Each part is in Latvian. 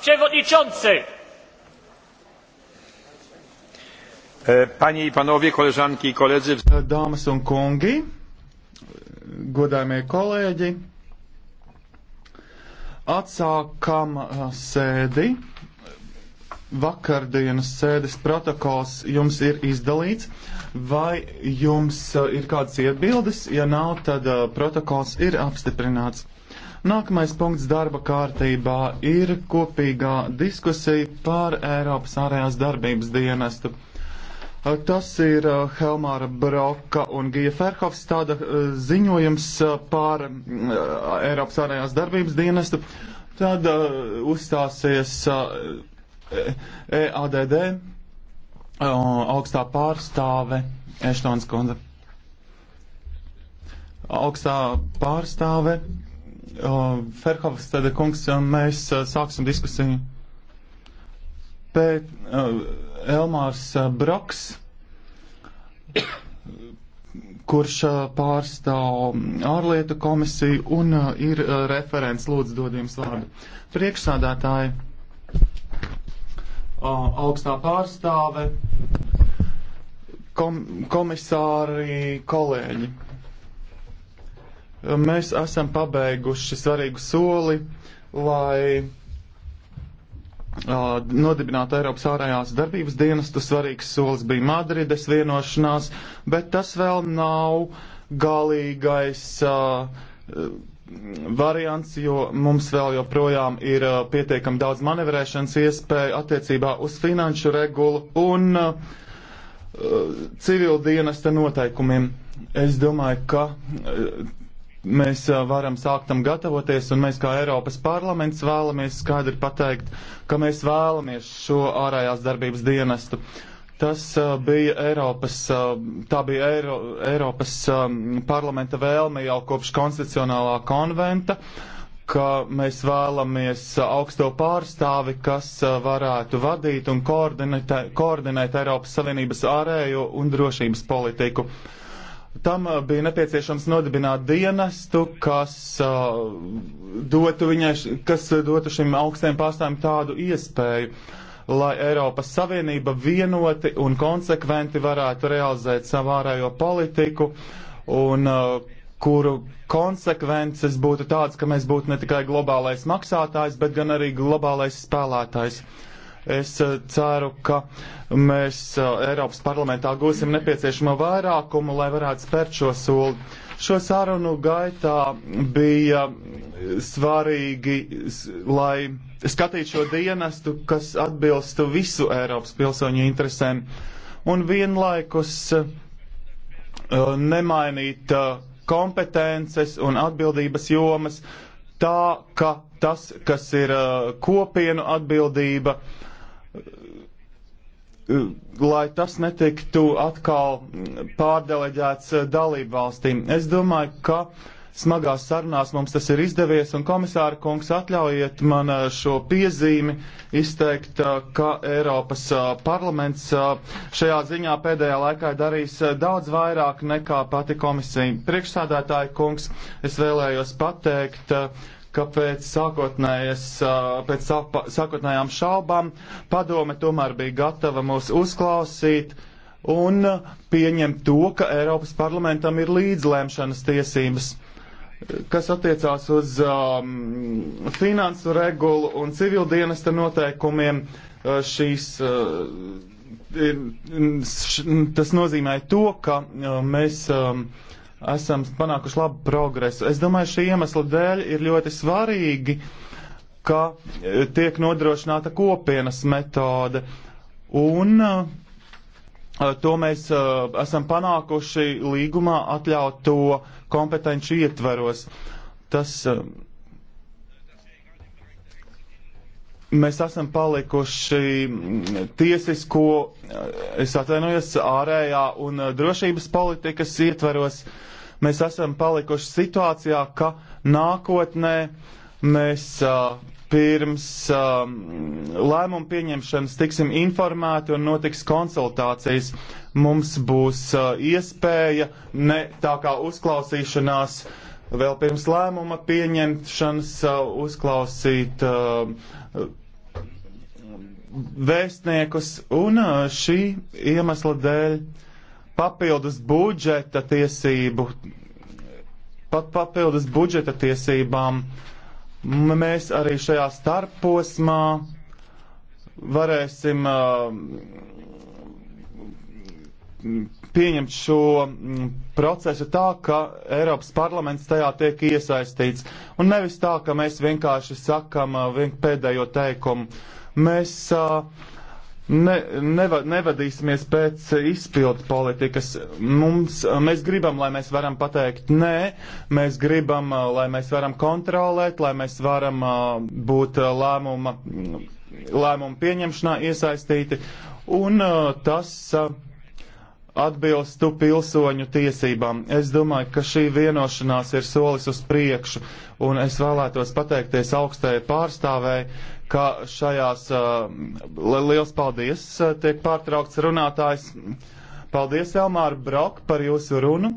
przewodniczący! E, panie i panowie, koleżanki i koledzy. E, dāmas un kungi, godājumie kolēģi, atsākam e, sēdi. Vakardienas sēdes protokols jums ir izdalīts. Vai jums ir kādas iebildes? Ja nav, tad protokols ir apstiprināts. Nākamais punkts darba kārtībā ir kopīgā diskusija par Eiropas ārējās darbības dienestu. Tas ir Helmāra Broka un Gija Ferhofstāda ziņojums par Eiropas ārējās darbības dienestu. Tad uzstāsies EADD e augstā pārstāve Eštons Konda. Augstā pārstāve Ferhovs tāda kungs, mēs sāksim diskusiju. Pēc Elmārs Broks, kurš pārstāv ārlietu komisiju un ir referents, lūdzu dod jums vārdu. Priekšsādātāji, augstā pārstāve, kom komisāri, kolēģi mēs esam pabeiguši svarīgu soli, lai uh, nodibinātu Eiropas ārējās darbības dienestu. Svarīgs solis bija Madrides vienošanās, bet tas vēl nav galīgais uh, variants, jo mums vēl joprojām ir uh, pietiekami daudz manevrēšanas iespēju attiecībā uz finanšu regulu un uh, civil dienesta noteikumiem. Es domāju, ka mēs varam sākt tam gatavoties, un mēs kā Eiropas parlaments vēlamies skaidri pateikt, ka mēs vēlamies šo ārējās darbības dienestu. Tas bija Eiropas, tā bija Eiro, Eiropas parlamenta vēlme jau kopš konstitucionālā konventa, ka mēs vēlamies augsto pārstāvi, kas varētu vadīt un koordinēt, koordinēt Eiropas Savienības ārējo un drošības politiku. Uh, Tam uh, bija nepieciešams nodibināt dienestu, kas, uh, dotu, viņai, kas uh, dotu šim augstajam pārstāvim tādu iespēju, lai Eiropas Savienība vienoti un konsekventi varētu realizēt savu ārējo politiku un uh, kuru konsekvences būtu tādas, ka mēs būtu ne tikai globālais maksātājs, bet gan arī globālais spēlētājs. Uh, Es eh, ceru, ka mēs eh, Eiropas parlamentā gūsim nepieciešamo vairākumu, lai varētu spērt šo soli. Šo sarunu gaitā bija svarīgi, lai skatītu šo dienestu, kas atbilstu visu Eiropas pilsoņu interesēm, un vienlaikus eh, nemainīt kompetences un atbildības jomas tā, ka tas, kas ir kopienu atbildība, uh, lai tas netiktu atkal pārdeleģēts eh, dalību valstīm. Es domāju, ka smagās sarunās mums tas ir izdevies, un komisāra kungs atļaujiet man eh, šo piezīmi izteikt, eh, ka Eiropas parlaments šajā ziņā pēdējā laikā darīs daudz vairāk nekā pati komisija. Priekšsādātāja kungs, es vēlējos pateikt, ka pēc, pēc sākotnējām šaubām padome tomēr bija gatava mūs uzklausīt un pieņemt to, ka Eiropas parlamentam ir līdzlēmšanas tiesības kas attiecās uz um, finansu regulu un civildienesta noteikumiem, šīs, uh, ir, š, tas nozīmē to, ka uh, mēs um, esam panākuši labu progresu. Es domāju, šī iemesla dēļ ir ļoti svarīgi, ka e, tiek nodrošināta kopienas metode. Un e, e, to mēs esam panākuši līgumā atļauto kompetenci ietveros. Tas mēs esam palikuši tiesisko, es atvainojos, ārējā un drošības politikas ietveros. Uh, Mēs esam palikuši situācijā, ka nākotnē mēs uh, pirms uh, lēmumu pieņemšanas tiksim informēti un notiks konsultācijas. Mums būs uh, iespēja ne tā kā uzklausīšanās vēl pirms lēmuma pieņemšanas uh, uzklausīt uh, vēstniekus un uh, šī iemesla dēļ. Uh, papildus budžeta tiesību, pat papildus budžeta tiesībām mēs arī šajā starposmā varēsim uh, pieņemt šo mm, procesu tā, ka Eiropas parlaments tajā tiek iesaistīts, un nevis tā, ka mēs vienkārši sakam uh, vien pēdējo teikumu. Mēs uh, ne, neva, nevadīsimies pēc izpildu politikas. Mums, mēs gribam, lai mēs varam pateikt nē, mēs gribam, lai mēs varam kontrolēt, lai mēs varam būt lēmuma, lēmuma pieņemšanā iesaistīti. Un tas atbilstu pilsoņu tiesībām. Es domāju, ka šī vienošanās ir solis uz priekšu, un es vēlētos pateikties augstajai pārstāvēji, ka šajās uh, liels paldies uh, tiek pārtraukts runātājs. Paldies, Elmāra Brok, par jūsu runu.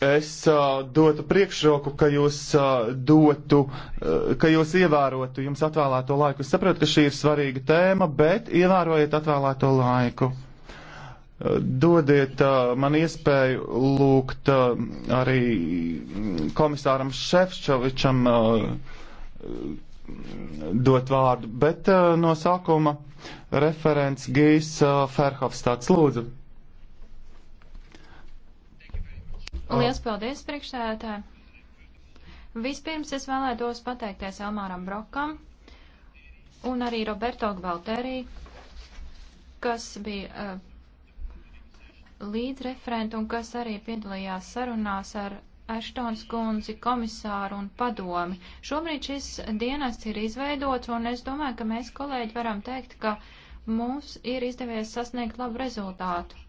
es uh, dotu priekšroku, ka jūs uh, dotu, uh, ka jūs ievērotu jums atvēlēto laiku. Es saprotu, ka šī ir svarīga tēma, bet ievērojiet atvēlēto laiku. Uh, dodiet uh, man iespēju lūgt uh, arī komisāram Šefčovičam dot vārdu, bet no sākuma referents Gijs Ferhofstāds lūdzu. Oh. Lielas paldies, priekšsēdētāji! Vispirms es vēlētos pateikties Elmāram Brokam un arī Roberto Gvalterī, kas bija uh, līdzreferenti un kas arī piedalījās sarunās ar Ashtons kundzi, komisāru un padomi. Šobrīd šis dienests ir izveidots, un es domāju, ka mēs, kolēģi, varam teikt, ka mums ir izdevies sasniegt labu rezultātu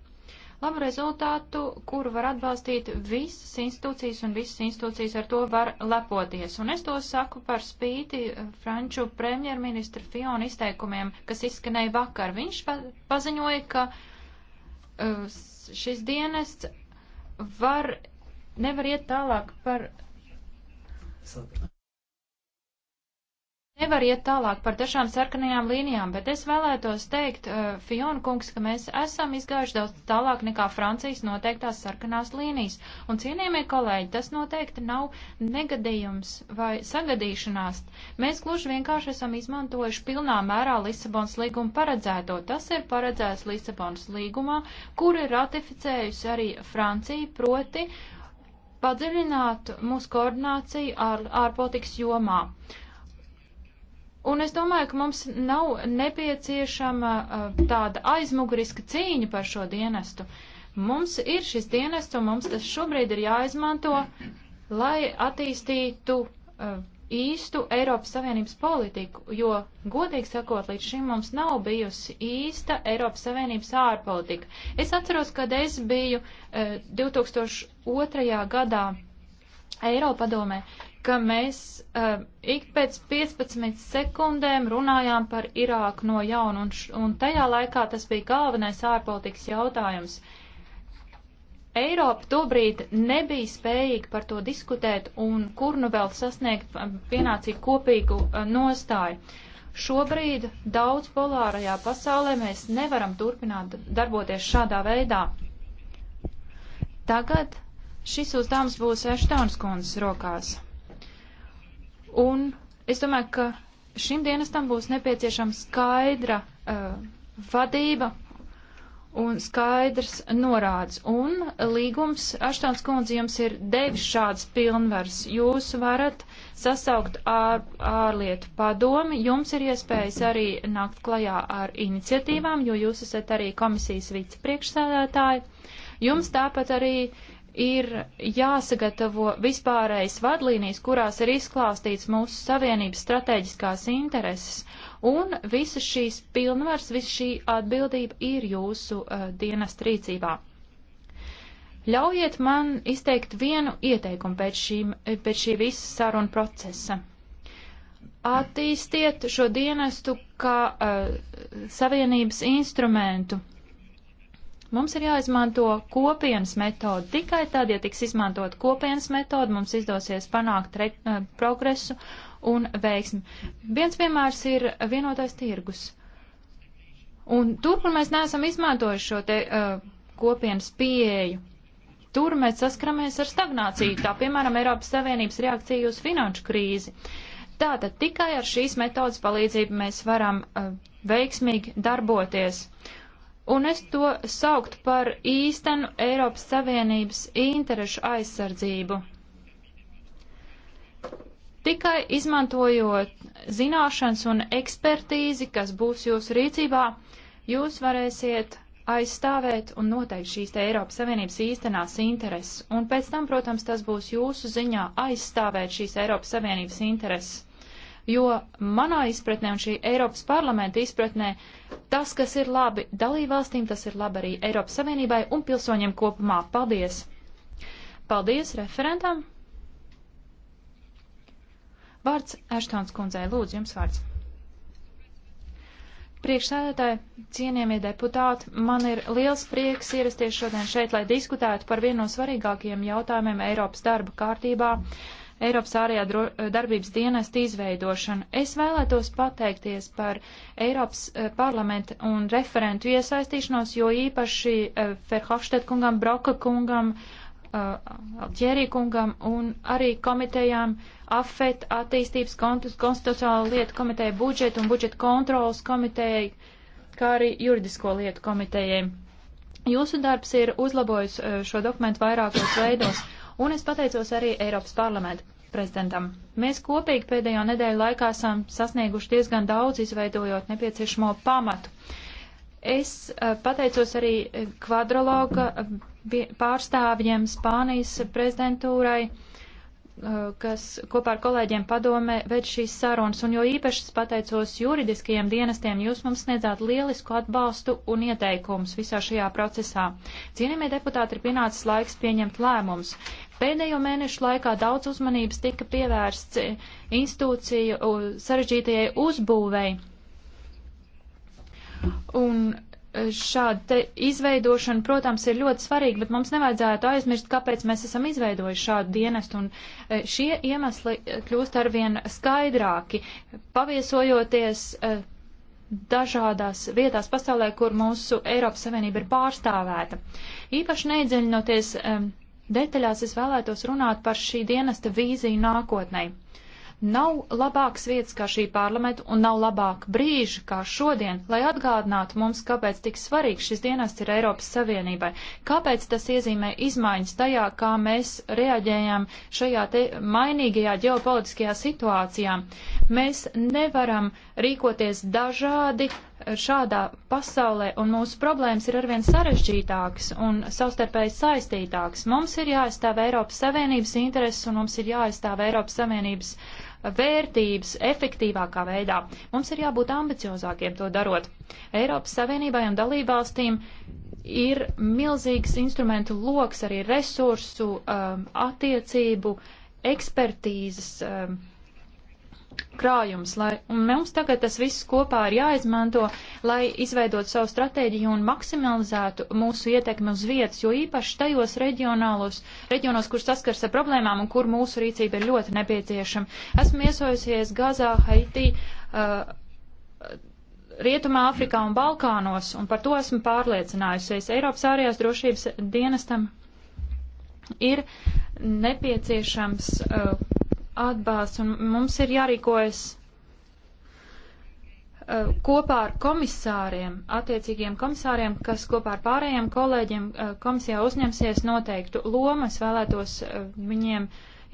labu rezultātu, kuru var atbalstīt visas institūcijas, un visas institūcijas ar to var lepoties. Un es to saku par spīti eh, franču premjerministra Fiona izteikumiem, kas izskanēja vakar. Viņš paziņoja, ka eh, šis dienests var, nevar iet tālāk par. Saka nevar iet tālāk par dažām sarkanajām līnijām, bet es vēlētos teikt, uh, Fiona kungs, ka mēs esam izgājuši daudz tālāk nekā Francijas noteiktās sarkanās līnijas. Un cienījamie kolēģi, tas noteikti nav negadījums vai sagadīšanās. Mēs gluži vienkārši esam izmantojuši pilnā mērā Lisabonas līguma paredzēto. Tas ir paredzēts Lisabonas līgumā, kur ir ratificējusi arī Francija proti padziļināt mūsu koordināciju ārpolitikas jomā. Uh, Un es domāju, ka mums nav nepieciešama uh, tāda aizmuguriska cīņa par šo dienestu. Mums ir šis dienests, un mums tas šobrīd ir jāizmanto, lai attīstītu uh, īstu Eiropas Savienības politiku, jo, godīgi sakot, līdz šim mums nav bijusi īsta Eiropas Savienības ārpolitika. Es atceros, kad es biju 2002. Uh, gadā Eiropadomē, ka mēs uh, ik pēc 15 sekundēm runājām par Irāku no jauna, un, un tajā laikā tas bija galvenais ārpolitikas jautājums. Eiropa tobrīd nebija spējīga par to diskutēt un kur nu vēl sasniegt eh, pienācīgu kopīgu uh, nostāju. Šobrīd daudz polārajā pasaulē mēs nevaram turpināt darboties šādā veidā. Tagad šis uzdevums būs Eštaunas kundzes rokās. Un es domāju, ka šim dienestam būs nepieciešama skaidra uh, vadība un skaidrs norādes. Un līgums, Aštāns kundze, jums ir devis šāds pilnvars. Jūs varat sasaukt ār, ārlietu padomi, jums ir iespējas arī nākt klajā ar iniciatīvām, jo jūs esat arī komisijas vicepriekšsēdētāji. Jums tāpat arī uh, ir jāsagatavo vispārējais vadlīnijas, kurās ir izklāstīts mūsu savienības strateģiskās intereses, un visas šīs pilnvars, visa šī atbildība ir jūsu uh, dienas rīcībā. Ļaujiet man izteikt vienu ieteikumu pēc, šīm, pēc šī visa saruna procesa. Attīstiet šo dienestu kā uh, savienības instrumentu, Mums ir jāizmanto kopienas metode. Tikai tad, ja tiks izmantot kopienas metode, mums izdosies panākt re, eh, progresu un veiksmi. Viens piemērs ir vienotais tirgus. Un tur, kur mēs neesam izmantojuši šo te uh, kopienas pieeju, tur mēs saskaramies ar stagnāciju, tā piemēram Eiropas Savienības reakciju uz finanšu krīzi. Tātad tikai ar šīs metodas palīdzību mēs varam uh, veiksmīgi darboties. Uh, un es to sauktu par īstenu Eiropas Savienības interešu aizsardzību. Tikai izmantojot zināšanas un ekspertīzi, kas būs jūsu rīcībā, jūs varēsiet aizstāvēt un noteikt šīs te Eiropas Savienības īstenās intereses. Un pēc tam, protams, tas būs jūsu ziņā aizstāvēt šīs Eiropas Savienības intereses jo manā izpratnē un šī Eiropas parlamenta izpratnē tas, kas ir labi dalībvalstīm, tas ir labi arī Eiropas Savienībai un pilsoņiem kopumā. Paldies! Paldies referentam! Vārds Eštons kundzei, lūdzu, jums vārds. Priekšsēdētāji, cienījamie deputāti, man ir liels prieks ierasties šodien šeit, lai diskutētu par vienu no svarīgākajiem jautājumiem Eiropas darba kārtībā Eiropas ārējā darbības dienesta izveidošanu. Es vēlētos pateikties par Eiropas eh, parlamenta un referentu iesaistīšanos, jo īpaši Ferhofštet eh, kungam, Broka kungam, eh, Alģērī kungam un arī komitejām AFET attīstības konstitucionāla lieta komiteja budžeta un budžeta kontrolas komiteja, kā arī juridisko lietu komitejiem. Jūsu darbs ir uzlabojis šo dokumentu vairākos veidos. Un es pateicos arī Eiropas parlamentu prezidentam. Mēs kopīgi pēdējo nedēļu laikā esam sasnieguši diezgan daudz, izveidojot nepieciešamo pamatu. Es eh, pateicos arī kvadrologa eh, eh, pārstāvjiem Spānijas prezidentūrai Eh, kas kopā ar kolēģiem padomē ved šīs sarunas, un jo īpaši pateicos juridiskajiem dienestiem, jūs mums sniedzāt lielisku atbalstu un ieteikumus visā šajā procesā. Cienījamie deputāti, ir pienācis laiks pieņemt lēmumus. Pēdējo mēnešu laikā daudz uzmanības tika pievērsts institūciju sarežģītajai uzbūvei. Un šāda izveidošana, protams, ir ļoti svarīga, bet mums nevajadzētu aizmirst, kāpēc mēs esam izveidojuši šādu dienestu, un e, šie iemesli kļūst arvien skaidrāki, paviesojoties e, dažādās vietās pasaulē, kur mūsu Eiropas Savienība ir pārstāvēta. Īpaši neiedziļinoties e, detaļās, es vēlētos runāt par šī dienesta vīziju nākotnē. Nav labāks vietas kā šī parlamenta un nav labāk brīža kā šodien, lai atgādinātu mums, kāpēc tik svarīgs šis dienests ir Eiropas Savienībai, kāpēc tas iezīmē izmaiņas tajā, kā mēs reaģējam šajā te mainīgajā ģeopolitiskajā situācijā. Mēs nevaram rīkoties dažādi šādā pasaulē, un mūsu problēmas ir arvien sarežģītākas un savstarpēji saistītākas. Mums ir jāaizstāv Eiropas Savienības intereses, un mums ir jāaizstāv Eiropas Savienības uh, vērtības efektīvākā veidā. Mums ir jābūt ambiciozākiem to darot. Eiropas Savienībai un dalībvalstīm ir milzīgs instrumentu loks, arī resursu, um, attiecību, ekspertīzes um, krājums, lai, un mums tagad tas viss kopā ir jāizmanto, lai izveidot savu stratēģiju un maksimalizētu mūsu ietekmi uz vietas, jo īpaši tajos reģionālos, reģionos, kur saskars ar problēmām un kur mūsu rīcība ir ļoti nepieciešama. Esmu iesojusies Gazā, Haitī, uh, Rietumā, Afrikā un Balkānos, un par to esmu pārliecinājusies. Eiropas ārējās drošības dienestam ir nepieciešams. Uh, atbalsts, un mums ir jārīkojas uh, kopā ar komisāriem, attiecīgiem komisāriem, kas kopā ar pārējiem kolēģiem uh, komisijā uzņemsies noteiktu lomu. Es vēlētos uh, viņiem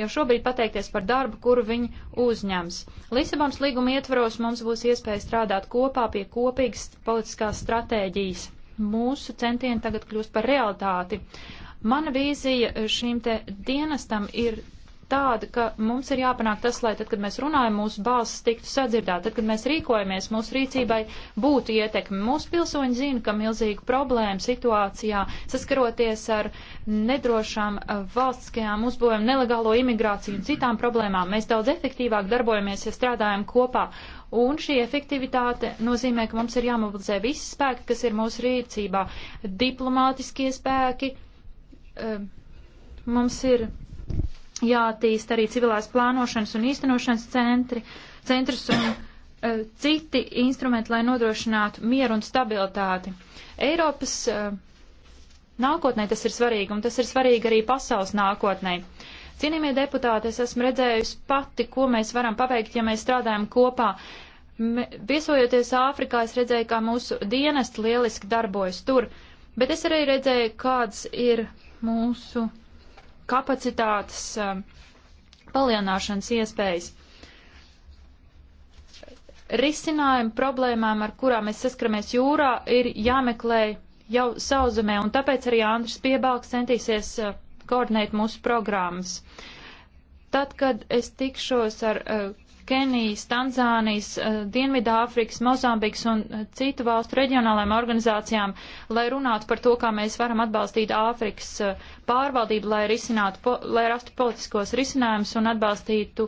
jau šobrīd pateikties par darbu, kuru viņi uzņems. Lisabons līguma ietvaros mums būs iespēja strādāt kopā pie kopīgas politiskās stratēģijas. Mūsu centieni tagad kļūst par realitāti. Mana vīzija šīm te dienestam ir tāda, ka mums ir jāpanāk tas, lai tad, kad mēs runājam, mūsu balss tiktu sadzirdēta, tad, kad mēs rīkojamies, mūsu rīcībai būtu ietekme. Mūsu pilsoņi zina, ka milzīgu problēmu situācijā saskaroties ar nedrošām eh, valstiskajām uzbūvēm, nelegālo imigrāciju un citām problēmām, mēs daudz efektīvāk darbojamies, ja strādājam kopā. Un šī efektivitāte nozīmē, ka mums ir jāmobilizē visi spēki, kas ir mūsu rīcībā - diplomātiskie spēki. Eh, mums ir jātīst arī civilās plānošanas un īstenošanas centri, centrs un uh, citi instrumenti, lai nodrošinātu mieru un stabilitāti. Eiropas uh, nākotnē tas ir svarīgi, un tas ir svarīgi arī pasaules nākotnē. Cienījamie deputāti, es esmu redzējusi pati, ko mēs varam paveikt, ja mēs strādājam kopā. Me, viesojoties Āfrikā, es redzēju, kā mūsu dienesti lieliski darbojas tur, bet es arī redzēju, kāds ir mūsu kapacitātes um, palielināšanas iespējas. Risinājumi problēmām, ar kurām mēs saskaramies jūrā, ir jāmeklē jau sauzemē, un tāpēc arī Andris Piebalgs centīsies uh, koordinēt mūsu programmas. Tad, kad es tikšos ar uh, Kenijas, Tanzānijas, eh, Dienvidāfrikas, Mozambikas un eh, citu valstu reģionālajām organizācijām, lai runātu par to, kā mēs varam atbalstīt Āfrikas eh, pārvaldību, lai, risinātu, lai rastu politiskos risinājumus un atbalstītu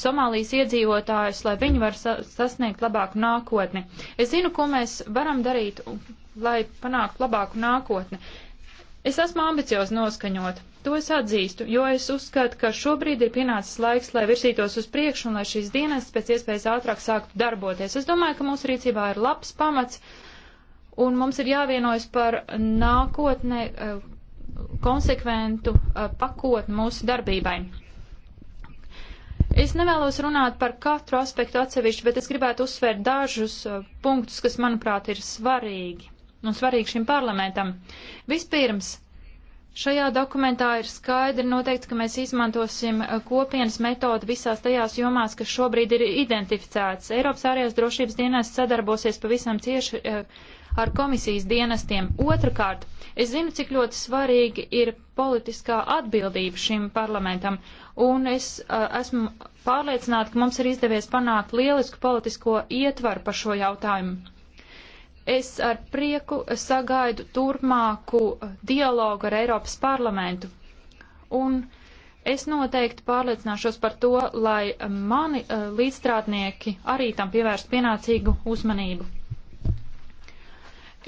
Somālijas iedzīvotājus, lai viņi var sasniegt labāku nākotni. Es zinu, ko mēs varam darīt, lai panāktu labāku nākotni. Es esmu ambiciozi noskaņota. To es atzīstu, jo es uzskatu, ka šobrīd ir pienācis laiks, lai virsītos uz priekšu un lai šīs dienas pēc iespējas ātrāk sāktu darboties. Es domāju, ka mūsu rīcībā ir labs pamats un mums ir jāvienojas par nākotnē eh, konsekventu eh, pakotni mūsu darbībai. Es nevēlos runāt par katru aspektu atsevišķi, bet es gribētu uzsvērt dažus eh, punktus, kas, manuprāt, ir svarīgi un svarīgi šim parlamentam. Vispirms, Šajā dokumentā ir skaidri noteikts, ka mēs izmantosim eh, kopienas metodu visās tajās jomās, kas šobrīd ir identificētas. Eiropas ārējās drošības dienas sadarbosies pavisam cieši eh, ar komisijas dienestiem. Otrakārt, es zinu, cik ļoti svarīgi ir politiskā atbildība šim parlamentam, un es uh, esmu pārliecināta, ka mums ir izdevies panākt lielisku politisko ietvaru par šo jautājumu es ar prieku sagaidu turpmāku dialogu ar Eiropas parlamentu. Un es noteikti pārliecināšos par to, lai mani eh, līdzstrādnieki arī tam pievērst pienācīgu uzmanību.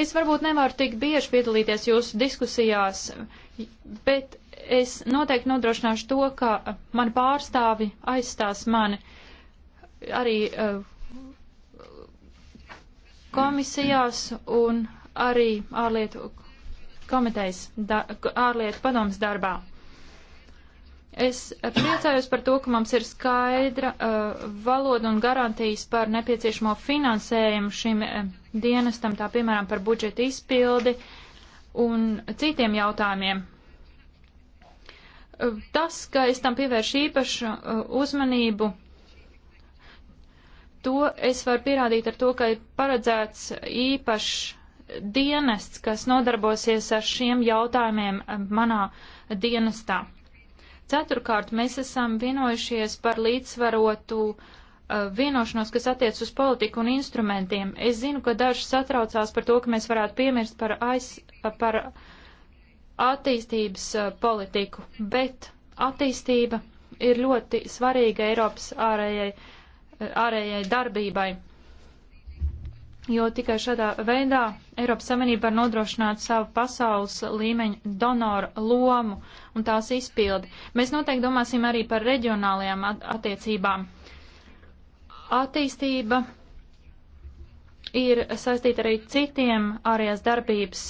Es varbūt nevaru tik bieži piedalīties jūsu diskusijās, bet es noteikti nodrošināšu to, ka mani pārstāvi aizstās mani arī uh, komisijās un arī ārlietu komitejas, da, ārlietu padomas darbā. Es priecājos par to, ka mums ir skaidra uh, valoda un garantijas par nepieciešamo finansējumu šim uh, dienestam, tā piemēram par budžeta izpildi un citiem jautājumiem. Uh, tas, ka es tam pievēršu īpašu uh, uzmanību, to es varu pierādīt ar to, ka ir paredzēts īpašs dienests, kas nodarbosies ar šiem jautājumiem manā dienestā. Ceturkārt, mēs esam vienojušies par līdzsvarotu uh, vienošanos, kas attiec uz politiku un instrumentiem. Es zinu, ka daži satraucās par to, ka mēs varētu piemirst par, aiz, par attīstības uh, politiku, bet attīstība ir ļoti svarīga Eiropas ārējai uh, ārējai darbībai, jo tikai šādā veidā Eiropas Savienība var nodrošināt savu pasaules līmeņu donoru lomu un tās izpildi. Mēs noteikti domāsim arī par reģionālajām attiecībām. Attīstība ir saistīta arī citiem ārējās darbības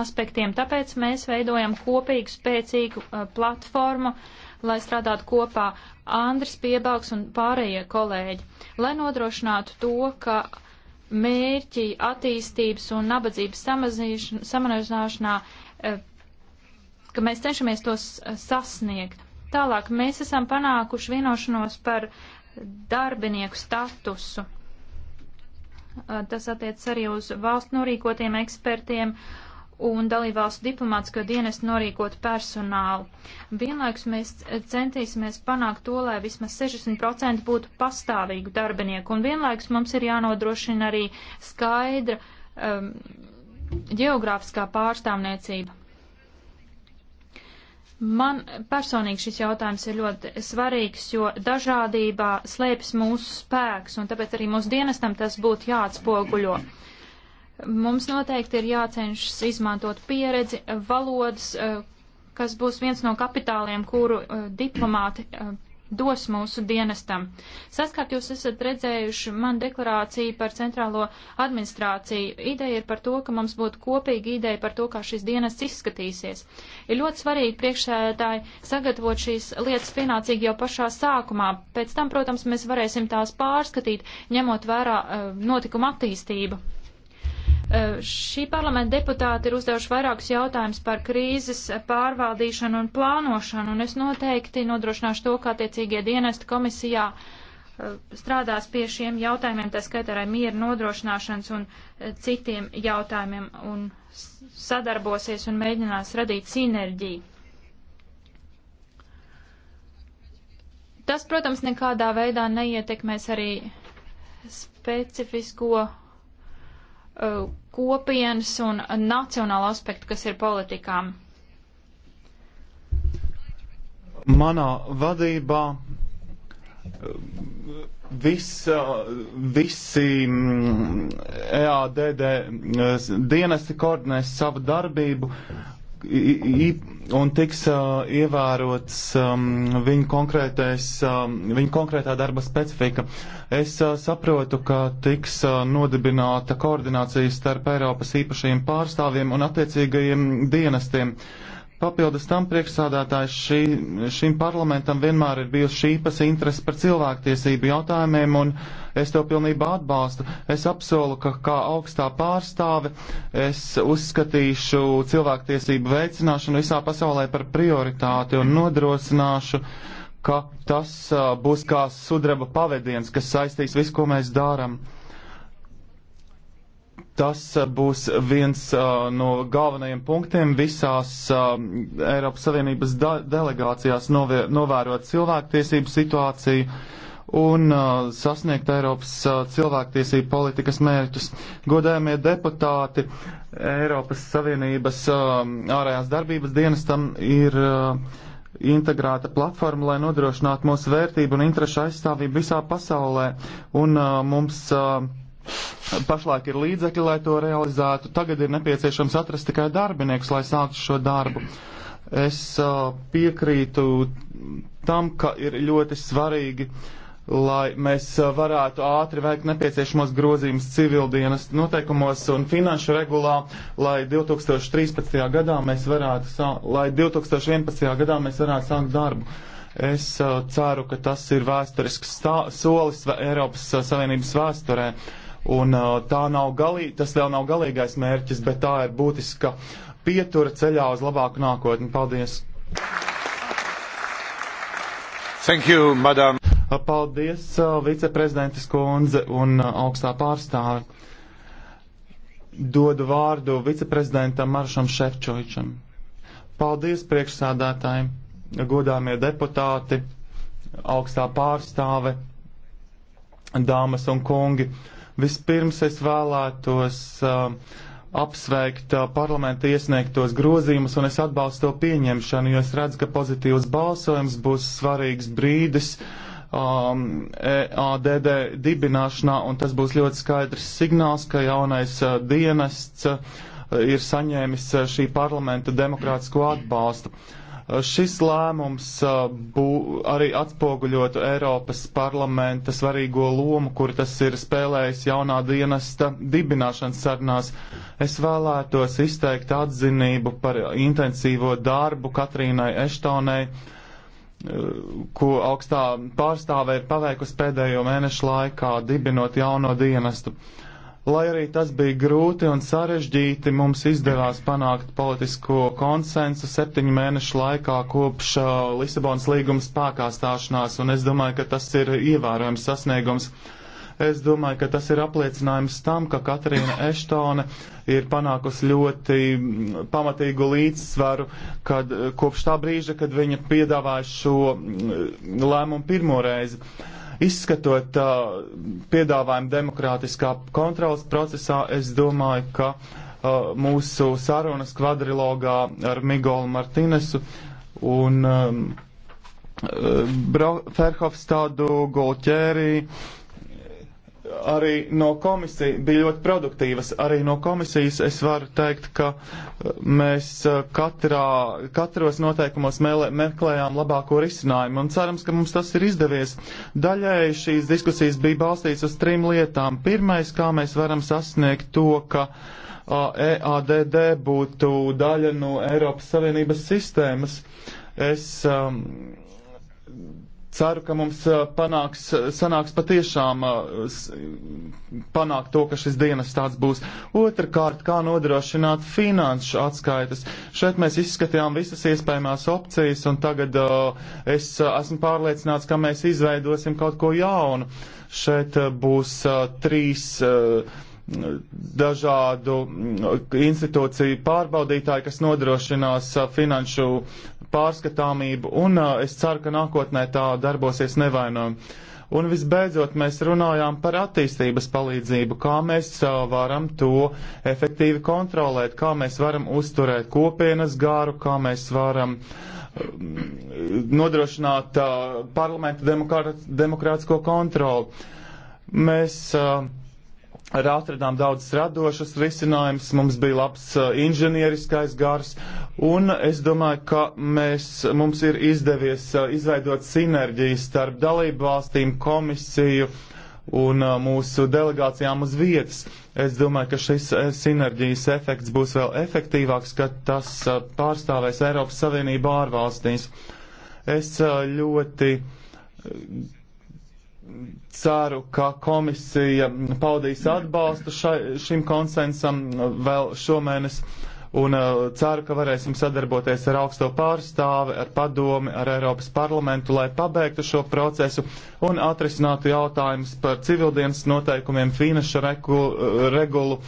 aspektiem, tāpēc mēs veidojam kopīgu spēcīgu uh, platformu, lai strādātu kopā Andris Piebalgs un pārējie kolēģi, lai nodrošinātu to, ka mērķi attīstības un nabadzības samazināšanā, e, ka mēs cenšamies tos e, sasniegt. Tālāk mēs esam panākuši vienošanos par darbinieku statusu. E, tas attiec arī uz valsts norīkotiem ekspertiem un dalībvalstu diplomātsko dienestu norīkot personālu. Vienlaiks mēs centīsimies panākt to, lai vismaz 60% būtu pastāvīgu darbinieku, un vienlaiks mums ir jānodrošina arī skaidra um, geogrāfiskā pārstāvniecība. Man personīgi šis jautājums ir ļoti svarīgs, jo dažādībā slēpjas mūsu spēks, un tāpēc arī mūsu dienestam tas būtu jāatspoguļo. Uh, Mums noteikti ir jācenšas izmantot pieredzi, valodas, eh, kas būs viens no kapitāliem, kuru eh, diplomāti eh, dos mūsu dienestam. Saskārt jūs esat redzējuši man deklarāciju par centrālo administrāciju. Ideja ir par to, ka mums būtu kopīga ideja par to, kā šis dienests izskatīsies. Ir ļoti svarīgi priekšsēdētāji sagatavot šīs lietas pienācīgi jau pašā sākumā. Pēc tam, protams, mēs varēsim tās pārskatīt, ņemot vērā notikuma attīstību. Šī parlamenta deputāti ir uzdevuši vairākus jautājumus par krīzes pārvaldīšanu un plānošanu, un es noteikti nodrošināšu to, ka attiecīgie dienesti komisijā strādās pie šiem jautājumiem, tā skaitā arī miera nodrošināšanas un citiem jautājumiem, un sadarbosies un mēģinās radīt sinerģiju. Tas, protams, nekādā veidā neietekmēs arī specifisko Uh, kopienas un nacionāla aspekta, kas ir politikām. Manā vadībā uh, visa, uh, visi mm, EADD dienesti koordinēs savu darbību un tiks uh, ievērots um, viņa, konkrētais, um, viņa konkrētā darba specifika. Es uh, saprotu, ka tiks uh, nodibināta koordinācija starp Eiropas īpašajiem pārstāvjiem un attiecīgajiem dienestiem. Uh, Papildus tam priekšsādātājs šī, šim parlamentam vienmēr ir bijusi īpaša interese par cilvēktiesību jautājumiem, un es to pilnībā atbalstu. Es apsolu, ka kā augstā pārstāve es uzskatīšu cilvēktiesību veicināšanu visā pasaulē par prioritāti un nodrošināšu, ka tas uh, būs kā sudraba pavadiens, kas saistīs visu, ko mēs darām. Uh, Tas uh, būs viens uh, no galvenajiem punktiem visās uh, Eiropas Savienības delegācijās novē novērot cilvēktiesību situāciju un uh, sasniegt Eiropas uh, cilvēktiesību politikas mērķus. Godējumie deputāti Eiropas Savienības uh, ārējās darbības dienestam ir uh, integrēta platforma, lai nodrošinātu mūsu vērtību un interešu aizstāvību visā pasaulē. Un uh, mums. Uh, Pašlaik ir līdzekļi, lai to realizētu. Tagad ir nepieciešams atrast tikai darbinieks, lai sāktu šo darbu. Es uh, piekrītu tam, ka ir ļoti svarīgi, lai mēs uh, varētu ātri veikt nepieciešamos grozījumus civildienas noteikumos un finanšu regulā, lai 2013. gadā mēs varētu, lai 2011. gadā mēs varētu sākt darbu. Es uh, ceru, ka tas ir vēsturisks solis Eiropas Savienības vēsturē. Uh, Un tā nav galīgi, tas vēl nav galīgais mērķis, bet tā ir būtiska pietura ceļā uz labāku nākotni. Paldies! Thank you, madam. Paldies, viceprezidentes kundze un augstā pārstāve. Dodu vārdu viceprezidentam Maršam Šefčovičam. Paldies priekšsādātājiem, godāmie deputāti, augstā pārstāve, dāmas un kungi. Vispirms es vēlētos uh, apsveikt uh, parlamenta iesniegtos grozījumus, un es atbalstu to pieņemšanu, jo es redzu, ka pozitīvs balsojums būs svarīgs brīdis um, EADD dibināšanā, un tas būs ļoti skaidrs signāls, ka jaunais uh, dienests uh, ir saņēmis uh, šī parlamenta demokrātisko atbalstu. Uh, Uh, šis lēmums uh, bū, arī atspoguļotu Eiropas parlamenta svarīgo lomu, kur tas ir spēlējis jaunā dienesta dibināšanas sarunās. Es vēlētos izteikt atzinību par intensīvo darbu Katrīnai Eštonai uh, ko augstā pārstāve ir paveikusi pēdējo mēnešu laikā, dibinot jauno dienestu. Uh, Lai arī tas bija grūti un sarežģīti, mums izdevās panākt politisko konsensu septiņu mēnešu laikā kopš uh, Lisabonas līguma spēkā stāšanās, un es domāju, ka tas ir ievērojams sasniegums. Es domāju, ka tas ir apliecinājums tam, ka Katrīna Eštone ir panākusi ļoti mm, pamatīgu līdzsvaru, kad kopš tā brīža, kad viņa piedāvāja šo mm, lēmumu pirmo reizi. Uh, Izskatot uh, piedāvājumu demokrātiskā kontrolas procesā, es domāju, ka uh, mūsu sarunas kvadrilogā ar Migolu Martinesu un um, Ferhofstādu, Golķēriju, arī no komisijas bija ļoti produktīvas. Arī no komisijas es varu teikt, ka uh, mēs uh, katrā, katros noteikumos mēlē, meklējām labāko risinājumu un cerams, ka mums tas ir izdevies. Daļēji šīs diskusijas bija balstīts uz trim lietām. Pirmais, kā mēs varam sasniegt to, ka uh, EADD būtu daļa no Eiropas Savienības sistēmas. Es um, Ceru, ka mums eh, panāks, sanāks patiešām eh, panākt to, ka šis dienas tāds būs. Otrakārt, kā nodrošināt finanšu atskaitas. Šeit mēs izskatījām visas iespējamās opcijas, un tagad uh, es esmu pārliecināts, ka mēs izveidosim kaut ko jaunu. Šeit uh, būs uh, trīs. Uh, dažādu mm, institūciju pārbaudītāji, kas nodrošinās finanšu pārskatāmību, un uh, es ceru, ka nākotnē tā darbosies nevainojami. Un visbeidzot, mēs runājām par attīstības palīdzību, kā mēs uh, varam to efektīvi kontrolēt, kā mēs varam uzturēt kopienas gāru, kā mēs varam uh, nodrošināt uh, parlamenta demokrātisko kontroli. Mēs uh, Ar atradām daudz radošas risinājumus, mums bija labs uh, inženieriskais gars, un es domāju, ka mēs, mums ir izdevies uh, izveidot sinerģiju starp dalību valstīm, komisiju un uh, mūsu delegācijām uz vietas. Es domāju, ka šis sinerģijas efekts būs vēl efektīvāks, kad tas pārstāvēs Eiropas Savienību ārvalstīs. Es ļoti ceru, ka komisija paudīs atbalstu šai, šim konsensam vēl šomēnes. Un uh, ceru, ka varēsim sadarboties ar augsto pārstāvi, ar padomi, ar Eiropas parlamentu, lai pabeigtu šo procesu un atrisinātu jautājumus par civildienas noteikumiem, finanšu regulu, regulu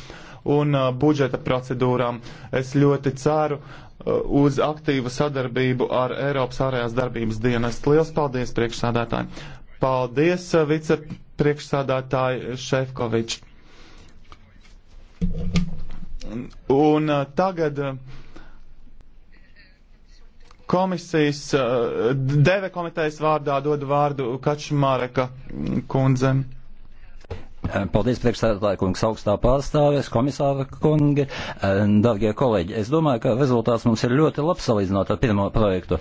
un uh, budžeta procedūrām. Es ļoti ceru uh, uz aktīvu sadarbību ar Eiropas ārējās darbības dienestu. Lielas paldies priekšsādātājiem! Paldies, eh, vicepriekšsādātāji Šefkovičs. Un eh, tagad eh, komisijas deve komitejas vārdā dodu vārdu Kačmareka kundzem. Eh, paldies, priekšstādātāji kungs, augstā pārstāves, komisāra kungi, eh, darbie kolēģi. Es domāju, ka rezultāts mums ir ļoti labs salīdzinot ar pirmo projektu,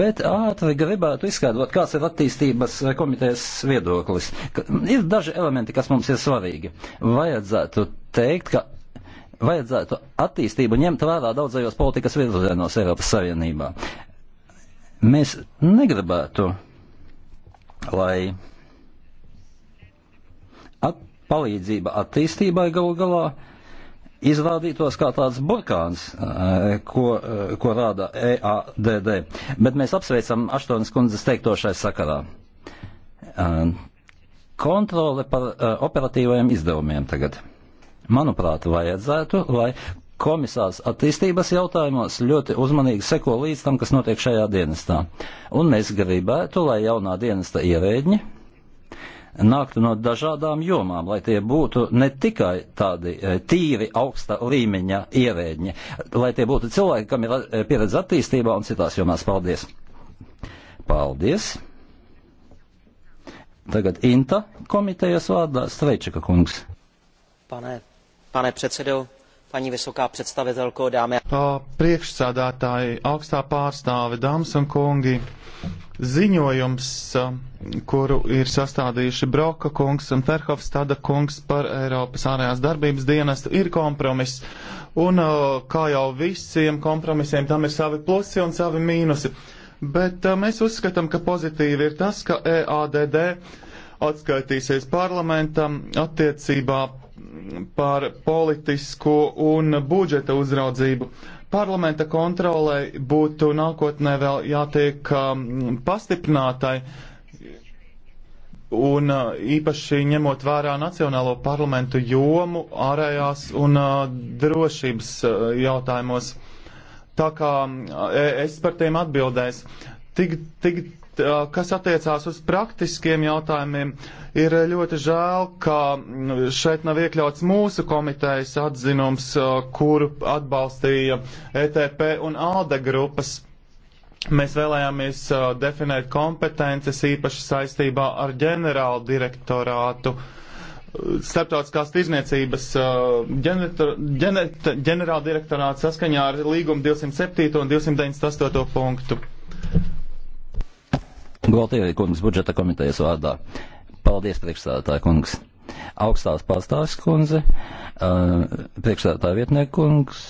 bet ātri gribētu izskaidrot, kāds ir attīstības eh, komitejas viedoklis. Ir daži elementi, kas mums ir svarīgi. Vajadzētu teikt, ka vajadzētu attīstību ņemt vērā daudzajos politikas virzienos Eiropas Savienībā. Mēs negribētu, lai palīdzība attīstībai galu galā izrādītos kā tāds burkāns, eh, ko, eh, ko rāda EADD. Bet mēs apsveicam Aštonas kundzes teikto šai sakarā. Eh, kontrole par operatīvajiem izdevumiem tagad. Manuprāt, vajadzētu, lai komisārs attīstības jautājumos ļoti uzmanīgi seko līdz tam, kas notiek šajā dienestā. Un mēs gribētu, lai jaunā dienesta ierēģi nāktu no dažādām jomām, lai tie būtu ne tikai tādi e, tīri augsta līmeņa ievēģi, lai tie būtu cilvēki, kam ir e, pieredze attīstībā un citās jomās. Paldies! Paldies! Tagad Inta komitejas vārdā Strečika kungs. Pane, pane predsedo, paní vysoká představitelko, dámy a priekšsādātāji, augstā pārstāve, dāmas un kungi, ziņojums, kuru ir sastādījuši Broka kungs un Ferhofstada kungs par Eiropas ārējās darbības dienestu, ir kompromiss. Un kā jau visiem kompromisiem, tam ir savi plusi un savi mīnusi. Bet mēs uzskatām, ka pozitīvi ir tas, ka EADD atskaitīsies parlamentam attiecībā par politisko un budžeta uzraudzību. Parlamenta kontrolai būtu nākotnē vēl jātiek um, pastiprinātai. Un uh, īpaši ņemot vērā Nacionālo parlamentu jomu ārējās un uh, drošības uh, jautājumos. Tā kā um, e, es par tiem atbildēs. Tik, tik Kas attiecās uz praktiskiem jautājumiem, ir ļoti žēl, ka nu, šeit nav iekļauts mūsu komitejas atzinums, kuru atbalstīja ETP un ALDE grupas. Mēs vēlējāmies definēt kompetences īpaši saistībā ar ģenerālu direktorātu. Starptautiskās tirzniecības ģenerāldirektorāta saskaņā ar līgumu 207 un 298 punktu. Goltieri kungs budžeta komitejas vārdā. Paldies, priekšstādātāja kungs. Augstās pārstāvis kundze, priekšstādātāja vietnieku kungs.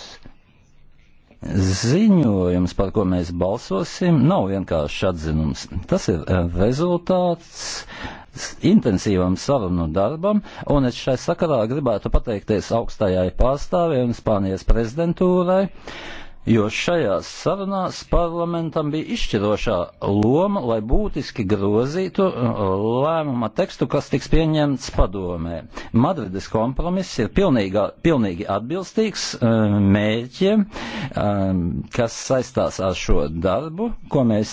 Ziņojums, par ko mēs balsosim, nav vienkārši atzinums. Tas ir rezultāts intensīvam sarunu darbam, un es šai sakarā gribētu pateikties augstajai pārstāvē un Spānijas prezidentūrai jo šajās sarunās parlamentam bija izšķirošā loma, lai būtiski grozītu uh, lēmuma tekstu, kas tiks pieņemts padomē. Madrides kompromiss ir pilnīga, pilnīgi atbilstīgs uh, mērķiem, um, kas saistās ar šo darbu, ko mēs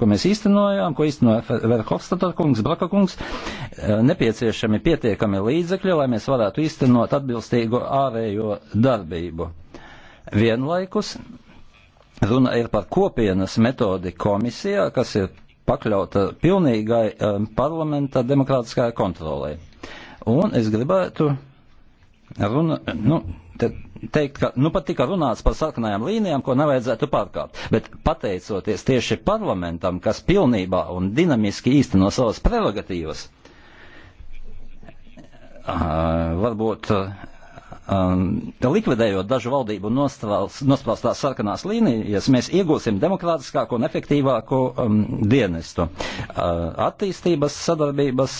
ko mēs īstenojām, ko īstenoja Verhofstadta kungs, Braka kungs, uh, nepieciešami pietiekami līdzekļi, lai mēs varētu īstenot atbilstīgu ārējo darbību. Vienlaikus runa ir par kopienas metodi komisijā, kas ir pakļauta pilnīgai eh, parlamenta demokrātiskajai kontrolē. Un es gribētu runa, nu, te, teikt, ka nu pat tika runāts par sarkanajām līnijām, ko nevajadzētu pārkāpt. Bet pateicoties tieši parlamentam, kas pilnībā un dinamiski īsteno savas prerogatīvas, eh, varbūt eh, um, likvidējot dažu valdību nosprāstās sarkanās līnijas, mēs iegūsim demokrātiskāku un efektīvāku um, dienestu. Uh, attīstības sadarbības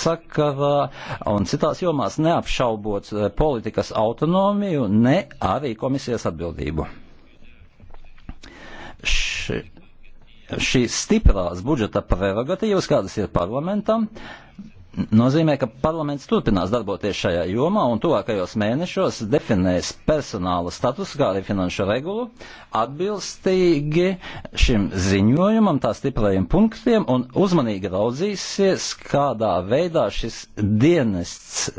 sakarā un citās jomās neapšaubot uh, politikas autonomiju, ne arī komisijas atbildību. Ši, šīs stiprās budžeta prerogatīvas, kādas ir parlamentam, uh, nozīmē, ka parlaments turpinās darboties šajā jomā un tuvākajos mēnešos definēs personāla status, kā arī finanšu regulu, atbilstīgi šim ziņojumam, tā stiprajiem punktiem un uzmanīgi raudzīsies, kādā veidā šis dienests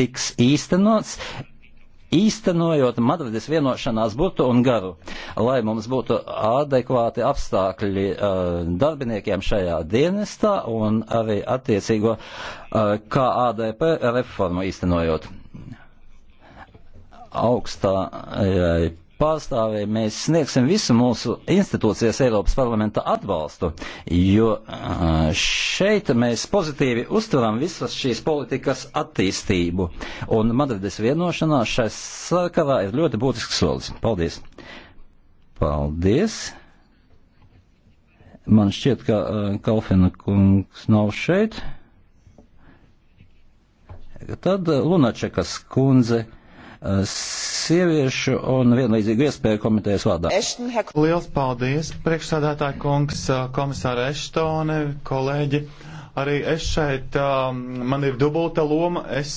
tiks īstenots, īstenojot Madrides vienošanās burtu un garu, lai mums būtu adekvāti apstākļi uh, darbiniekiem šajā dienestā un arī attiecīgo uh, eh, KADP reformu īstenojot. Augstā uh, pārstāvēji, mēs sniegsim visu mūsu institūcijas Eiropas parlamenta atbalstu, jo šeit mēs pozitīvi uztveram visas šīs politikas attīstību. Un Madrides vienošanās šai sakarā ir ļoti būtisks solis. Paldies! Paldies! Man šķiet, ka uh, Kalfina kungs nav šeit. Tad Lunačekas kundze sieviešu un vienlīdzīgu iespēju komitejas vārdā. Liels paldies, priekšsādātāja kungs, komisāra Eštone, kolēģi. Arī es šeit, man ir dubulta loma, es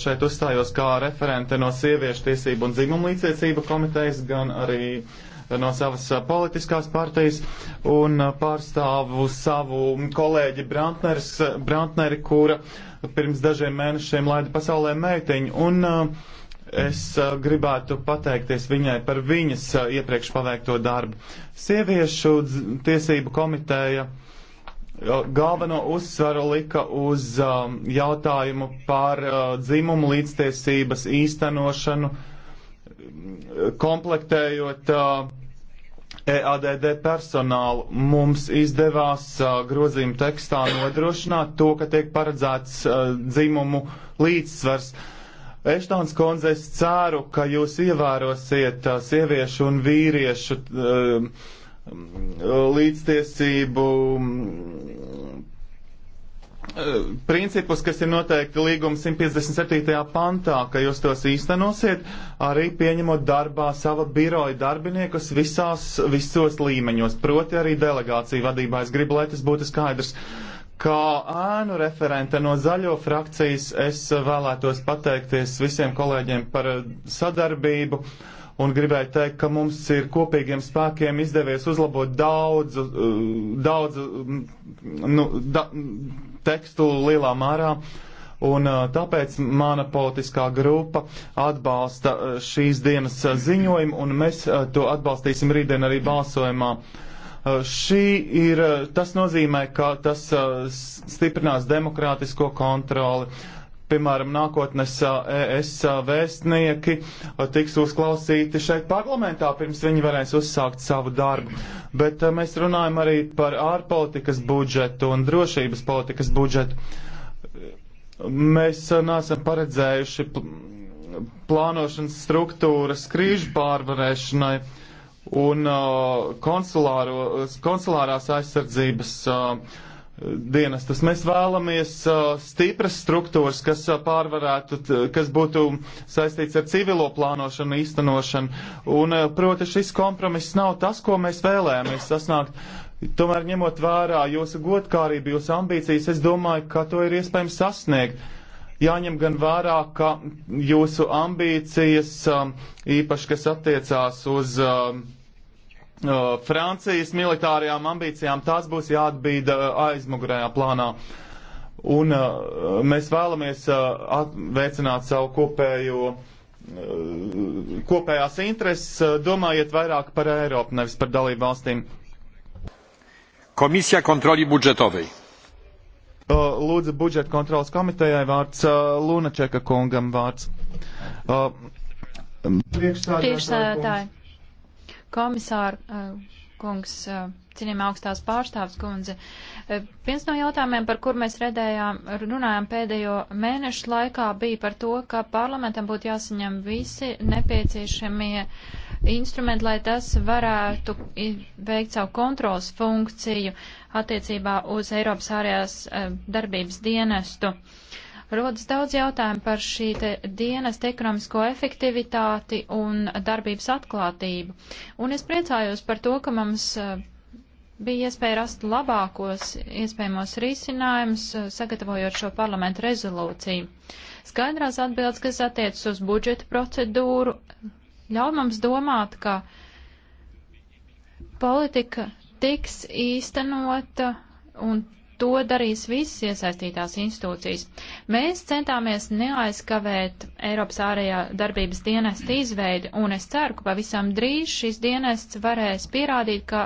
šeit uzstājos kā referente no sieviešu tiesību un dzimumlīdzniecību komitejas, gan arī no savas politiskās partijas un pārstāvu savu kolēģi Brantneri, kura pirms dažiem mēnešiem laida pasaulē meitiņu. Un, uh, Es uh, gribētu pateikties viņai par viņas uh, iepriekš paveikto darbu. Sieviešu tiesību komiteja uh, galveno uzsvaru lika uz uh, jautājumu par uh, dzimumu līdztiesības īstenošanu, komplektējot uh, EADD personālu. Mums izdevās uh, grozījuma tekstā nodrošināt to, ka tiek paredzēts uh, dzimumu līdzsvars. Uh, Eštons kundze, es ceru, ka jūs ievērosiet uh, sieviešu un vīriešu um, līdztiesību um, uh, principus, kas ir noteikti līguma 157. pantā, ka jūs tos īstenosiet, arī pieņemot darbā sava biroja darbiniekus visās, visos līmeņos, proti arī delegāciju vadībā. Es gribu, lai tas būtu skaidrs. Uh, Kā ēnu referente no zaļo frakcijas es vēlētos pateikties visiem kolēģiem par sadarbību un gribēju teikt, ka mums ir kopīgiem spēkiem izdevies uzlabot daudzu, daudzu nu, da, tekstu lielā mērā. Un tāpēc mana politiskā grupa atbalsta šīs dienas ziņojumu, un mēs to atbalstīsim rītdien arī balsojumā. Uh, Uh, šī ir, uh, tas nozīmē, ka tas uh, stiprinās demokrātisko kontroli. Piemēram, nākotnes ES vēstnieki tiks uzklausīti šeit parlamentā, pirms viņi varēs uzsākt savu darbu. Bet mēs runājam arī par ārpolitikas budžetu un drošības politikas budžetu. Mēs neesam paredzējuši plānošanas struktūras krīžu pārvarēšanai un uh, konsulārās aizsardzības uh, dienestas. Mēs vēlamies uh, stipras struktūras, kas uh, pārvarētu, t, kas būtu saistīts ar civilo plānošanu, īstenošanu. Un, uh, proti, šis kompromiss nav tas, ko mēs vēlējāmies sasniegt. Tomēr, ņemot vērā jūsu godkārību, jūsu ambīcijas, es domāju, ka to ir iespējams sasniegt. Uh, Jāņem gan vērā, ka jūsu ambīcijas, um, īpaši kas attiecās uz um, uh, Francijas militārajām ambīcijām, tās būs jāatbīda uh, aizmugurējā plānā. Un uh, mēs vēlamies veicināt savu kopējo kopējās intereses, domājiet vairāk par Eiropu, nevis par dalību valstīm. Komisija kontroli budžetovai. Uh, lūdzu, budžeta kontrolas komitejai vārds uh, Lunačeka kungam vārds. Uh, um, Priekšsēdētāji, komisāra kungs, cienījumā augstās pārstāvs kundze. Viens no jautājumiem, par kur mēs redējām, runājām pēdējo mēnešu laikā, bija par to, ka parlamentam būtu jāsaņem visi nepieciešamie uh, instrumenti, lai tas varētu veikt savu kontrols funkciju attiecībā uz Eiropas ārējās e, darbības dienestu. Rodas daudz jautājumu par šī dienesta ekonomisko efektivitāti un darbības atklātību. Un es priecājos par to, ka mums e, bija iespēja rast labākos iespējamos risinājumus, e, sagatavojot šo parlamentu rezolūciju. Skaidrās atbildes, kas attiecas uz budžeta procedūru, ļauj mums domāt, ka politika tiks īstenota un to darīs visas iesaistītās institūcijas. Mēs centāmies neaizskavēt Eiropas ārējā darbības dienesta izveidi, un es ceru, ka pavisam drīz šis dienests varēs pierādīt, ka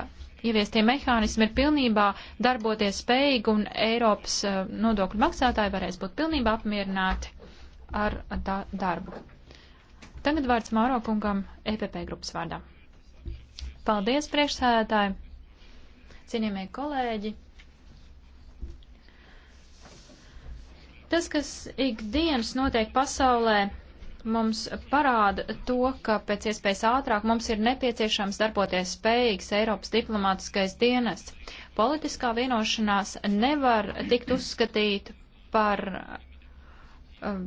ieviestie mehānismi ir pilnībā darboties spējīgi, un Eiropas eh, nodokļu maksātāji varēs būt pilnībā apmierināti ar da darbu. Tagad vārds Māro kungam EPP grupas vārdā. Paldies, priekšsēdētāji, cienījamie kolēģi. Tas, kas ikdienas notiek pasaulē, mums parāda to, ka pēc iespējas ātrāk mums ir nepieciešams darboties spējīgs Eiropas diplomātiskais dienests. Politiskā vienošanās nevar tikt uzskatīt par um,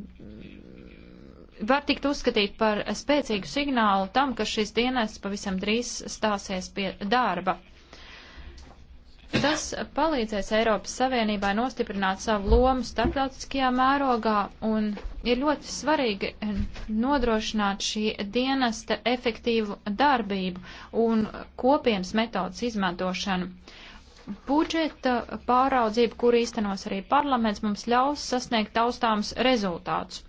var tikt uzskatīt par spēcīgu signālu tam, ka šis dienests pavisam drīz stāsies pie darba. Tas palīdzēs Eiropas Savienībai nostiprināt savu lomu starptautiskajā mērogā un ir ļoti svarīgi nodrošināt šī dienesta efektīvu darbību un kopienas metodas izmantošanu. Uh, budžeta pāraudzība, kur īstenos arī parlaments, mums ļaus sasniegt taustāms rezultātus.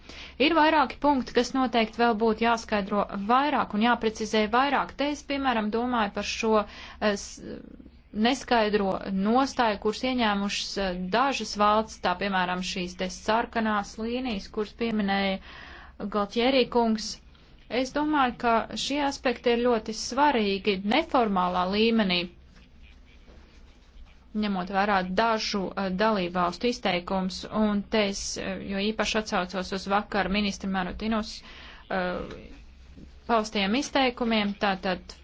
Ir vairāki punkti, kas noteikti vēl būtu jāskaidro vairāk un jāprecizē vairāk. Te es, piemēram, domāju par šo eh, neskaidro nostāju, kuras ieņēmušas eh, dažas valsts, tā piemēram šīs te sarkanās līnijas, kuras pieminēja Galtjerī kungs. Es domāju, ka šie aspekti ir ļoti svarīgi neformālā līmenī ņemot vērā dažu eh, dalību valstu izteikums, un te es eh, jo īpaši atsaucos uz vakar ministra Marutinos eh, paustiem izteikumiem, tātad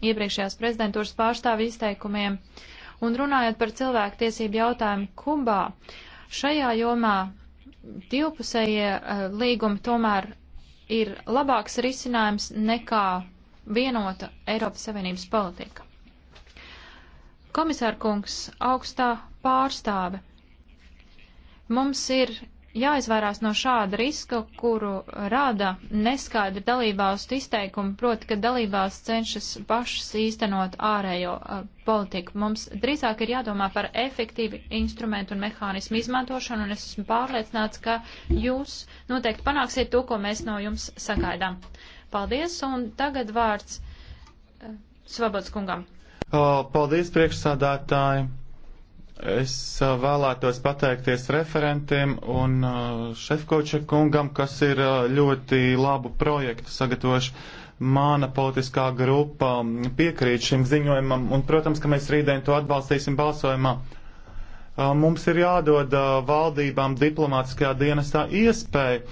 iepriekšējās prezidentūras pārstāvi izteikumiem, un runājot par cilvēku tiesību jautājumu Kubā, šajā jomā divpusējie līgumi tomēr ir labāks risinājums nekā vienota Eiropas Savienības politika. Komisārkungs, augstā pārstāve, mums ir jāizvairās no šāda riska, kuru rada neskaidri dalībvalstu izteikumi, proti, ka dalībvalsts cenšas pašas īstenot ārējo uh, politiku. Mums drīzāk ir jādomā par efektīvu instrumentu un mehānismu izmantošanu, un es esmu pārliecināts, ka jūs noteikti panāksiet to, ko mēs no jums sagaidām. Paldies, un tagad vārds uh, Svabots kungam. Paldies, priekšsādātāji! Es vēlētos pateikties referentiem un šefkoča kungam, kas ir ļoti labu projektu sagatavojuši. Mana politiskā grupa piekrīt šim ziņojumam, un, protams, ka mēs rītdien to atbalstīsim balsojumā. Mums ir jādod valdībām diplomātiskajā dienestā iespēja.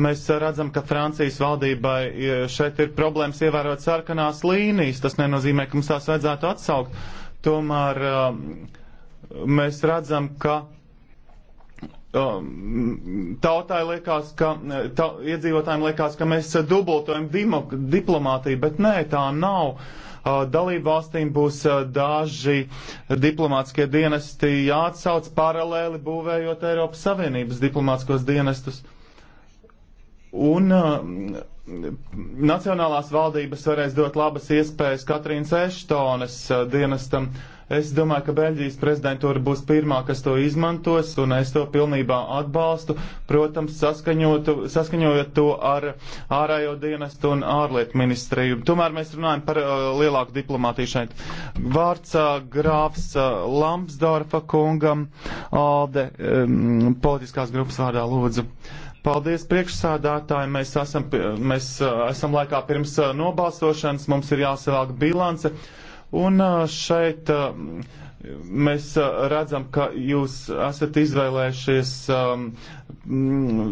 Mēs redzam, ka Francijas valdībai šeit ir problēmas ievērot sarkanās līnijas. Tas nenozīmē, ka mums tās vajadzētu atsaukt. Tomēr mēs redzam, ka tautai liekas, ka ta, iedzīvotājiem liekas, ka mēs dubultojam diplomātiju, bet nē, tā nav. Uh, dalību valstīm būs uh, daži diplomātskie dienesti jāatsauc paralēli būvējot Eiropas Savienības diplomātskos dienestus. Un uh, nacionālās valdības varēs dot labas iespējas Katrīnas Eštonas uh, dienestam. Uh, Es domāju, ka Beļģijas prezidentūra būs pirmā, kas to izmantos, un es to pilnībā atbalstu, protams, saskaņojot to ar ārējo dienestu un ārlietu ministriju. Tomēr mēs runājam par uh, lielāku diplomātiju šeit. Vārds uh, grāfs uh, Lambsdorfa kungam, Alde, um, politiskās grupas vārdā lūdzu. Paldies priekšsādātāji, mēs esam, mēs uh, esam laikā pirms uh, nobalsošanas, mums ir jāsavāk bilance. Uh, Un šeit mēs redzam, ka jūs esat izvēlējušies mm,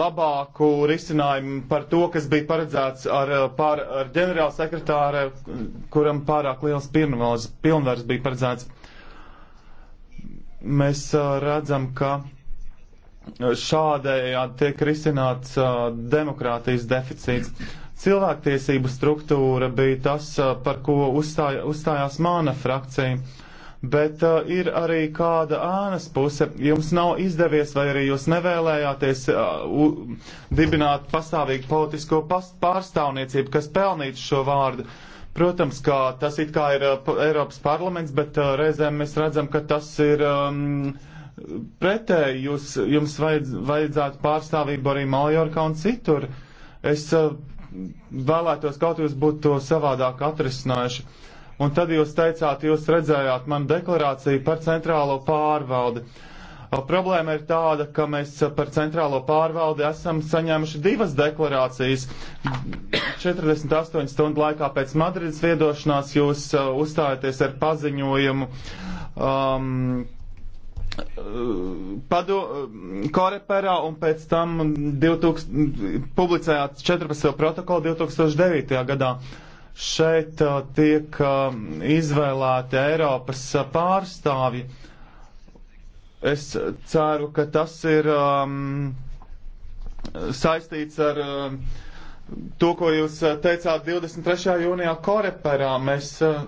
labāku risinājumu par to, kas bija paredzēts ar, par, ar ģenerāla sekretāra, kuram pārāk liels pilnvars bija paredzēts. Mēs redzam, ka šādējādi tiek risināts demokrātijas deficīts. Cilvēktiesību struktūra bija tas, par ko uzstāja, uzstājās mana frakcija, bet uh, ir arī kāda ānas puse. Jums nav izdevies vai arī jūs nevēlējāties uh, u, dibināt pastāvīgu politisko past pārstāvniecību, kas pelnītu šo vārdu. Protams, ka tas it kā ir uh, Eiropas parlaments, bet uh, reizēm mēs redzam, ka tas ir. Um, pretēji jūs, jums vajadz, vajadzētu pārstāvību arī Maljorkā un citur. Es uh, vēlētos kaut jūs būtu to savādāk atrisinājuši. Un tad jūs teicāt, jūs redzējāt manu deklarāciju par centrālo pārvaldi. Problēma ir tāda, ka mēs par centrālo pārvaldi esam saņēmuši divas deklarācijas. 48 stundu laikā pēc Madrides viedošanās jūs uzstājaties ar paziņojumu. Um, padu koreperā un pēc tam 2000, publicējāt 14. protokolu 2009. gadā. Šeit uh, tiek um, izvēlēti Eiropas uh, pārstāvji. Es ceru, ka tas ir um, saistīts ar um, to, ko jūs uh, teicāt 23. jūnijā koreperā. Mēs uh,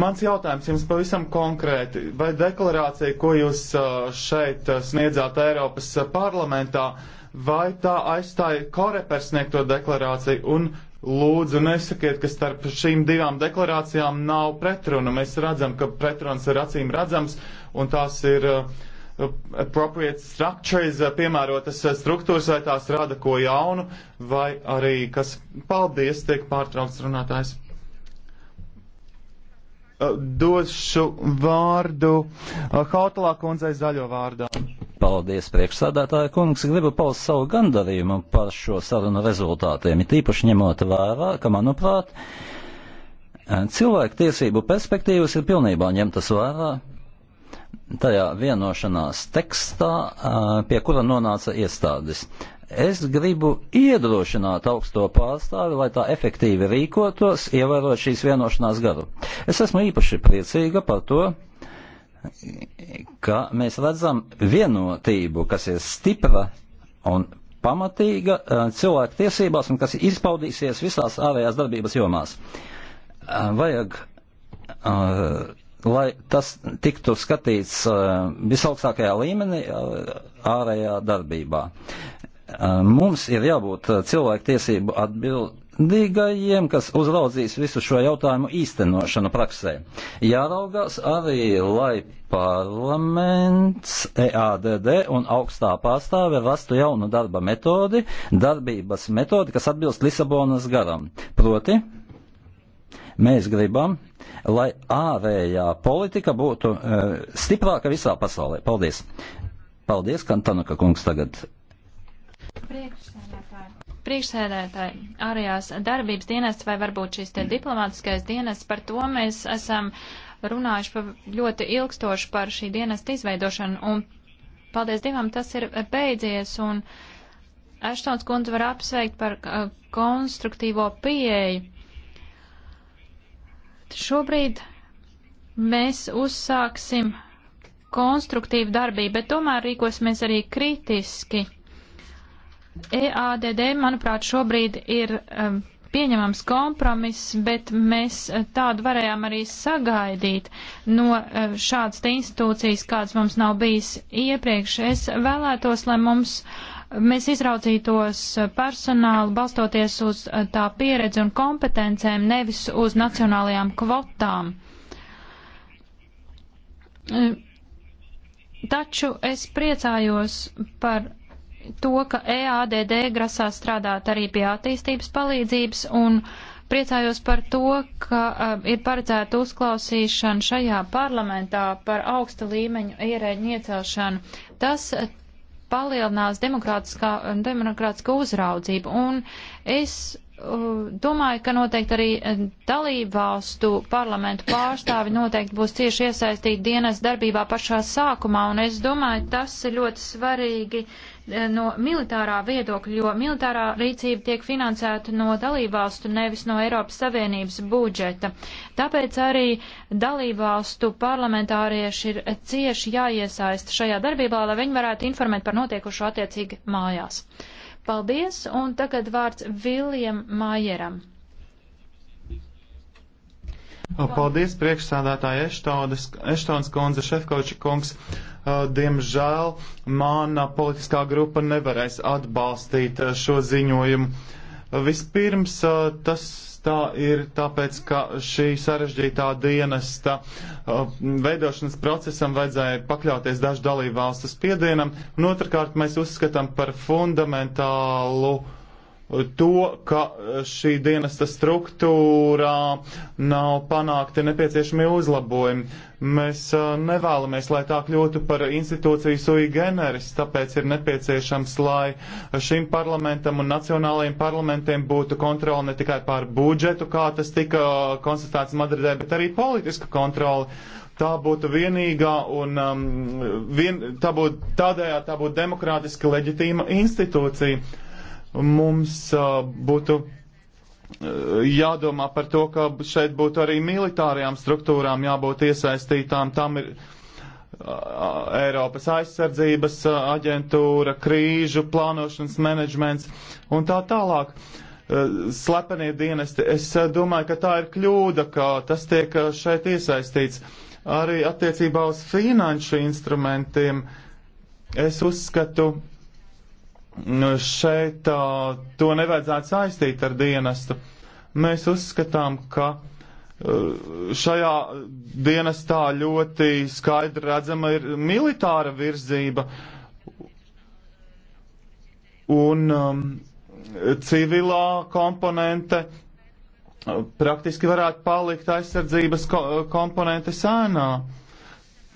Mans jautājums jums pavisam konkrēti. Vai deklarācija, ko jūs uh, šeit uh, sniedzāt Eiropas uh, parlamentā, vai tā aizstāja Korepers sniegto deklarāciju? Un lūdzu nesakiet, ka starp šīm divām deklarācijām nav pretruna. Mēs redzam, ka pretruns ir acīm redzams un tās ir uh, appropriate structures, piemērotas struktūras, vai tās rada ko jaunu, vai arī kas, paldies, tiek pārtraukts runātājs. Eh, došu vārdu eh, Hautalā kundzei zaļo vārdā. Paldies, priekšsādātāja kungs. Gribu paust savu gandarījumu par šo sarunu rezultātiem, it īpaši ņemot vērā, ka, manuprāt, eh, cilvēku tiesību perspektīvas ir pilnībā ņemtas vērā tajā vienošanās tekstā, pie kura nonāca iestādes. Es gribu iedrošināt augsto pārstāvi, lai tā efektīvi rīkotos, ievērot šīs vienošanās garu. Es esmu īpaši priecīga par to, ka mēs redzam vienotību, kas ir stipra un pamatīga eh, cilvēku tiesībās un kas izpaudīsies visās ārējās darbības jomās. Eh, vajag, eh, lai tas tiktu skatīts visaugstākajā līmenī ārējā darbībā. Mums ir jābūt cilvēktiesību atbildīgajiem, kas uzraudzīs visu šo jautājumu īstenošanu praksē. Jāraugās arī, lai parlaments, EADD un augstā pārstāve rastu jaunu darba metodi, darbības metodi, kas atbilst Lisabonas garam. Proti, mēs gribam, lai ārējā politika būtu uh, stiprāka visā pasaulē. Paldies! Paldies, Kantanuka kungs, tagad Priekšsēdētāji. Priekšsēdētāji, ārējās darbības dienests vai varbūt šis te diplomātiskais dienests, par to mēs esam runājuši pa ļoti ilgstoši par šī dienesta izveidošanu un paldies Dievam, tas ir beidzies un Ashtons kundze var apsveikt par uh, konstruktīvo pieeju. Šobrīd mēs uzsāksim konstruktīvu darbību, bet tomēr rīkosimies arī kritiski. EADD, manuprāt, šobrīd ir um, pieņemams kompromiss, bet mēs uh, tādu varējām arī sagaidīt no uh, šādas te institūcijas, kāds mums nav bijis iepriekš. Es vēlētos, lai mums mēs izraudzītos uh, personālu balstoties uz uh, tā pieredzi un kompetencēm, nevis uz nacionālajām kvotām. Uh, taču es priecājos par to, ka EADD grasās strādāt arī pie attīstības palīdzības un priecājos par to, ka uh, ir paredzēta uzklausīšana šajā parlamentā par augsta līmeņu ierēģu iecelšanu. Tas palielinās demokrātiskā, demokrātiskā uzraudzība, un es uh, domāju, ka noteikti arī uh, dalību valstu parlamentu pārstāvi noteikti būs cieši iesaistīti dienas darbībā pašā sākumā, un es domāju, tas ir ļoti svarīgi uh, no militārā viedokļa, jo militārā rīcība tiek finansēta no dalībvalstu, nevis no Eiropas Savienības budžeta. Tāpēc arī dalībvalstu parlamentārieši ir cieši jāiesaista šajā darbībā, lai viņi varētu informēt par notiekušo attiecīgi mājās. Paldies, un tagad vārds Viljam Mājeram. Paldies, priekšsādātāja Eštons kundze, Šefkoča kungs. Eh, diemžēl mana politiskā grupa nevarēs atbalstīt eh, šo ziņojumu. Vispirms eh, tas tā ir tāpēc, ka šī sarežģītā dienesta veidošanas procesam vajadzēja pakļauties dažu dalību valstu spiedienam, un otrkārt mēs uzskatām par fundamentālu uh, to, ka šī dienesta struktūrā nav panākti nepieciešami uzlabojumi. Mēs uh, nevēlamies, lai tā kļūtu par institūciju sui generis, tāpēc ir nepieciešams, lai šim parlamentam un nacionālajiem parlamentiem būtu kontrola ne tikai pār budžetu, kā tas tika konstatēts Madridē, bet arī politiska kontrola tā būtu vienīgā un um, vien, tā būtu tādējā tā būtu demokrātiski leģitīma institūcija mums būtu jādomā par to, ka šeit būtu arī militārajām struktūrām jābūt iesaistītām. Tam ir Eiropas aizsardzības aģentūra, krīžu plānošanas menedžments un tā tālāk. Slepenie dienesti. Es domāju, ka tā ir kļūda, ka tas tiek šeit iesaistīts. Arī attiecībā uz finanšu instrumentiem es uzskatu, Nu, šeit uh, to nevajadzētu saistīt ar dienestu. Mēs uzskatām, ka uh, šajā dienestā ļoti skaidri redzama ir militāra virzība un um, civilā komponente praktiski varētu palikt aizsardzības ko komponente sēnā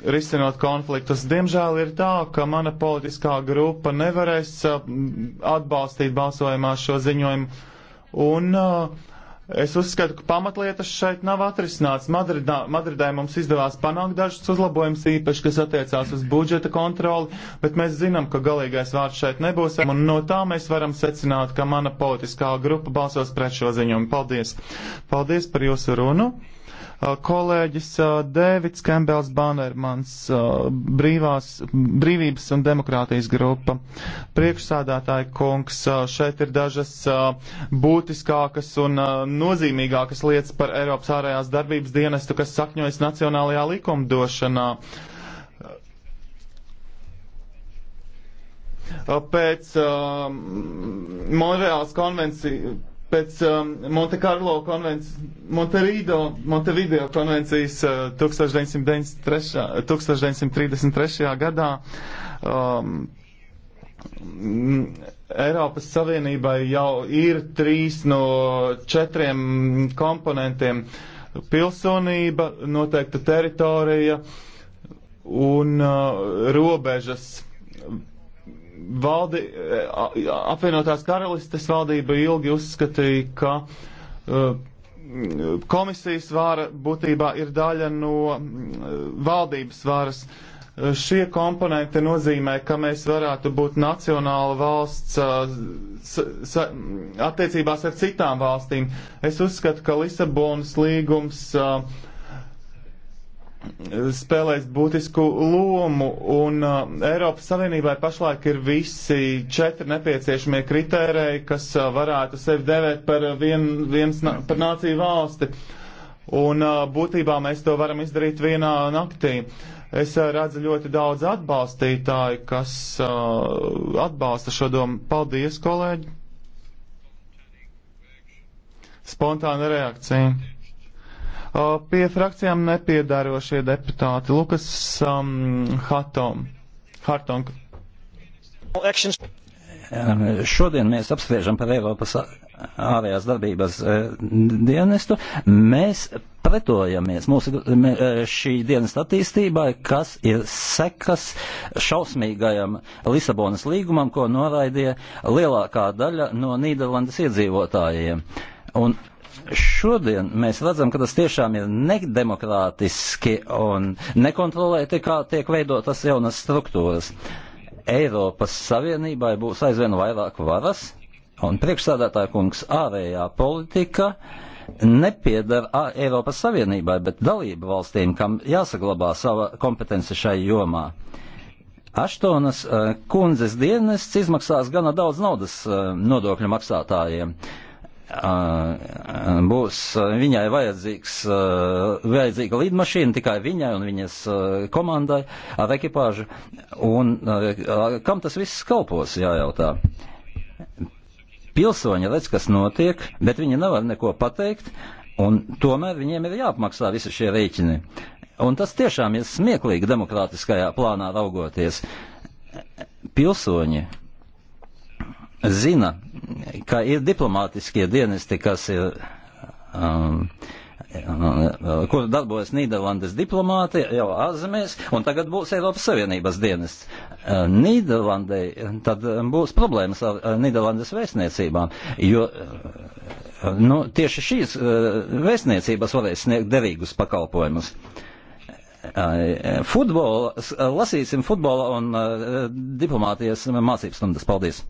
risinot konfliktus. Diemžēl ir tā, ka mana politiskā grupa nevarēs uh, atbalstīt balsojumā šo ziņojumu. Un uh, es uzskatu, ka pamatlietas šeit nav atrisināts. Madridā, Madridai mums izdevās panākt dažus uzlabojumus īpaši, kas attiecās uz budžeta kontroli, bet mēs zinām, ka galīgais vārds šeit nebūs. Un no tā mēs varam secināt, ka mana politiskā grupa balsos pret šo ziņojumu. Paldies! Paldies par jūsu runu! kolēģis Dēvids Kembels Banermans, brīvās, brīvības un demokrātijas grupa. Priekšsādātāji kungs, šeit ir dažas būtiskākas un nozīmīgākas lietas par Eiropas ārējās darbības dienestu, kas sakņojas nacionālajā likumdošanā. Pēc um, Monreāls konvencijas pēc um, Monte Carlo konvencijas, Montevido, Montevideo konvencijas uh, 1993, 1933. gadā um, Eiropas Savienībai jau ir trīs no četriem komponentiem - pilsonība, noteikta teritorija un uh, robežas valdi, eh, apvienotās karalistes valdība ilgi uzskatīja, ka uh, komisijas vāra būtībā ir daļa no mm, valdības vāras. Eh, šie komponenti nozīmē, ka mēs varētu būt nacionāla valsts sa, sa, attiecībās ar citām valstīm. Es uzskatu, ka Lisabonas līgums uh, spēlēs būtisku lomu, un uh, Eiropas Savienībai pašlaik ir visi četri nepieciešamie kritērēji, kas uh, varētu sevi devēt par, uh, vien, viens, na, par nāciju valsti. Un uh, būtībā mēs to varam izdarīt vienā naktī. Es uh, redzu ļoti daudz atbalstītāju, kas uh, atbalsta šo domu. Paldies, kolēģi! Spontāna reakcija. Pie frakcijām nepiedarošie deputāti Lukas um, Hatom. Hartong. Šodien mēs apspriežam par Eiropas ārējās darbības e, dienestu. Mēs pretojamies mūsu e, šī dienas attīstībai, kas ir sekas šausmīgajam Lisabonas līgumam, ko noraidīja lielākā daļa no Nīderlandes iedzīvotājiem. Un šodien mēs redzam, ka tas tiešām ir nedemokrātiski un nekontrolēti, kā tiek veidotas jaunas struktūras. Eiropas Savienībai būs aizvien vairāk varas, un priekšsādātāja kungs ārējā politika nepiedara Eiropas Savienībai, bet dalību valstīm, kam jāsaglabā sava kompetence šai jomā. Aštonas eh, kundzes dienests izmaksās gana daudz naudas eh, nodokļu maksātājiem. Uh, Uh, uh, būs uh, viņai vajadzīgs, vajadzīga lidmašīna tikai viņai un viņas komandai ar ekipāžu. Un kam tas viss kalpos, jājautā. Pilsoņi redz, kas notiek, bet viņi nevar neko pateikt, un tomēr viņiem ir jāapmaksā visi šie rēķini. Un tas tiešām ir smieklīgi demokrātiskajā plānā raugoties. Pilsoņi zina, ka ir diplomātiskie dienesti, kas ir. Um, um, kur darbojas Nīderlandes diplomāti jau ārzemēs, un tagad būs Eiropas Savienības dienests. Uh, Nīderlandē tad um, būs problēmas ar Nīderlandes vēstniecībām, jo uh, nu, tieši šīs uh, vēstniecības varēs sniegt derīgus pakalpojumus. Uh, Futbola, lasīsim futbola un diplomātijas mācības stundas. Paldies!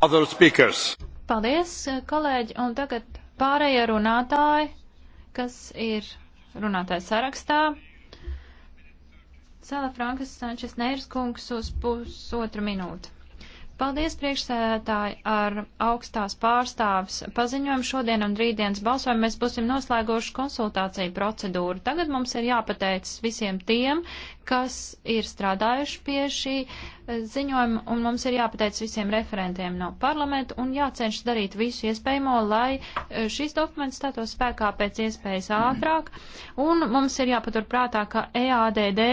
Paldies, kolēģi! Un tagad pārējie runātāji, kas ir runātāji sarakstā. Sēla Frankas Sančes Neirskungs uz pusotru minūti. Paldies priekšsēdētāji ar augstās pārstāvs paziņojumu šodien un rītdienas balsojumu. Mēs būsim noslēguši konsultāciju procedūru. Tagad mums ir jāpateicas visiem tiem, kas ir strādājuši pie šī eh, ziņojuma, un mums ir jāpateic visiem referentiem no parlamenta un jācenšas darīt visu iespējamo, lai eh, šis dokuments status spēkā pēc iespējas ātrāk, un mums ir jāpaturprātā, ka EADD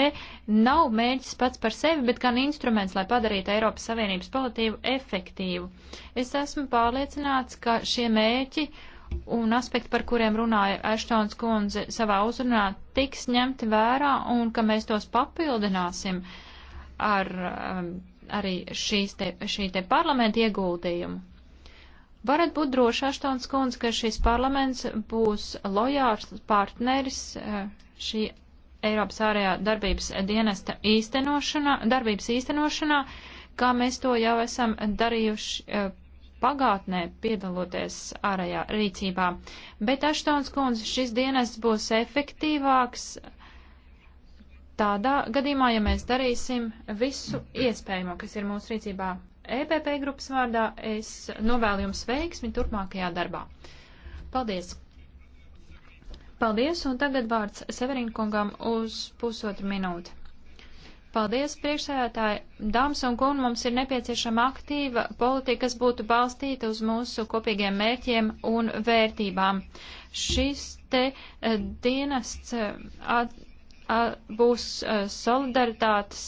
nav mērķis pats par sevi, bet gan instruments, lai padarītu Eiropas Savienības politīvu efektīvu. Es esmu pārliecināts, ka šie mērķi un aspekti, par kuriem runāja Ashtons kundze savā uzrunā, tiks ņemti vērā un ka mēs tos papildināsim ar um, arī šīs te, šī te parlamenta ieguldījumu. Varat būt droši, Ashtons kundze, ka šis parlaments būs lojāls partneris uh, šī Eiropas ārējā darbības dienesta īstenošanā, darbības īstenošanā, kā mēs to jau esam darījuši uh, pagātnē, piedaloties ārējā rīcībā. Bet Aštons kundze šis dienests būs efektīvāks tādā gadījumā, ja mēs darīsim visu iespējamo, kas ir mūsu rīcībā. EPP grupas vārdā es novēlu jums veiksmi turpmākajā darbā. Paldies! Paldies, un tagad vārds Severinkungam uz pusotru minūti. Paldies, priekšsēdētāji. Dāmas un kungi, mums ir nepieciešama aktīva politika, kas būtu balstīta uz mūsu kopīgiem mērķiem un vērtībām. Šis te uh, dienests uh, at, uh, būs eh, solidaritātes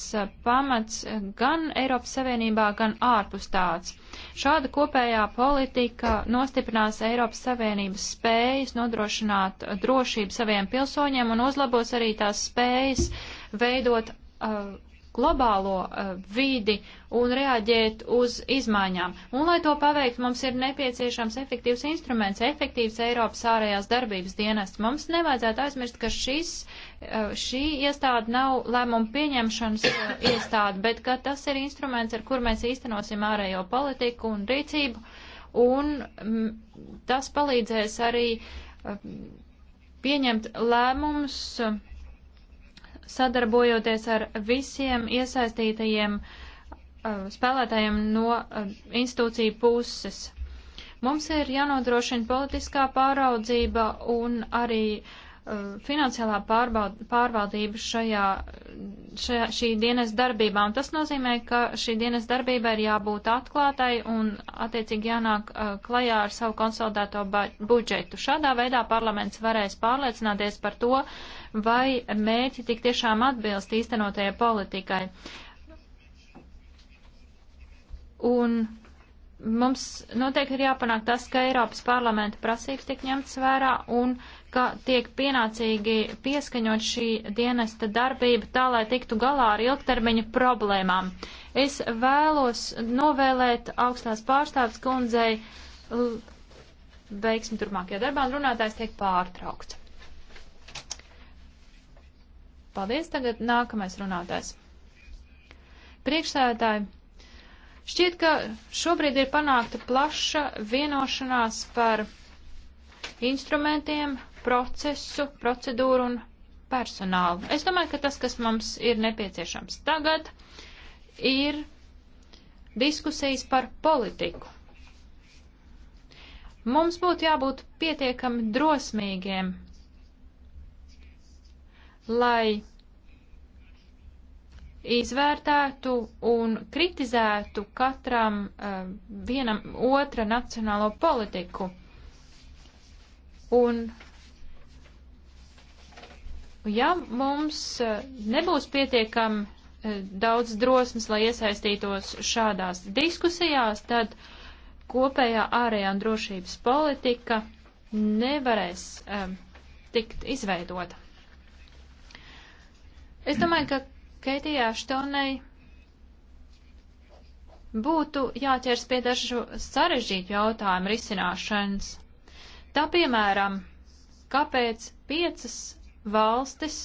pamats gan Eiropas Savienībā, gan ārpus tāds. Šāda kopējā politika nostiprinās Eiropas Savienības spējas nodrošināt drošību saviem pilsoņiem un uzlabos arī tās spējas veidot uh, globālo uh, vīdi un reaģēt uz izmaiņām. Un, lai to paveikt, mums ir nepieciešams efektīvs instruments, efektīvs Eiropas ārējās darbības dienests. Mums nevajadzētu aizmirst, ka šis, uh, šī iestāde nav lēmuma pieņemšanas uh, iestāde, bet ka tas ir instruments, ar kur mēs īstenosim ārējo politiku un rīcību, un mm, tas palīdzēs arī uh, pieņemt lēmumus. Uh, sadarbojoties ar visiem iesaistītajiem uh, spēlētājiem no uh, institūciju puses. Mums ir jānodrošina politiskā pāraudzība un arī uh, Uh, finansiālā pārbaud, pārvaldība šajā, šajā, šī dienas darbībā. Un tas nozīmē, ka šī dienas darbība ir jābūt atklātai un attiecīgi jānāk uh, klajā ar savu konsolidēto budžetu. Šādā veidā parlaments varēs pārliecināties par to, vai mērķi tik tiešām atbilst īstenotajai politikai. Un mums noteikti ir jāpanāk tas, ka Eiropas parlamenta prasības tiek ņemtas vērā un ka tiek pienācīgi pieskaņot šī dienesta darbība tā, lai tiktu galā ar ilgtermiņa problēmām. Es vēlos novēlēt augstās pārstāvs kundzei veiksmi turpmākajā darbā, un runātājs tiek pārtraukts. Paldies, tagad nākamais runātājs. Priekšsēdētāji, šķiet, ka šobrīd ir panākta plaša vienošanās par instrumentiem, procesu, procedūru un personālu. Es domāju, ka tas, kas mums ir nepieciešams tagad, ir diskusijas par politiku. Mums būtu jābūt pietiekami drosmīgiem, lai izvērtētu un kritizētu katram uh, vienam otra nacionālo politiku. Un Ja mums eh, nebūs pietiekami eh, daudz drosmes, lai iesaistītos šādās diskusijās, tad kopējā ārējā un drošības politika nevarēs um, tikt izveidota. Es domāju, ka Keitijā Štonei būtu jāķers pie dažu sarežģītu jautājumu risināšanas. Tā piemēram, kāpēc piecas valstis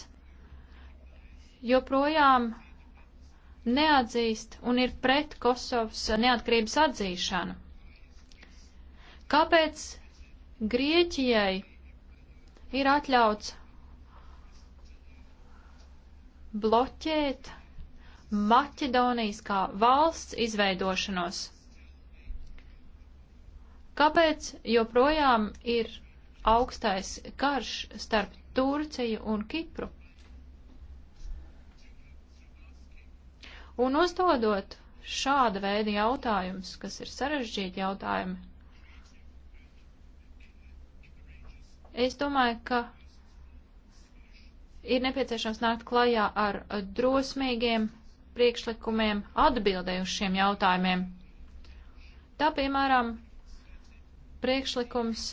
joprojām neatzīst un ir pret Kosovas neatkarības atzīšanu. Kāpēc Grieķijai ir atļauts bloķēt Maķedonijas kā valsts izveidošanos? Kāpēc joprojām ir augstais karš starp Turciju un Kipru. Un uzdodot šāda veida jautājums, kas ir sarežģīti jautājumi, es domāju, ka ir nepieciešams nākt klajā ar drosmīgiem priekšlikumiem atbildēju uz šiem jautājumiem. Tā, piemēram, priekšlikums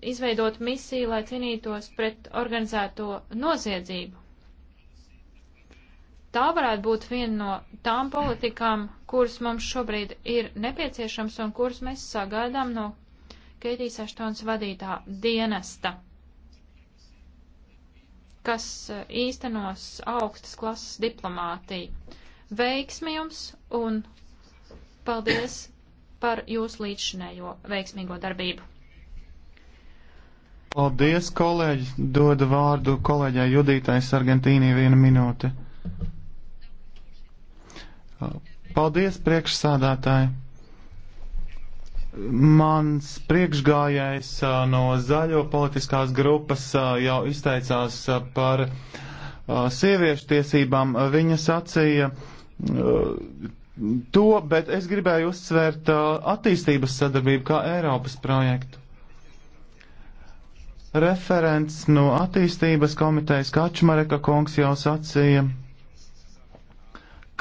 izveidot misiju, lai cīnītos pret organizēto noziedzību. Tā varētu būt viena no tām politikām, kuras mums šobrīd ir nepieciešams un kuras mēs sagaidām no Keitijas Aštons vadītā dienesta, kas e, īstenos augstas klases diplomātiju. Veiksmi jums un paldies par jūsu līdzšinējo veiksmīgo darbību! Paldies, kolēģi. Dodu vārdu kolēģai Judītai Sargentīnī vienu minūti. Paldies, priekšsādātāji. Mans priekšgājējs no zaļo politiskās grupas jau izteicās par sieviešu tiesībām. Viņa sacīja to, bet es gribēju uzsvērt attīstības sadarbību kā Eiropas projektu. Referents no attīstības komitejas Kačmareka kungs jau sacīja,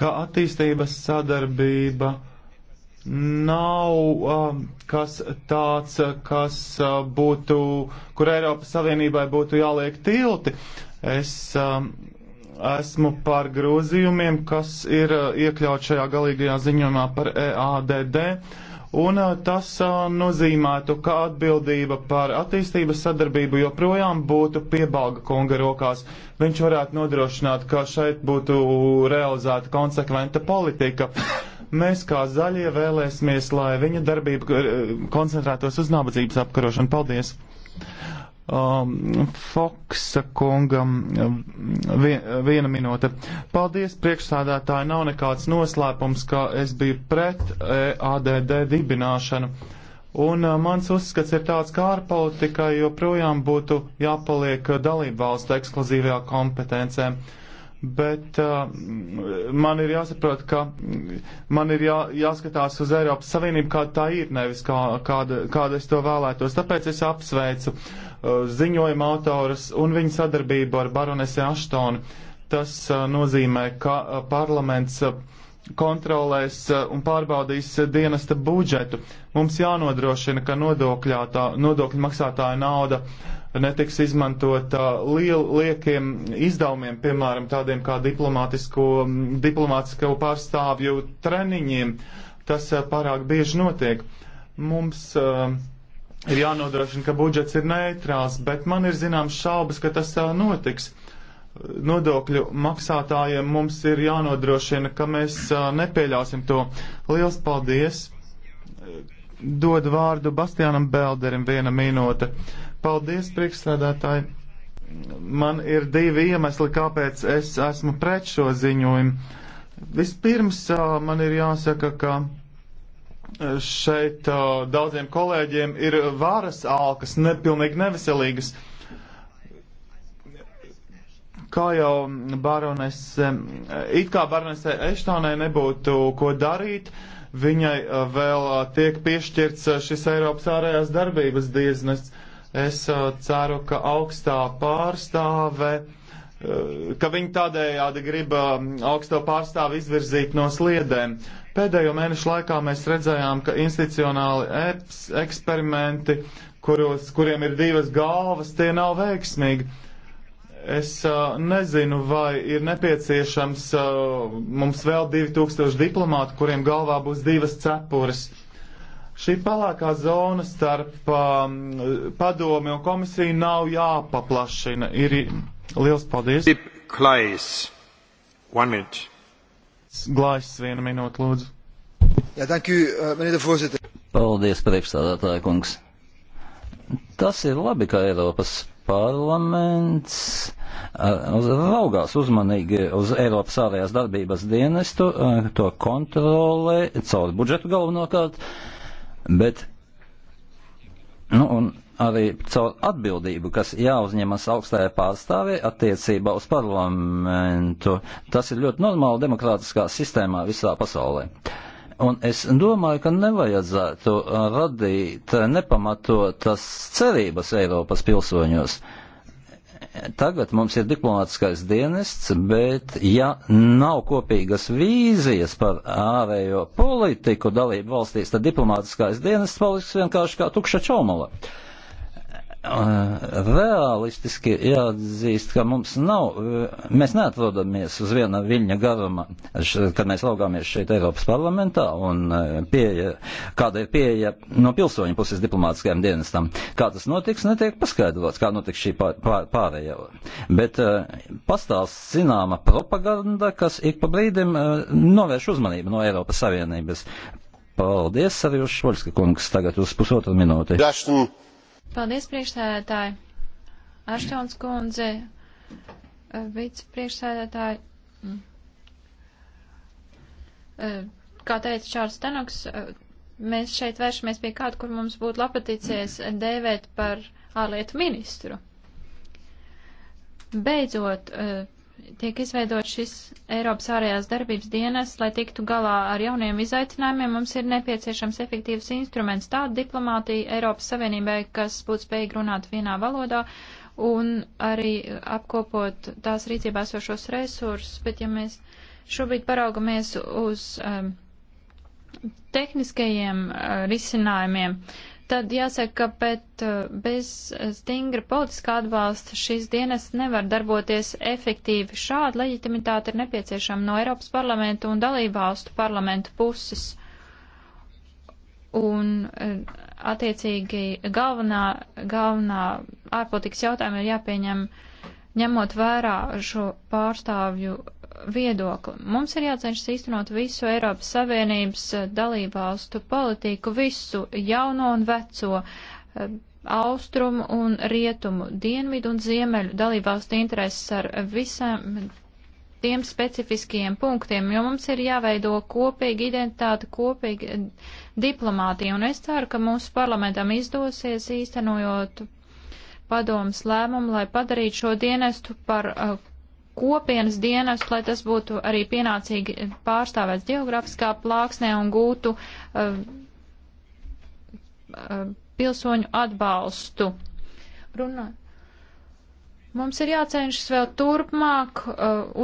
ka attīstības sadarbība nav um, kas tāds, kas uh, būtu, kur Eiropas Savienībai būtu jāliek tilti. Es um, esmu par grozījumiem, kas ir uh, iekļaut šajā galīgajā ziņojumā par EADD. Uh, Un tas nozīmētu, ka atbildība par attīstības sadarbību joprojām būtu piebalga kunga rokās. Viņš varētu nodrošināt, ka šeit būtu realizēta konsekventa politika. Mēs kā zaļie vēlēsimies, lai viņa darbība koncentrētos uz nabadzības apkarošanu. Paldies! um, Foksa kungam um, vien, viena minūte. Paldies, priekšsādātāji, nav nekāds noslēpums, ka es biju pret e ADD dibināšanu. Un uh, mans uzskats ir tāds, ka ārpolitika joprojām būtu jāpaliek uh, dalību valstu ekskluzīvajā kompetencē. Bet uh, man ir jāsaprot, ka man ir jā, jāskatās uz Eiropas Savienību, kāda tā ir, nevis kā, kāda, kāda es to vēlētos. Tāpēc es apsveicu Uh, ziņojuma autoras un viņa sadarbību ar baronesi Aštonu. Tas uh, nozīmē, ka uh, parlaments kontrolēs un pārbaudīs dienesta budžetu. Mums jānodrošina, ka nodokļu maksātāja nauda netiks izmantota liel, liekiem izdevumiem, piemēram, tādiem kā diplomātisko pārstāvju treniņiem. Tas pārāk bieži notiek. Mums uh, ir jānodrošina, ka budžets ir neitrāls, bet man ir zināms šaubas, ka tas tā uh, notiks. Nodokļu maksātājiem mums ir jānodrošina, ka mēs uh, nepieļausim to. Liels paldies! Dod vārdu Bastianam Belderim viena minūte. Paldies, priekšsēdētāji! Man ir divi iemesli, kāpēc es esmu pret šo ziņojumu. Vispirms uh, man ir jāsaka, ka šeit uh, daudziem kolēģiem ir vāras alkas, nepilnīgi neveselīgas. Kā jau barones, it kā baronesai Eštonai nebūtu ko darīt, viņai uh, vēl uh, tiek piešķirts šis Eiropas ārējās darbības dieznests. Es ceru, ka augstā pārstāve, ka viņi tādējādi grib augsto pārstāvi izvirzīt no sliedēm. Uh, Pēdējo mēnešu laikā mēs redzējām, ka institucionāli eps, eksperimenti, kuros, kuriem ir divas galvas, tie nav veiksmīgi. Es uh, nezinu, vai ir nepieciešams uh, mums vēl 2000 diplomātu, kuriem galvā būs divas cepures. Šī palākā zona starp um, padomi un komisiju nav jāpaplašina. Ir liels paldies. Klais. One minute. Glājs viena minūte, lūdzu. Jā, thank you, uh, voorzitter. Paldies, priekšstādātāja kungs. Tas ir labi, ka Eiropas parlaments uh, raugās uzmanīgi uz Eiropas ārējās darbības dienestu, uh, to kontrolē caur budžetu galvenokārt, bet, nu, un arī caur atbildību, kas jāuzņemas augstajai pārstāvē attiecībā uz parlamentu. Tas ir ļoti normāli demokrātiskā sistēmā visā pasaulē. Un es domāju, ka nevajadzētu radīt nepamatotas cerības Eiropas pilsoņos. Tagad mums ir diplomātiskais dienests, bet ja nav kopīgas vīzijas par ārējo politiku dalību valstīs, tad diplomātiskais dienests paliks vienkārši kā tukša čaumala. Uh, Eh, realistiski jāatzīst, ka mums nav, eh, mēs neatrodamies uz viena viļņa garuma, kad mēs raugāmies šeit Eiropas parlamentā un eh, pieeja, kāda ir pieeja no pilsoņu puses diplomātiskajam dienestam. Kā tas notiks, netiek paskaidrots, kā notiks šī pār, pār, pārējā. Bet pastāv zināma propaganda, kas ik pa brīdim novērš uzmanību no Eiropas Savienības. Paldies, Sarjušs Švoļska kungs, tagad uz pusotru minūti. Dažtum. Paldies, priekšsēdētāji. Aštons kundze, eh, vicepriekšsēdētāji. Eh, kā teica Čārls Tenoks, eh, mēs šeit vēršamies pie kāda, kur mums būtu lapaticies dēvēt par ārlietu ministru. Beidzot, tiek izveidot šis Eiropas ārējās darbības dienas, lai tiktu galā ar jauniem izaicinājumiem, mums ir nepieciešams efektīvs instruments tāda diplomātija Eiropas Savienībai, kas būtu spējīga runāt vienā valodā un arī apkopot tās rīcībā esošos resursus, bet ja mēs šobrīd paraugamies uz um, tehniskajiem uh, risinājumiem, uh, tad jāsaka, ka pēc, eh, bez stingra politiskā atbalsta šīs dienas nevar darboties efektīvi. Šāda leģitimitāte ir nepieciešama no Eiropas parlamentu un dalībvalstu parlamentu puses. Un eh, attiecīgi galvenā, galvenā ārpolitikas jautājuma ir jāpieņem ņemot vērā šo pārstāvju viedokli. Mums ir jācenšas īstenot visu Eiropas Savienības eh, dalībvalstu politiku, visu jauno un veco, eh, austrumu un rietumu, dienvidu un ziemeļu dalībvalstu intereses ar visām tiem specifiskajiem punktiem, jo mums ir jāveido kopīga identitāte, kopīga eh, diplomātija, un es ceru, ka mūsu parlamentam izdosies īstenojot padomas lēmumu, lai padarītu šo dienestu par uh, kopienas dienas, lai tas būtu arī pienācīgi pārstāvēts geografiskā plāksnē un gūtu uh, uh, pilsoņu atbalstu. Runa. Mums ir jācenšas vēl turpmāk uh,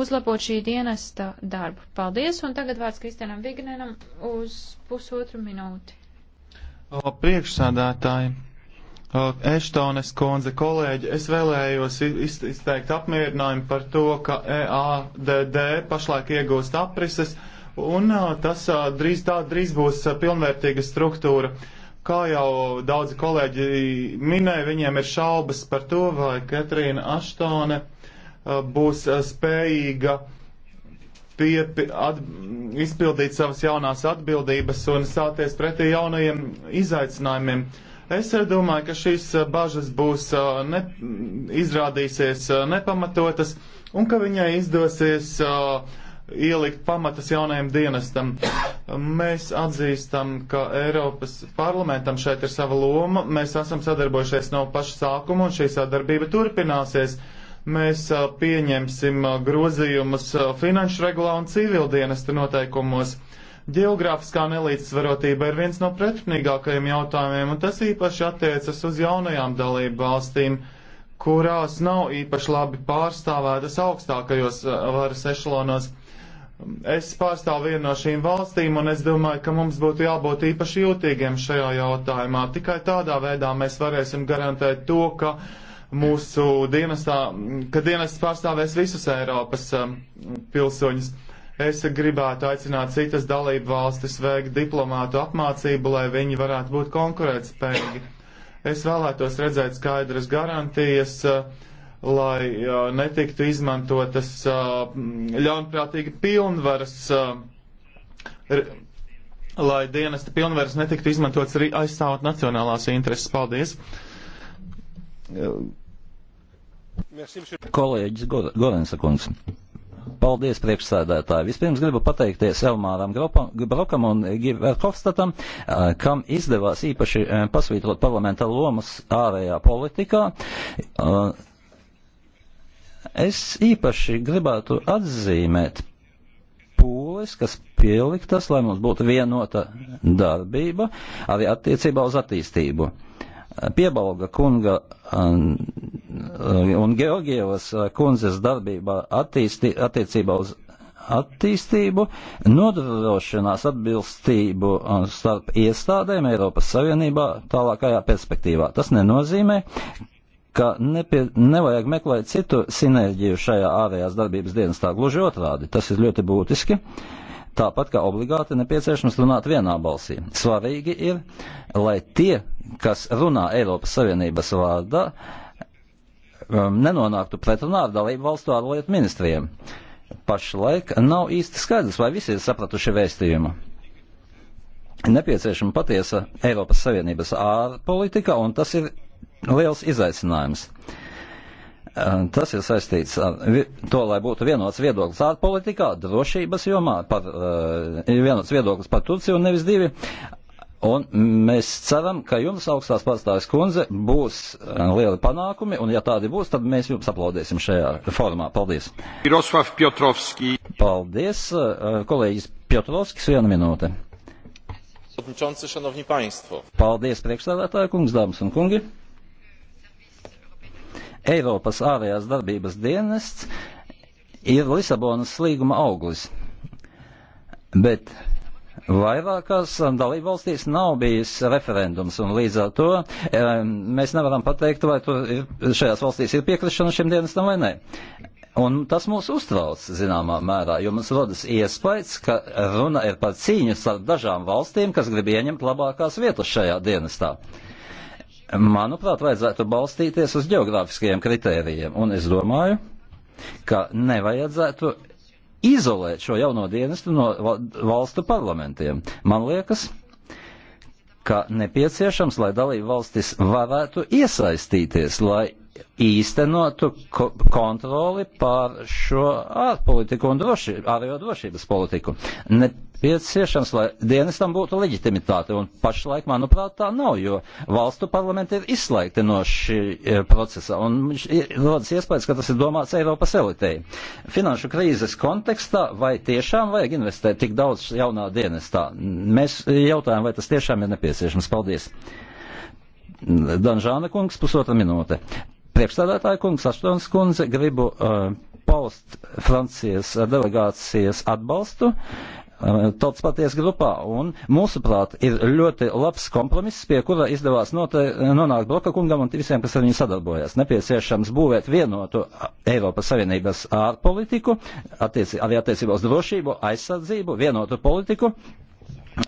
uzlabot šī dienesta darbu. Paldies, un tagad vārds Kristianam Vignenam uz pusotru minūti. O, priekšsādātāji, Eštones kundze, kolēģi, es vēlējos izteikt apmierinājumu par to, ka EADD pašlaik iegūst aprises, un tas drīz tā drīz būs pilnvērtīga struktūra. Kā jau daudzi kolēģi minēja, viņiem ir šaubas par to, vai Katrīna Aštone būs spējīga piepi, at, izpildīt savas jaunās atbildības un stāties pretī jaunajiem izaicinājumiem. Uh, Es eh, domāju, ka šīs eh, bažas būs eh, ne, izrādīsies nepamatotas un ka viņai izdosies ielikt pamatas jaunajam dienestam. Mēs atzīstam, ka Eiropas parlamentam šeit ir sava loma. Mēs esam sadarbojušies no paša sākuma un šī sadarbība turpināsies mēs pieņemsim grozījumus finanšu regulā un civildienesta noteikumos. Geogrāfiskā nelīdzsvarotība ir viens no pretrunīgākajiem jautājumiem, un tas īpaši attiecas uz jaunajām dalību valstīm, kurās nav īpaši labi pārstāvētas augstākajos eh, varas ešalonos. Es pārstāvu vienu no šīm valstīm, un es domāju, ka mums būtu jābūt īpaši jūtīgiem šajā jautājumā. Tikai tādā veidā mēs varēsim garantēt to, ka mūsu dienestā, ka dienests pārstāvēs visus Eiropas um, pilsoņus. Es gribētu aicināt citas dalību valstis veikt diplomātu apmācību, lai viņi varētu būt konkurētspējīgi. Es vēlētos redzēt skaidras garantijas, eh, lai eh, netiktu izmantotas eh, ļaunprātīgi pilnvaras, lai dienesta pilnvaras netiktu izmantotas arī aizstāvot nacionālās intereses. Paldies! Kolēģis Godensa kungs. Paldies, priekšsēdētāji. Vispirms gribu pateikties Elmāram Brokam un Giverhofstatam, kam izdevās īpaši pasvītrot parlamenta lomas ārējā politikā. Es īpaši gribētu atzīmēt pūles, kas pieliktas, lai mums būtu vienota darbība arī attiecībā uz attīstību. Piebalga kunga um, uh, un Georgievas uh, kundzes darbībā attīsti, attiecībā uz attīstību, nodrošinās atbilstību uh, starp iestādēm Eiropas Savienībā tālākajā perspektīvā. Tas nenozīmē, ka nepie, nevajag meklēt citu sinerģiju šajā ārējās darbības dienas tā gluži otrādi. Tas ir ļoti būtiski. Uh, tāpat kā obligāti nepieciešams runāt vienā balsī. Svarīgi ir, lai tie, kas runā Eiropas Savienības vārdā, um, nenonāktu pretrunā ar dalību valstu ārlietu ministriem. Pašlaik nav īsti skaidrs, vai visi ir sapratuši vēstījumu nepieciešama patiesa Eiropas Savienības ārpolitika, un tas ir liels izaicinājums. Eh, tas ir saistīts ar to, lai būtu vienots viedoklis ārpolitikā, drošības jomā, par, eh, vienots viedoklis par Turciju un nevis divi. Un mēs ceram, ka jums, augstās pārstāvis kundze, būs eh, lieli panākumi, un ja tādi būs, tad mēs jums aplaudēsim šajā formā. Paldies! Miroslav Piotrovski. Paldies, kolēģis Piotrovskis, viena minūte. Paldies, priekšstādātāja kungs, dāmas un kungi! Eiropas ārējās darbības dienests ir Lisabonas līguma auglis. Bet Vairākās dalībvalstīs nav bijis referendums, un līdz ar to mēs nevaram pateikt, vai ir, šajās valstīs ir piekrišana šim dienestam vai nē. Un tas mūs uztrauc zināmā mērā, jo mums rodas iespējas, ka runa ir par cīņu starp dažām valstīm, kas grib ieņemt labākās vietas šajā dienestā. Uh, manuprāt, vajadzētu balstīties uz geogrāfiskajiem kritērijiem, un es domāju, ka nevajadzētu izolēt šo jauno dienestu no valstu parlamentiem. Man liekas, ka nepieciešams, lai dalību valstis varētu iesaistīties, lai īstenotu kontroli pār šo ārpolitiku un drošību, ārējo drošības politiku. Nepieciešams, lai dienestam būtu leģitimitāte, un pašlaik, manuprāt, tā nav, jo valstu parlamenti ir izslēgti no šī e, procesa, un rodas iespējas, ka tas ir domāts Eiropas elitei. Finanšu krīzes kontekstā vai tiešām vajag investēt tik daudz jaunā dienestā? Mēs jautājam, vai tas tiešām ir nepieciešams. Paldies! Danžāna kungs, pusotra minūte. Priekšstādātāja kungs, Aštons kundze, gribu uh, paust Francijas delegācijas atbalstu uh, tautas paties grupā, un mūsuprāt ir ļoti labs kompromiss, pie kura izdevās nonākt Broka kungam un visiem, kas ar viņu sadarbojas. Nepieciešams būvēt vienotu Eiropas Savienības ārpolitiku, attiec, arī attiecībā uz drošību, aizsardzību, vienotu politiku,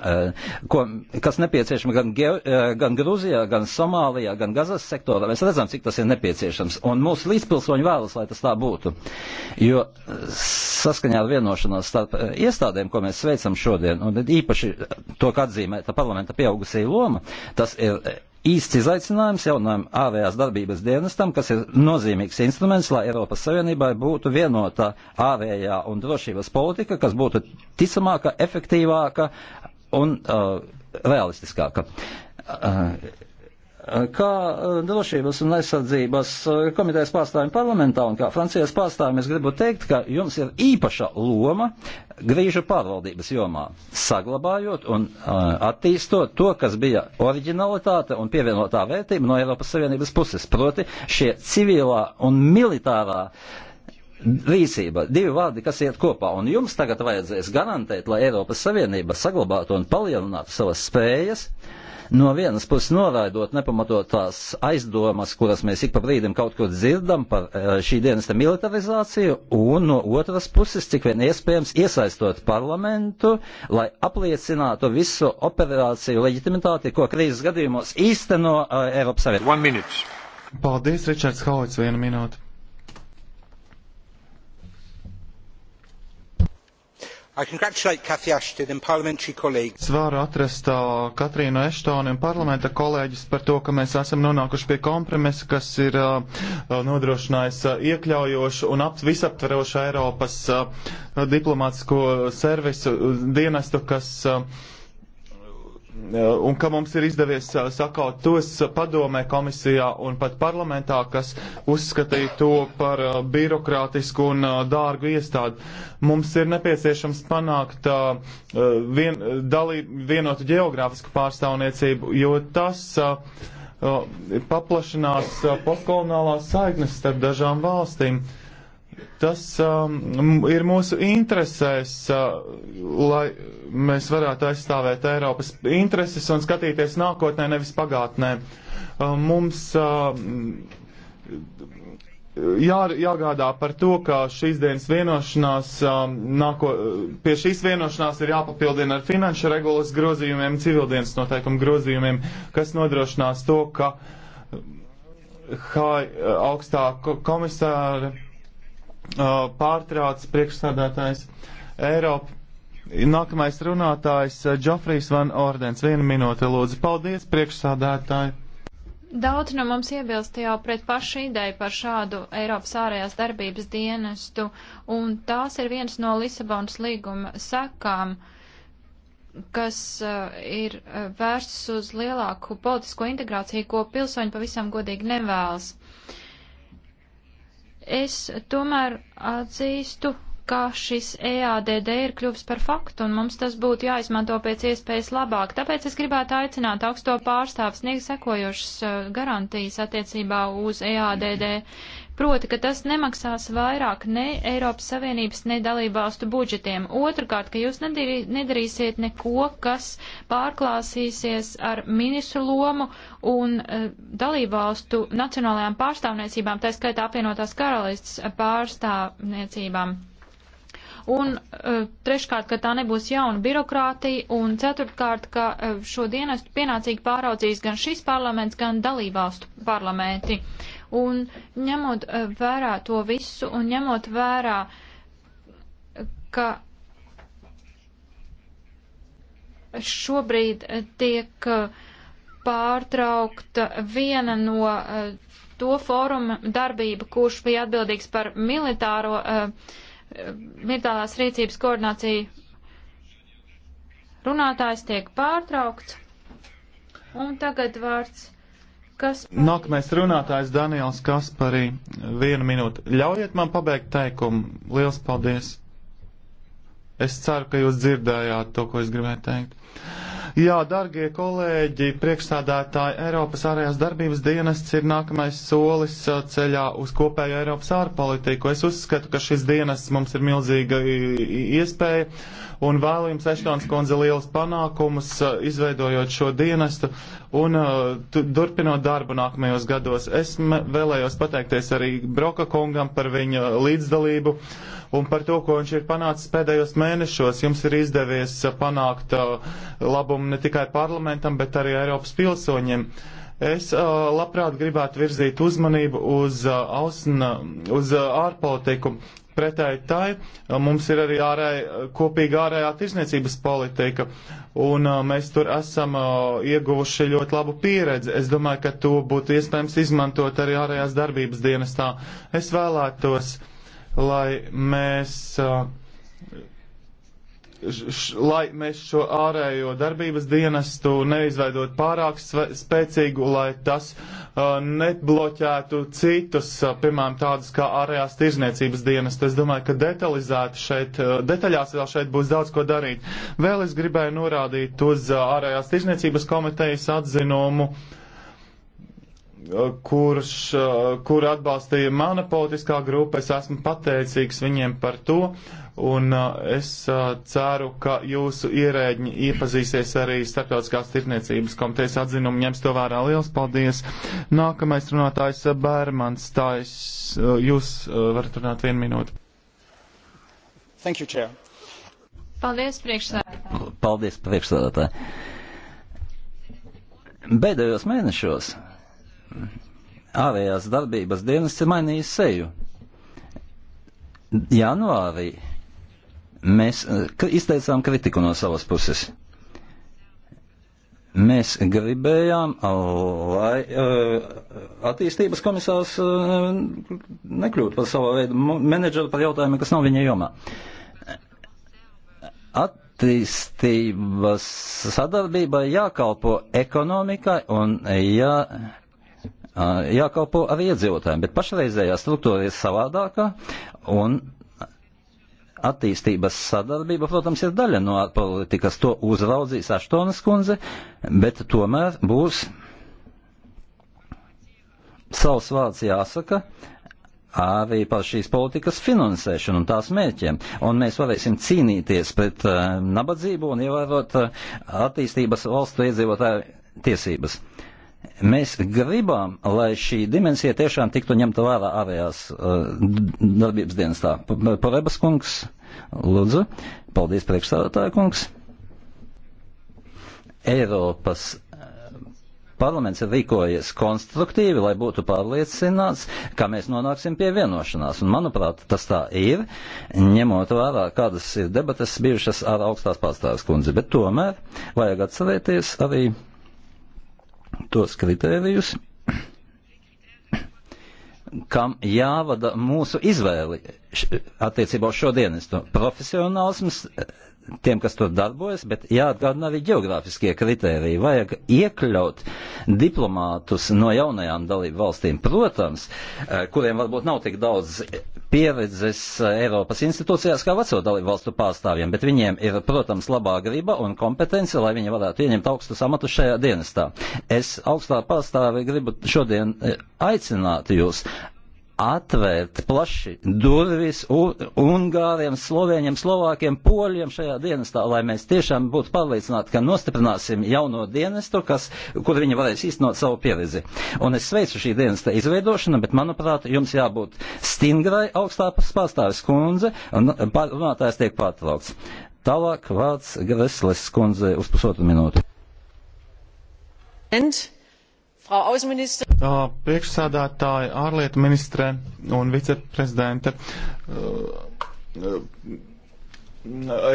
Eh, ko, kas nepieciešama gan, Ge, eh, gan Grūzijā, gan Somālijā, gan Gazas sektorā. Mēs redzam, cik tas ir nepieciešams, un mūsu līdzpilsoņi vēlas, lai tas tā būtu. Jo eh, saskaņā ar vienošanos starp iestādēm, ko mēs sveicam šodien, un īpaši to, ka atzīmēta parlamenta pieaugusī loma, tas ir īsts izaicinājums jaunam ārējās darbības dienestam, kas ir nozīmīgs instruments, lai Eiropas Savienībai būtu vienota ārējā un drošības politika, kas būtu ticamāka, efektīvāka, un uh, realistiskāka. Uh, uh kā uh, drošības un aizsardzības uh, komitejas pārstāvjiem parlamentā un kā Francijas pārstāvjiem es gribu teikt, ka jums ir īpaša loma grīžu pārvaldības jomā, saglabājot un uh, attīstot to, kas bija originalitāte un pievienotā vērtība no Eiropas Savienības puses, proti šie civilā un militārā uh, rīcība, divi vārdi, kas iet kopā, un jums tagad vajadzēs garantēt, lai Eiropas Savienība saglabātu un palielinātu savas spējas, no vienas puses noraidot nepamatotās aizdomas, kuras mēs ik pa brīdim kaut kur dzirdam par e, šī dienesta militarizāciju, un no otras puses, cik vien iespējams, iesaistot parlamentu, lai apliecinātu visu operāciju leģitimitāti, ko krīzes gadījumos īsteno e, Eiropas Savienība. Paldies, Ričards Hauits, vienu minūti. Es varu atrast uh, Katrīnu Eštoni un parlamenta kolēģis par to, ka mēs esam nonākuši pie kompromisa, kas ir uh, nodrošinājis uh, iekļaujošu un ap, visaptverošu Eiropas uh, diplomātsko servisu uh, dienestu, kas. Uh, Eh, un ka mums ir izdevies eh, sakaut tos eh, padomē komisijā un pat parlamentā, kas uzskatīja to par birokrātisku un dārgu iestādi. Mums ir nepieciešams panākt vien, dalī, vienotu geogrāfisku pārstāvniecību, jo tas paplašinās postkolonālās saiknes starp dažām valstīm. Uh, Tas um, ir mūsu interesēs, uh, lai mēs varētu aizstāvēt Eiropas intereses un skatīties nākotnē, nevis pagātnē. Uh, mums uh, jā, jāgādā par to, ka šīs dienas vienošanās, um, nāko, pie šīs vienošanās ir jāpapildina ar finanšu regulas grozījumiem, civildienas noteikumu grozījumiem, kas nodrošinās to, ka uh, uh augstā komisāra Uh, pārtrauc priekšsādātājs Eiropa. Nākamais runātājs uh, Džofrijs Van Ordens. Vienu minūte, lūdzu. Paldies, priekšsādātāji! Daudz no mums iebilst jau pret pašu ideju par šādu Eiropas ārējās darbības dienestu, un tās ir viens no Lisabonas līguma sekām, kas uh, ir uh, vērsts uz lielāku politisko integrāciju, ko pilsoņi pavisam godīgi nevēlas. Es tomēr atzīstu, ka šis EADD ir kļuvis par faktu, un mums tas būtu jāizmanto pēc iespējas labāk. Tāpēc es gribētu aicināt augsto pārstāvu sniegt sekojošas uh, garantijas attiecībā uz EADD. Mm -hmm Proti, ka tas nemaksās vairāk ne Eiropas Savienības, ne dalībvalstu budžetiem. Otrakārt, ka jūs nedarīsiet neko, kas pārklāsīsies ar ministru lomu un uh, dalībvalstu nacionālajām pārstāvniecībām, tā skaitā apvienotās karalists pārstāvniecībām un uh, treškārt, ka tā nebūs jauna birokrātija, un ceturtkārt, ka uh, šo dienestu pienācīgi pāraudzīs gan šis parlaments, gan dalībvalstu parlamenti. Un ņemot eh, vērā to visu un ņemot vērā, ka šobrīd eh, tiek eh, pārtraukta viena no to fóruma darbība, kurš bija atbildīgs par militāro, militārās rīcības koordināciju. Runātājs tiek pārtraukts. Un tagad vārds Kas... Nākamais runātājs Daniels Kasparī. Vienu minūti. Ļaujiet man pabeigt teikumu. Liels paldies. Es ceru, ka jūs dzirdējāt to, ko es gribēju teikt. Jā, darbie kolēģi, priekšstādātāji, Eiropas ārējās darbības dienests ir nākamais solis uh, ceļā uz kopējo Eiropas ārpolitiku. Es uzskatu, ka šis dienests mums ir milzīga iespēja un vēlu jums, Eštons kundze, liels panākumus, uh, izveidojot šo dienestu un uh, turpinot darbu nākamajos gados. Es vēlējos pateikties arī Broka kungam par viņa līdzdalību un par to, ko viņš ir panācis pēdējos mēnešos. Jums ir izdevies uh, panākt uh, labumu ne tikai parlamentam, bet arī Eiropas pilsoņiem. Es uh, labprāt gribētu virzīt uzmanību uz, uh, ausna, uz uh, ārpolitiku, Pretēji tai mums ir arī ārēj, kopīga ārējā tirzniecības politika, un mēs tur esam ieguvuši ļoti labu pieredzi. Es domāju, ka to būtu iespējams izmantot arī ārējās darbības dienestā. Es vēlētos, lai mēs. Uh, š, lai mēs šo ārējo darbības dienestu neizveidot pārāk spēcīgu, lai tas uh, nebloķētu citus, uh, piemēram, tādus kā ārējās tirzniecības dienestu. Es domāju, ka detalizēti šeit, uh, detaļās vēl šeit būs daudz ko darīt. Vēl es gribēju norādīt uz uh, ārējās tirzniecības komitejas atzinumu. Uh, kurš, kur atbalstīja mana politiskā grupa. Es esmu pateicīgs viņiem par to un uh, es uh, ceru, ka jūsu ierēģi iepazīsies arī starptautiskās tirniecības komitejas atzinumu, ņems to vērā. Liels paldies! Nākamais runātājs uh, Bērmans, tā es, jūs varat runāt vienu minūti. Thank you, Chair. Paldies, priekšsēdētāji. Paldies, priekšsēdētāji. Bēdējos mēnešos ārējās darbības dienas ir mainījis seju. Janvārī Mēs eh, izteicām kritiku no savas puses. Mēs gribējām, lai uh, attīstības komisārs uh, nekļūtu par savu veidu menedžeru par jautājumiem, kas nav viņa jomā. At attīstības sadarbībai jākalpo ekonomikai un jā, jākalpo arī iedzīvotājiem, bet pašreizējā struktūra ir savādākā un attīstības sadarbība, protams, ir daļa no ārpolitikas. To uzraudzīs Aštonas kundze, bet tomēr būs savs vārds jāsaka arī par šīs politikas finansēšanu un tās mērķiem. Un mēs varēsim cīnīties pret uh, nabadzību un ievērot uh, attīstības valstu iedzīvotāju tiesības. Uh, Mēs gribam, lai šī dimensija tiešām tiktu ņemta vērā ārējās uh, darbības dienestā. Porebas kungs, lūdzu, paldies priekšstādātāja kungs. Eiropas uh, parlaments ir rīkojies konstruktīvi, lai būtu pārliecināts, ka mēs nonāksim pie vienošanās. Un, manuprāt, tas tā ir, ņemot vērā, kādas ir debatas bijušas ar augstās pārstāvis kundzi. Bet tomēr vajag atcerēties arī tos kritērijus, kam jāvada mūsu izvēli attiecībā uz šo dienestu. Profesionālisms tiem, kas tur darbojas, bet jāatgādina arī geogrāfiskie kritēriji. Vajag iekļaut diplomātus no jaunajām dalību valstīm, protams, eh, kuriem varbūt nav tik daudz pieredzes eh, Eiropas institūcijās kā veco dalību valstu pārstāvjiem, bet viņiem ir, protams, labā griba un kompetence, lai viņi varētu ieņemt augstus amatus šajā dienestā. Es augstā pārstāvi gribu šodien eh, aicināt jūs atvērt plaši durvis Ungāriem, Slovēņiem, Slovākiem, Poļiem šajā dienestā, lai mēs tiešām būtu pārliecināti, ka nostiprināsim jauno dienestu, kas, kur viņi varēs īstenot savu pieredzi. Un es sveicu šī dienesta izveidošanu, bet manuprāt, jums jābūt stingrai augstā pārstāvis kundze, un runātājs tiek pārtraukts. Tālāk vārds Gresles kundze uz pusotru minūtu. And? Frau Außenminister. Priekšsādātāja, ārlietu ministre un viceprezidente. Uh, uh,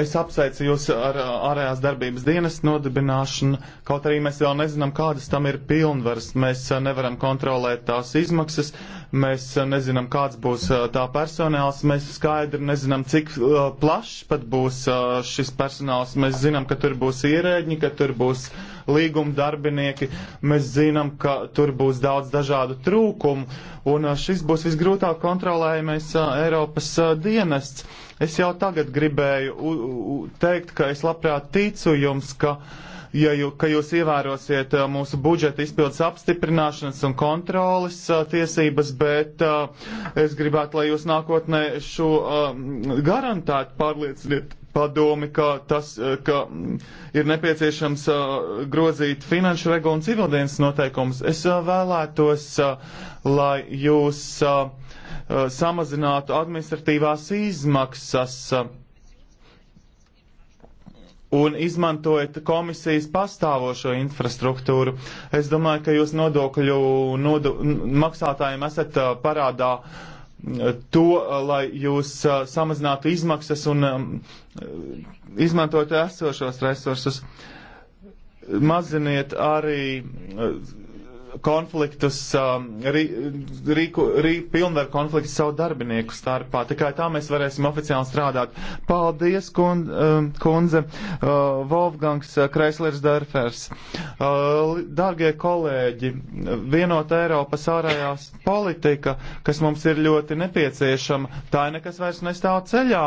Es apsveicu jūs ar uh, ārējās darbības dienas nodibināšanu, kaut arī mēs vēl nezinām, kādas tam ir pilnvaras. Mēs uh, nevaram kontrolēt tās izmaksas, mēs uh, nezinām, kāds būs tā personāls, mēs skaidri nezinām, cik plašs pat būs šis personāls. Mēs zinām, ka tur būs ierēģi, ka tur būs līguma darbinieki, mēs zinām, ka tur būs daudz dažādu trūkumu, un šis būs visgrūtāk kontrolējamais Eiropas dienests Es jau tagad gribēju u, u, teikt, ka es labprāt ticu jums, ka, ja jū, ka jūs ievērosiet uh, mūsu budžeta izpildes apstiprināšanas un kontrolas uh, tiesības, bet uh, es gribētu, lai jūs nākotnē šo garantētu pārlieciniet padomi, ka, tas, ka mm, ir nepieciešams grozīt finanšu regulu un civildienas noteikumus. Es vēlētos, lai jūs Uh, samazinātu administratīvās izmaksas un izmantojat komisijas pastāvošo infrastruktūru. Es domāju, ka jūs nodokļu nodo, maksātājiem esat uh, parādā uh, to, lai jūs samazinātu izmaksas un um, izmantotu esošos resursus. Maziniet arī konfliktus, um, rī, rī, rī, pilnvaru konfliktus savu darbinieku starpā. Tikai tā mēs varēsim oficiāli strādāt. Paldies, kun, um, kundze, uh, Wolfgangs Kreislers Dörfers. Uh, uh dārgie kolēģi, vienot Eiropas ārējās politika, kas mums ir ļoti nepieciešama, tā ir nekas vairs nestāv ceļā,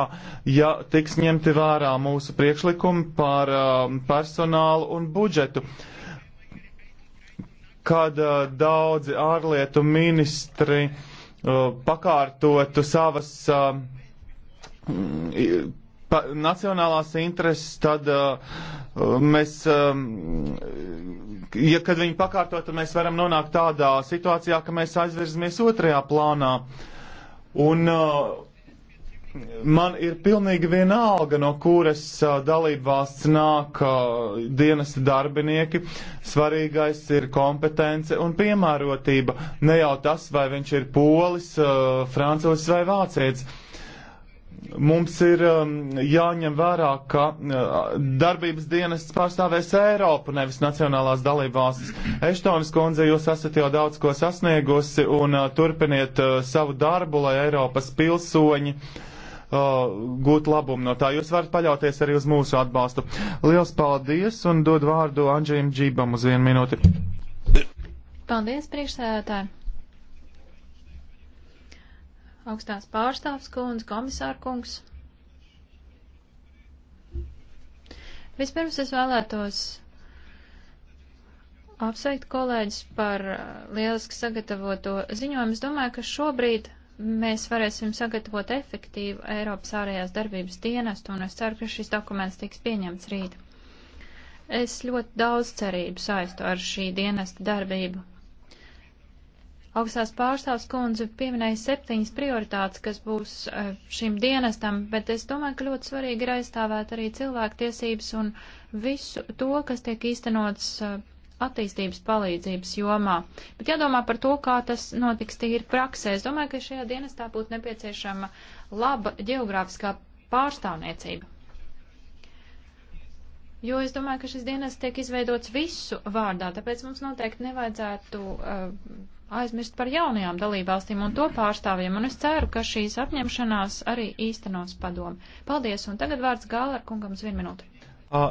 ja tiks ņemti vērā mūsu priekšlikumi par um, personālu un budžetu. Uh, kad uh, daudzi ārlietu ministri uh, pakārtotu savas uh, pa, nacionālās intereses, tad uh, mēs, uh, ja kad viņi pakārtotu, mēs varam nonākt tādā situācijā, ka mēs aizvirzamies otrajā plānā. Un, uh, Man ir pilnīgi vienalga, no kuras dalību valsts nāk dienas darbinieki. Svarīgais ir kompetence un piemērotība. Ne jau tas, vai viņš ir polis, francis vai vācietis. Mums ir jāņem vērā, ka darbības dienests pārstāvēs Eiropu, nevis nacionālās dalībvalstis. Eštonas kundze, jūs esat jau daudz ko sasniegusi un turpiniet savu darbu, lai Eiropas pilsoņi uh, gūt labumu no tā. Jūs varat paļauties arī uz mūsu atbalstu. Liels paldies un dod vārdu Andžējiem Džībam uz vienu minūti. Paldies, priekšsēdētāji! Augstās pārstāvs kundze, komisāra kungs. Vispirms es vēlētos apsveikt kolēģis par lieliski sagatavoto ziņojumu. Es domāju, ka šobrīd mēs varēsim sagatavot efektīvu Eiropas ārējās darbības dienestu, un es ceru, ka šis dokuments tiks pieņemts rīt. Es ļoti daudz cerību saistu ar šī dienesta darbību. Augstās pārstāvs kundze pieminēja septiņas prioritātes, kas būs eh, šim dienestam, bet es domāju, ka ļoti svarīgi ir aizstāvēt arī cilvēktiesības un visu to, kas tiek īstenots eh, attīstības palīdzības jomā, bet jādomā par to, kā tas notiks tīri praksē. Es domāju, ka šajā dienestā būtu nepieciešama laba geogrāfiskā pārstāvniecība. Jo es domāju, ka šis dienas tiek izveidots visu vārdā, tāpēc mums noteikti nevajadzētu uh, aizmirst par jaunajām dalībvalstīm un to pārstāvjiem, un es ceru, ka šīs apņemšanās arī īstenos padomu. Paldies, un tagad vārds Gālērkungam uz vienu minūti.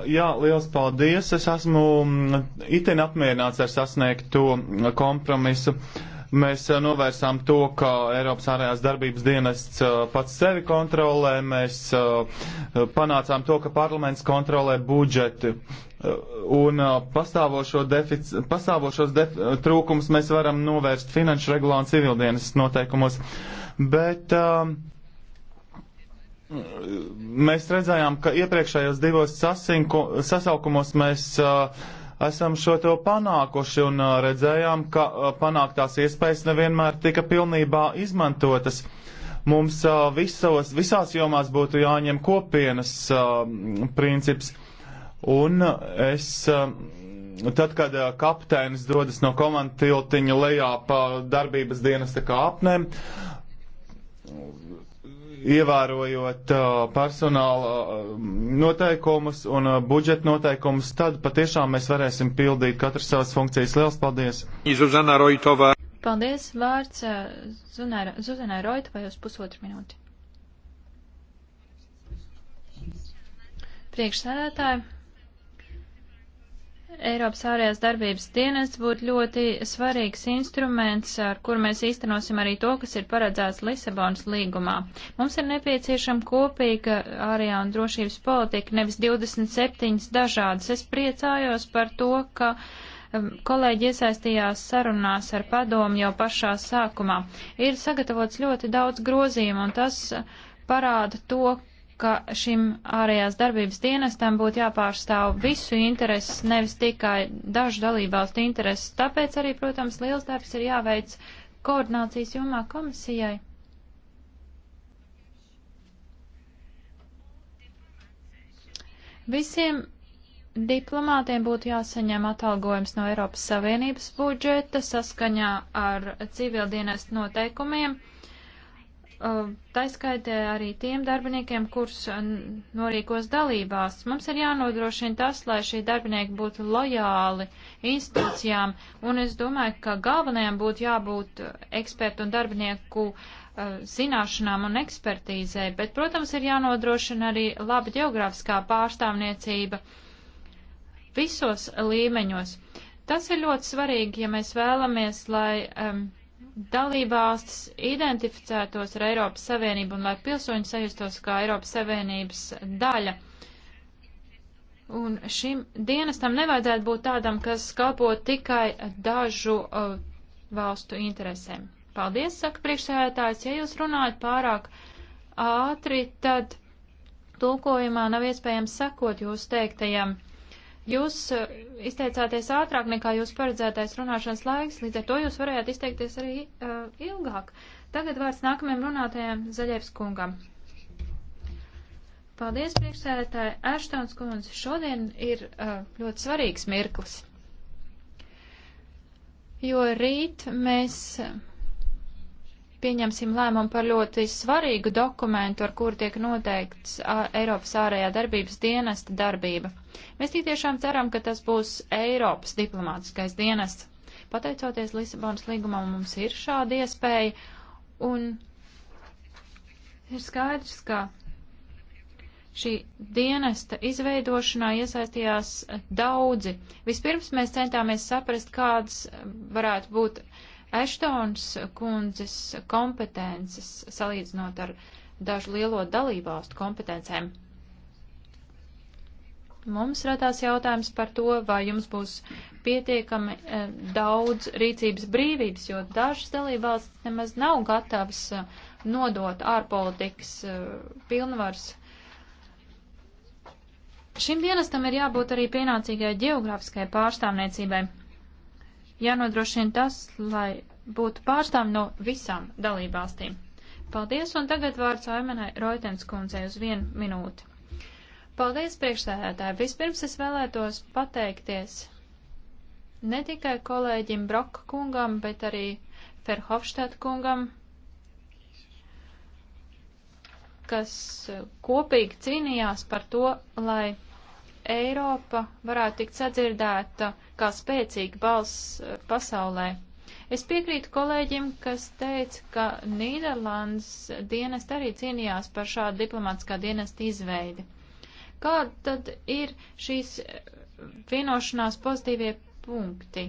Jā, liels paldies. Es esmu mm, itin apmierināts ar sasniegto kompromisu. Mēs novērsām to, ka Eiropas ārējās darbības dienests pats sevi kontrolē. Mēs panācām to, ka parlaments kontrolē budžeti. Un pastāvošo defic, pastāvošos def, trūkums mēs varam novērst finanšu regulā un civildienas noteikumos. Bet uh, Mēs redzējām, ka iepriekšējos divos sasinku, sasaukumos mēs uh, esam šo to panākuši un uh, redzējām, ka uh, panāktās iespējas nevienmēr tika pilnībā izmantotas. Mums uh, visos, visās jomās būtu jāņem kopienas uh, princips. Un es, uh, tad, kad uh, kapteinis dodas no komandu tiltiņa lejā pa darbības dienas tā kā apnēm, ievērojot uh, personāla uh, noteikumus un uh, budžeta noteikumus, tad patiešām mēs varēsim pildīt katru savas funkcijas. Liels paldies! Zuzana Roitovā. Paldies, vārds Zuzanai Roitovai uz pusotru minūti. Priekšsēdētāji. Eiropas ārējās darbības dienests būtu ļoti svarīgs instruments, ar kur mēs īstenosim arī to, kas ir paredzēts Lisabonas līgumā. Mums ir nepieciešama kopīga ārējā un drošības politika, nevis 27 dažādas. Es priecājos par to, ka um, kolēģi iesaistījās sarunās ar padomu jau pašā sākumā. Ir sagatavots ļoti daudz grozījumu, un tas uh, parāda to, ka šim ārējās darbības dienestam būtu jāpārstāv visu intereses, nevis tikai dažu dalībvalstu intereses. Tāpēc arī, protams, liels darbs ir jāveic koordinācijas jomā komisijai. Visiem diplomātiem būtu jāsaņem atalgojums no Eiropas Savienības budžeta saskaņā ar civildienestu noteikumiem. Um, taiskaitē arī tiem darbiniekiem, kurus norīkos dalībās. Mums ir jānodrošina tas, lai šie darbinieki būtu lojāli institūcijām, un es domāju, ka galvenajam būtu jābūt ekspertu un darbinieku uh, zināšanām un ekspertīzē, bet, protams, ir jānodrošina arī laba geogrāfiskā pārstāvniecība visos līmeņos. Tas ir ļoti svarīgi, ja mēs vēlamies, lai um, dalībvalstis identificētos ar Eiropas Savienību un lai pilsoņi sajustos kā Eiropas Savienības daļa. Un šim dienestam nevajadzētu būt tādam, kas kalpo tikai dažu uh, valstu interesēm. Paldies, saka priekšsēdētājs, ja jūs runājat pārāk ātri, tad tulkojumā nav iespējams sekot jūs teiktajam. Jūs eh, izteicāties ātrāk nekā jūs paredzētais runāšanas laiks, līdz ar to jūs varējāt izteikties arī uh, ilgāk. Tagad vārds nākamajam runātājam Zaļevs kungam. Paldies, priekšsēdētāji. Ashtons kundze, šodien ir uh, ļoti svarīgs mirklis, jo rīt mēs. Uh, pieņemsim lēmumu par ļoti svarīgu dokumentu, ar kuru tiek noteikts Eiropas ārējā darbības dienesta darbība. Mēs tik tiešām ceram, ka tas būs Eiropas diplomātiskais dienests. Pateicoties Lisabonas līgumam, mums ir šāda iespēja, un ir skaidrs, ka šī dienesta izveidošanā iesaistījās daudzi. Vispirms mēs centāmies saprast, kādas varētu būt uh, Eštons kundzes kompetences salīdzinot ar dažu lielo dalībvalstu kompetencēm. Mums radās jautājums par to, vai jums būs pietiekami e, daudz rīcības brīvības, jo dažas dalībvalstis nemaz nav gatavas e, nodot ārpolitikas e, pilnvars. Šim dienestam ir jābūt arī pienācīgai geogrāfiskai pārstāvniecībai jānodrošina tas, lai būtu pārstāvi no visām dalībvalstīm. Paldies, un tagad vārds Aimenai Roitens kundzei uz vienu minūti. Paldies, priekšsēdētāji! Vispirms es vēlētos pateikties ne tikai kolēģim Broka kungam, bet arī Ferhofštēt kungam, kas kopīgi cīnījās par to, lai Eiropa varētu tikt sadzirdēta kā spēcīga balss eh, pasaulē. Es piekrītu kolēģim, kas teica, ka Nīderlandes dienest arī cīnījās par šādu diplomātiskā dienesta izveidi. Kāda tad ir šīs eh, vienošanās pozitīvie punkti?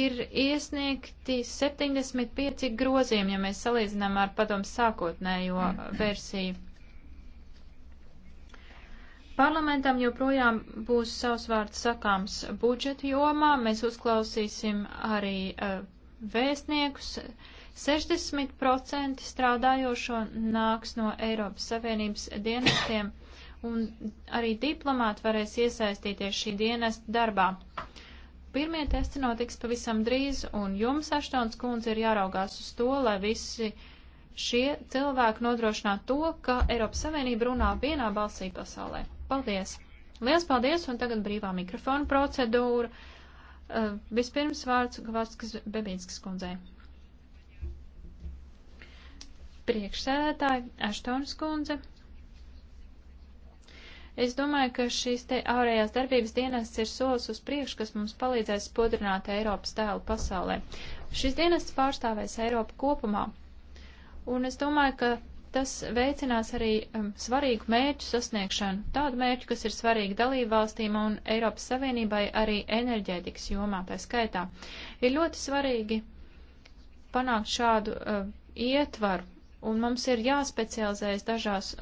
Ir iesniegti 75 grozījumi, ja mēs salīdzinām ar padomu sākotnējo versiju. Parlamentam joprojām būs savs vārds sakāms budžeta jomā. Mēs uzklausīsim arī uh, vēstniekus. 60% strādājošo nāks no Eiropas Savienības dienestiem, un arī diplomāti varēs iesaistīties šī dienesta darbā. Pirmie testi notiks pavisam drīz, un jums, Aštons kundze, ir jāraugās uz to, lai visi šie cilvēki nodrošinātu to, ka Eiropas Savienība runā vienā balsī pasaulē. Paldies! Liels paldies! Un tagad brīvā mikrofona procedūra. Uh, vispirms vārds Kvārskas Bebīnskas kundzei. Priekšsēdētāji, Aštonas kundze. Es domāju, ka šīs te ārējās darbības dienas ir solis uz priekšu, kas mums palīdzēs spodrināt Eiropas tēlu pasaulē. Šis dienas pārstāvēs Eiropu kopumā. Un es domāju, ka Tas veicinās arī um, svarīgu mērķu sasniegšanu, tādu mērķu, kas ir svarīgi dalību valstīm un Eiropas Savienībai arī enerģētikas jomā tā skaitā. Ir ļoti svarīgi panākt šādu uh, ietvaru un mums ir jāspecializējas dažās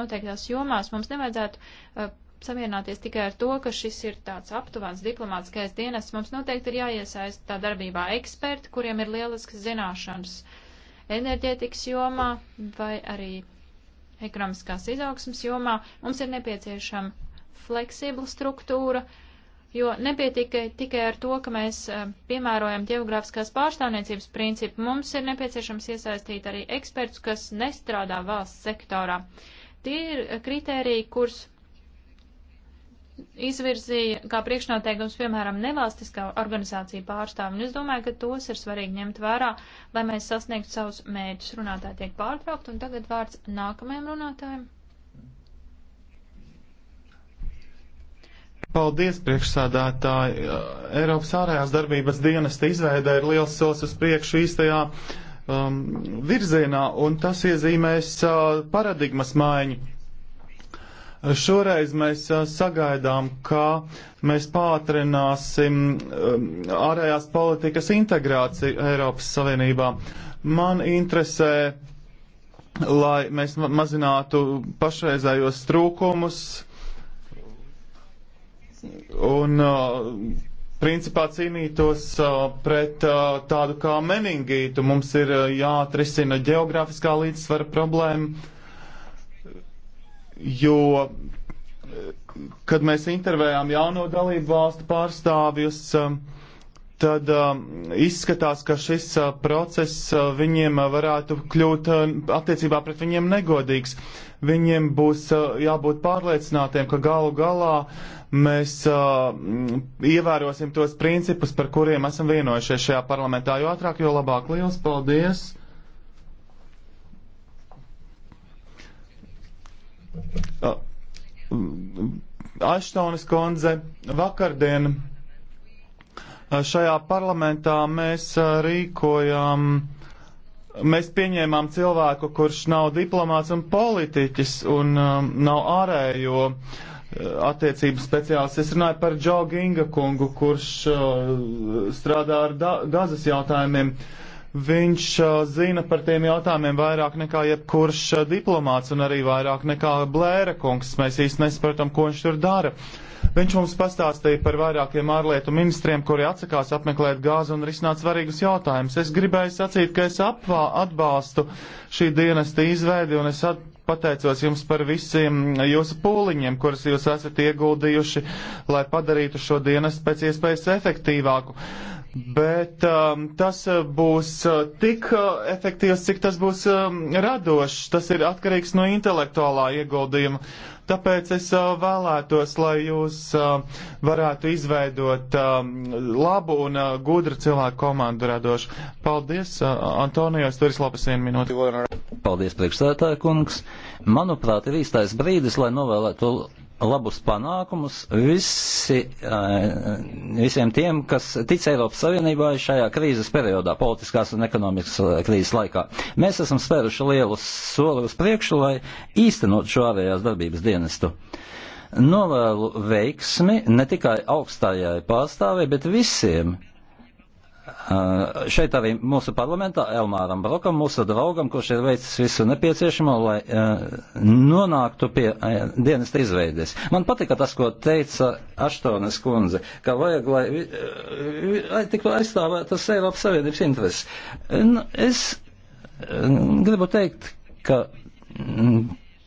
noteiktās jomās. Mums nevajadzētu uh, samierināties tikai ar to, ka šis ir tāds aptuvens diplomātskais dienests. Mums noteikti ir jāiesaist tā darbībā eksperti, kuriem ir lielisks zināšanas enerģētikas jomā vai arī ekonomiskās izaugsmas jomā, mums ir nepieciešama fleksibla struktūra, jo nepietiek tikai ar to, ka mēs eh, piemērojam geogrāfiskās pārstāvniecības principu, mums ir nepieciešams iesaistīt arī ekspertus, kas nestrādā valsts sektorā. Tie ir kriteriji, kurus izvirzīja kā priekšnoteikums, piemēram, nevalstiskā organizācija pārstāvju, un es domāju, ka tos ir svarīgi ņemt vērā, lai mēs sasniegtu savus mērķus. Runātāji tiek pārtraukt, un tagad vārds nākamajam runātājam. Paldies, priekšsādātāji. Eiropas ārējās darbības dienesta izveida ir liels solis uz priekšu īstajā um, virzienā, un tas iezīmēs uh, paradigmas maiņu Šoreiz mēs sagaidām, ka mēs pātrināsim ārējās politikas integrāciju Eiropas Savienībā. Man interesē, lai mēs mazinātu pašreizējos trūkumus un principā cīnītos pret tādu kā meningītu. Mums ir jāatrisina geogrāfiskā līdzsvara problēma jo, eh, kad mēs intervējām jauno dalību valstu pārstāvjus, eh, tad eh, izskatās, ka šis process viņiem varētu kļūt attiecībā pret viņiem negodīgs. Viņiem būs jābūt pārliecinātiem, ka galu galā mēs ievērosim tos principus, par kuriem esam vienojušies šajā parlamentā. Jo ātrāk, jo labāk. Lielas paldies! Aštonis Konze, vakardien šajā parlamentā mēs rīkojām, mēs pieņēmām cilvēku, kurš nav diplomāts un politiķis un um, nav ārējo attiecību speciālists. Es runāju par Džo Ginga kungu, kurš uh, strādā ar Gazas jautājumiem. Uh, Viņš zina par tiem jautājumiem vairāk nekā jebkurš diplomāts un arī vairāk nekā Blēra kungs. Mēs īsti nesaprotam, ko viņš tur dara. Viņš mums pastāstīja par vairākiem ārlietu ministriem, kuri atsakās apmeklēt gāzi un risināt svarīgus jautājumus. Es gribēju sacīt, ka es apvā atbalstu šī dienesta izveidi un es at pateicos jums par visiem jūsu pūliņiem, kurus jūs esat ieguldījuši, lai padarītu šo dienestu pēc iespējas efektīvāku. Uh, bet um, tas uh, būs uh, tik uh, efektīvs, cik tas būs um, radošs. Tas ir atkarīgs no intelektuālā ieguldījuma. Tāpēc es uh, vēlētos, lai jūs uh, varētu izveidot uh, labu un uh, gudru cilvēku komandu radošu. Paldies, uh, Antonijos, tur ir slapes vienu minūti. Paldies, priekšstādātāja kungs. Manuprāt, ir īstais brīdis, lai novēlētu labus panākumus visi, eh, visiem tiem, kas tic Eiropas Savienībai šajā krīzes periodā, politiskās un ekonomikas eh, krīzes laikā. Mēs esam spēruši lielus soli uz priekšu, lai īstenot šo ārējās darbības dienestu. Novēlu veiksmi ne tikai augstajai pārstāvē, bet visiem Eh, šeit arī mūsu parlamentā Elmāram Brokam, mūsu draugam, kurš ir veicis visu nepieciešamo, lai eh, nonāktu pie eh, dienesta izveides. Man patika tas, ko teica Aštonas kundze, ka vajag, lai, lai tiktu aizstāvētas Eiropas Savienības intereses. Nu, es gribu teikt, ka mm,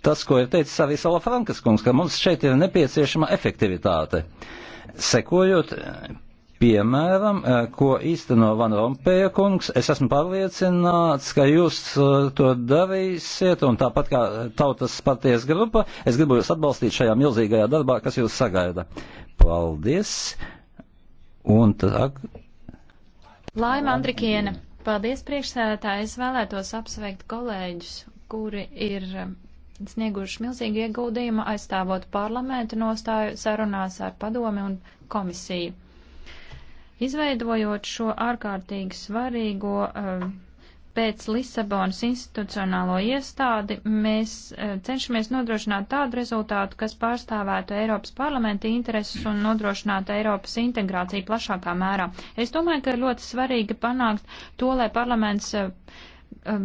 tas, ko ir teicis arī Sala Frankas kungs, ka mums šeit ir nepieciešama efektivitāte, sekojot piemēram, eh, ko īsteno Van Rompēja kungs, es esmu pārliecināts, ka jūs eh, to darīsiet, un tāpat kā tautas partijas grupa, es gribu jūs atbalstīt šajā milzīgajā darbā, kas jūs sagaida. Paldies! Un tad. Laima Andrikiene, paldies priekšsēdētāji, es vēlētos apsveikt kolēģus, kuri ir eh, snieguši milzīgu ieguldījumu aizstāvot parlamentu nostāju sarunās ar padomi un komisiju. Izveidojot šo ārkārtīgi svarīgo uh, pēc Lisabonas institucionālo iestādi, mēs uh, cenšamies nodrošināt tādu rezultātu, kas pārstāvētu Eiropas parlamenta intereses un nodrošinātu Eiropas integrāciju plašākā mērā. Es domāju, ka ir ļoti svarīgi panākt to, lai parlaments uh, Um,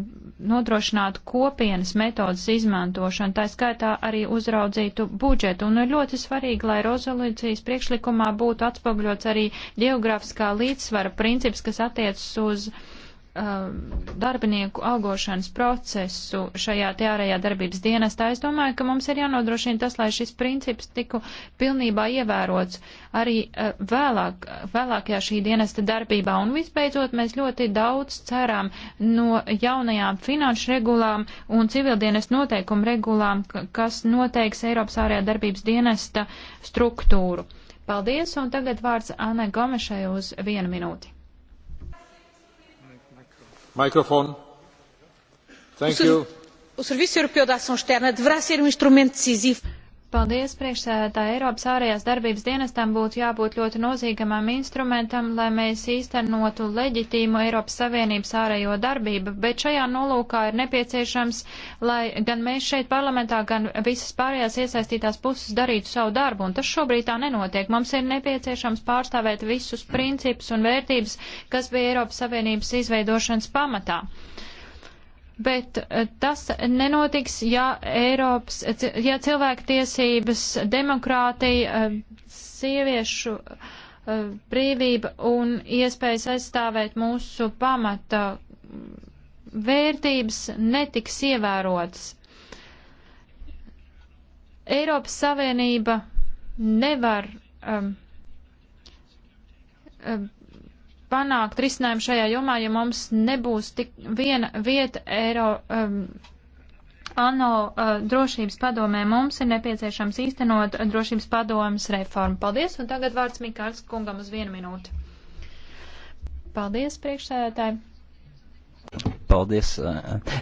nodrošinātu kopienas metodas izmantošanu, tā skaitā arī uzraudzītu budžetu. Un ir ļoti svarīgi, lai rezolūcijas priekšlikumā būtu atspoguļots arī geogrāfiskā līdzsvara princips, kas attiecas uz uh, Um, darbinieku algošanas procesu šajā te ārējā darbības dienestā, es domāju, ka mums ir jānodrošina tas, lai šis princips tiku pilnībā ievērots arī uh, vēlāk, vēlākajā šī dienesta darbībā. Un visbeidzot, mēs ļoti daudz ceram no jaunajām finanšu regulām un civildienestu noteikumu regulām, kas noteiks Eiropas ārējā darbības dienesta struktūru. Paldies, un tagad vārds Anai Gomešai uz vienu minūti o serviço europeu de ação externa deverá ser um instrumento decisivo para a promoção da igualdade entre os cidadãos. Paldies, priekšsēdētāji. Eiropas ārējās darbības dienestam būtu jābūt ļoti nozīgamam instrumentam, lai mēs īstenotu leģitīmu Eiropas Savienības ārējo darbību, bet šajā nolūkā ir nepieciešams, lai gan mēs šeit parlamentā, gan visas pārējās iesaistītās puses darītu savu darbu, un tas šobrīd tā nenotiek. Mums ir nepieciešams pārstāvēt visus principus un vērtības, kas bija Eiropas Savienības izveidošanas pamatā. Uh, bet eh, tas nenotiks, ja Eiropas, ja cilvēktiesības, demokrātija, eh, sieviešu eh, brīvība un iespējas aizstāvēt mūsu pamata vērtības netiks ievērotas. Eiropas Savienība nevar um, um, panākt risinājumu šajā jomā, ja mums nebūs tik viena vieta Eiro. Um, ANO uh, drošības padomē mums ir nepieciešams īstenot drošības padomas reformu. Paldies, un tagad vārds Mikārs kungam uz vienu minūti. Paldies, priekšsēdētāji. Paldies.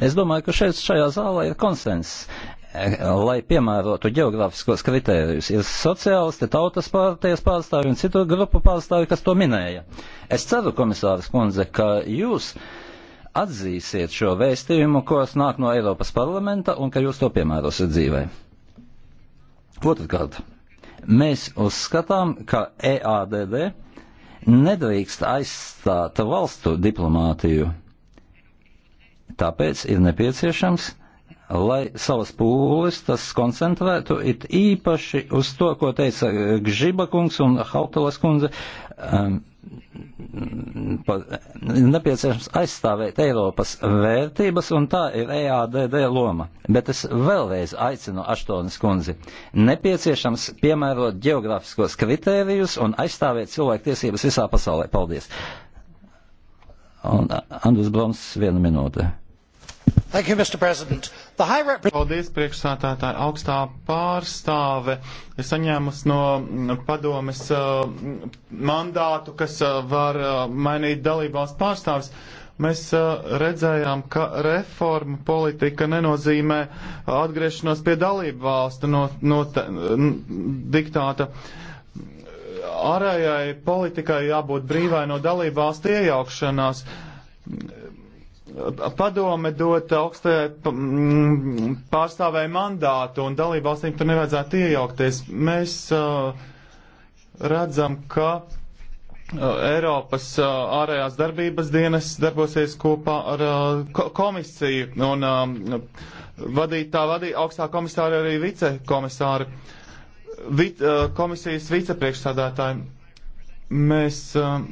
Es domāju, ka šeit šajā zālē ir konsens lai piemērotu geogrāfiskos kritērijus, ir sociālisti, tautas pārties pārstāvi un citu grupu pārstāvi, kas to minēja. Es ceru, komisārs kundze, ka jūs atzīsiet šo vēstījumu, kas nāk no Eiropas parlamenta un ka jūs to piemērosiet dzīvē. Otrkārt, mēs uzskatām, ka EADD nedrīkst aizstāt valstu diplomātiju. Tāpēc ir nepieciešams lai savas pūles tas koncentrētu it īpaši uz to, ko teica Gžiba kungs un Hautalas kundze. Um, pa, nepieciešams aizstāvēt Eiropas vērtības, un tā ir EADD loma. Bet es vēlreiz aicinu Aštonas kundzi. Nepieciešams piemērot geogrāfiskos kritērijus un aizstāvēt cilvēku tiesības visā pasaulē. Paldies! Un Andrus Broms, viena minūte. Thank you, Mr. President. Paldies, priekšsādātāji, augstā pārstāve. Ir saņēmusi no padomes uh, mandātu, kas uh, var uh, mainīt dalībās pārstāvis. Mēs uh, redzējām, ka reforma politika nenozīmē atgriešanos pie dalību valstu no, no te, diktāta. Ārējai politikai jābūt brīvai no dalību valstu iejaukšanās padome dot augstajai mm, pārstāvēju mandātu un dalībvalstīm tur nevajadzētu iejaukties. Mēs uh, redzam, ka uh, Eiropas uh, ārējās darbības dienas darbosies kopā ar uh, komisiju un um, vadītā vadīja augstā komisāra arī vicekomisāra, vit, uh, komisijas vicepriekšsādātāji. Mēs uh,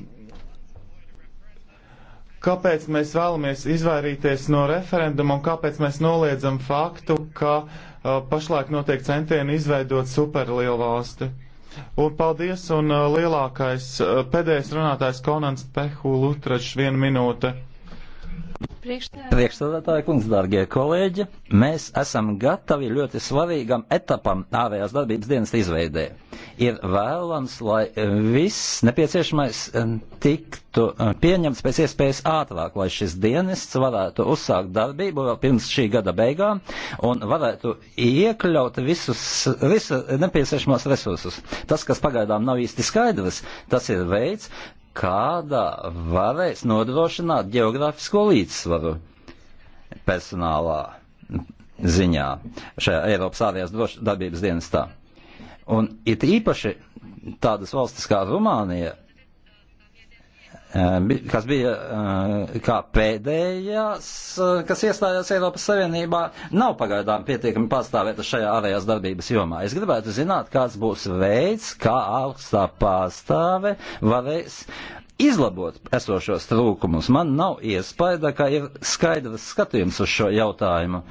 Kāpēc mēs vēlamies izvairīties no referenduma un kāpēc mēs noliedzam faktu, ka uh, pašlaik notiek centieni izveidot superlielu valsti? Un paldies, un uh, lielākais uh, pēdējais runātājs Konants Pehu Lutračs, viena minūte. Priekšstādātāja kungs, dārgie kolēģi, mēs esam gatavi ļoti svarīgam etapam ārējās darbības dienas izveidē. Ir vēlams, lai viss nepieciešamais eh, tiktu eh, pieņemts pēc iespējas ātrāk, lai šis dienests varētu uzsākt darbību vēl pirms šī gada beigām un varētu iekļaut visus, visus nepieciešamos resursus. Tas, kas pagaidām nav īsti skaidrs, tas ir veids, kādā varēs nodrošināt geogrāfisko līdzsvaru personālā ziņā šajā Eiropas ārējās drošības dienestā. Un it īpaši tādas valstis kā Rumānija Eh, kas bija eh, kā pēdējās, eh, kas iestājās Eiropas Savienībā, nav pagaidām pietiekami pārstāvēta šajā ārējās darbības jomā. Es gribētu zināt, kāds būs veids, kā augstā pārstāve varēs izlabot esošos trūkumus. Man nav iespaida, ka ir skaidrs skatījums uz šo jautājumu.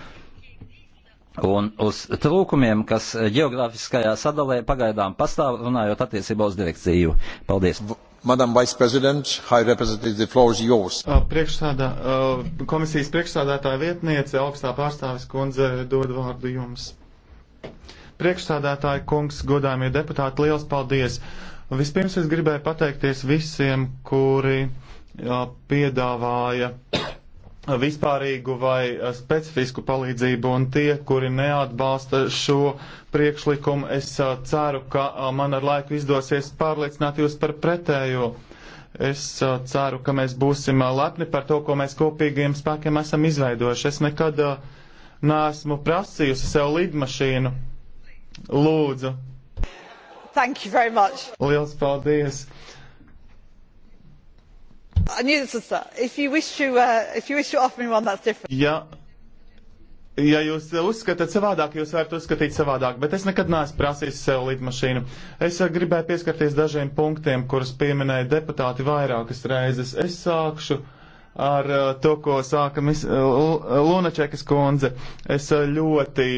Un uz trūkumiem, kas geogrāfiskajā sadalē pagaidām pastāv, runājot attiecībā uz direkciju. Paldies! V Madam Vice President, High Representative, the floor is yours. Uh, Priekšsādā, uh, komisijas priekšsādātāja vietniece, augstā pārstāvis kundze, dod vārdu jums. Priekšsādātāja kungs, godājumie deputāti, liels paldies! Vispirms es gribēju pateikties visiem, kuri uh, piedāvāja vispārīgu vai eh, specifisku palīdzību, un tie, kuri neatbalsta šo priekšlikumu, es eh, ceru, ka eh, man ar laiku izdosies pārliecināt jūs par pretējo. Es ceru, ka mēs būsim lepni par to, ko mēs kopīgiem spēkiem esam izveidojuši. Es nekad neesmu prasījusi sev lidmašīnu. Lūdzu. Thank you very much. Liels paldies. Uh, Uh, ja, ja jūs uzskatāt savādāk, jūs varat uzskatīt savādāk, bet es nekad neesmu prasījis sev lidmašīnu. Es uh, gribēju pieskarties dažiem punktiem, kurus pieminēja deputāti vairākas reizes. Es sākšu ar uh, to, ko sāka Lunačekas kundze. Es ļoti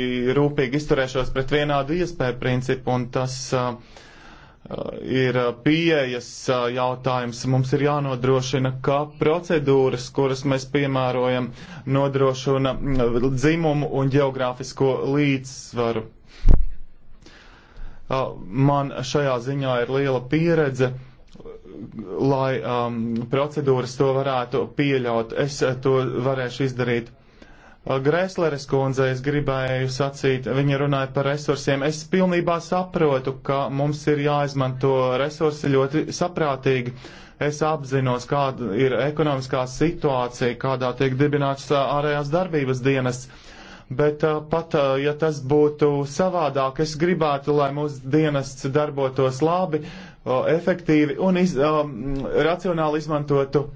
rūpīgi izturēšos pret vienādu iespēju principu, un tas uh, Eh, ir eh, pieejas eh, jautājums. Mums ir jānodrošina, ka procedūras, kuras mēs piemērojam, nodrošina mm, dzimumu un geogrāfisko līdzsvaru. Man šajā ziņā ir liela pieredze, lai um, procedūras to varētu pieļaut. Es to varēšu izdarīt Grēsleres kundze, es gribēju sacīt, viņa runāja par resursiem. Es pilnībā saprotu, ka mums ir jāizmanto resursi ļoti saprātīgi. Es apzinos, kāda ir ekonomiskā situācija, kādā tiek dibināts ārējās darbības dienas. Bet pat, ja tas būtu savādāk, es gribētu, lai mūsu dienests darbotos labi, efektīvi un iz, um, racionāli izmantotu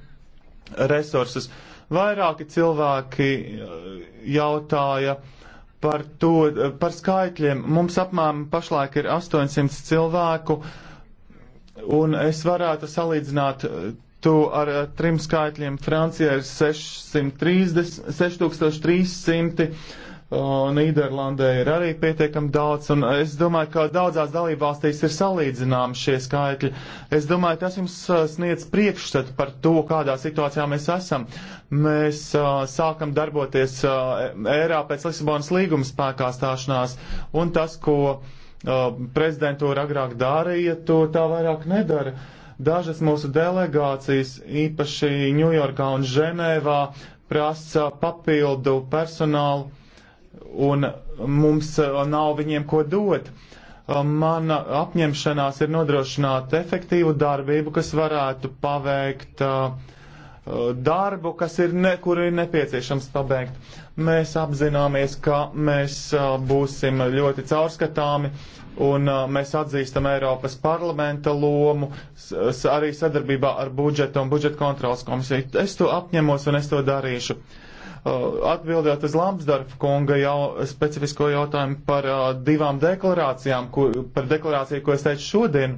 resursus. Uh, Vairāki cilvēki eh, jautāja par, to, eh, par skaitļiem. Mums apmēram pašlaik ir 800 cilvēku, un es varētu salīdzināt eh, tu ar trim skaitļiem Francijā ir 630, 6300, Nīderlandē ir arī pietiekami daudz, un es domāju, ka daudzās dalībvalstīs ir salīdzināmi šie skaitļi. Es domāju, tas jums sniedz priekšstatu par to, kādā situācijā mēs esam. Mēs uh, sākam darboties uh, ērā pēc Lisabonas līguma spēkā stāšanās, un tas, ko uh, prezidentūra agrāk darīja, to tā vairāk nedara. Dažas mūsu delegācijas, īpaši Ņujorkā un Ženēvā, prasa papildu personālu un mums uh, nav viņiem ko dot. Uh, mana apņemšanās ir nodrošināt efektīvu darbību, kas varētu paveikt uh, darbu, kas ir ne, kuru ir nepieciešams pabeigt. Mēs apzināmies, ka mēs būsim ļoti caurskatāmi un mēs atzīstam Eiropas parlamenta lomu arī sadarbībā ar budžetu un budžeta kontrolas komisiju. Es to apņemos un es to darīšu. Uh, atbildēt uz Lambsdorfa kunga jau specifisko jautājumu par uh, divām deklarācijām, ko, par deklarāciju, ko es teicu šodien.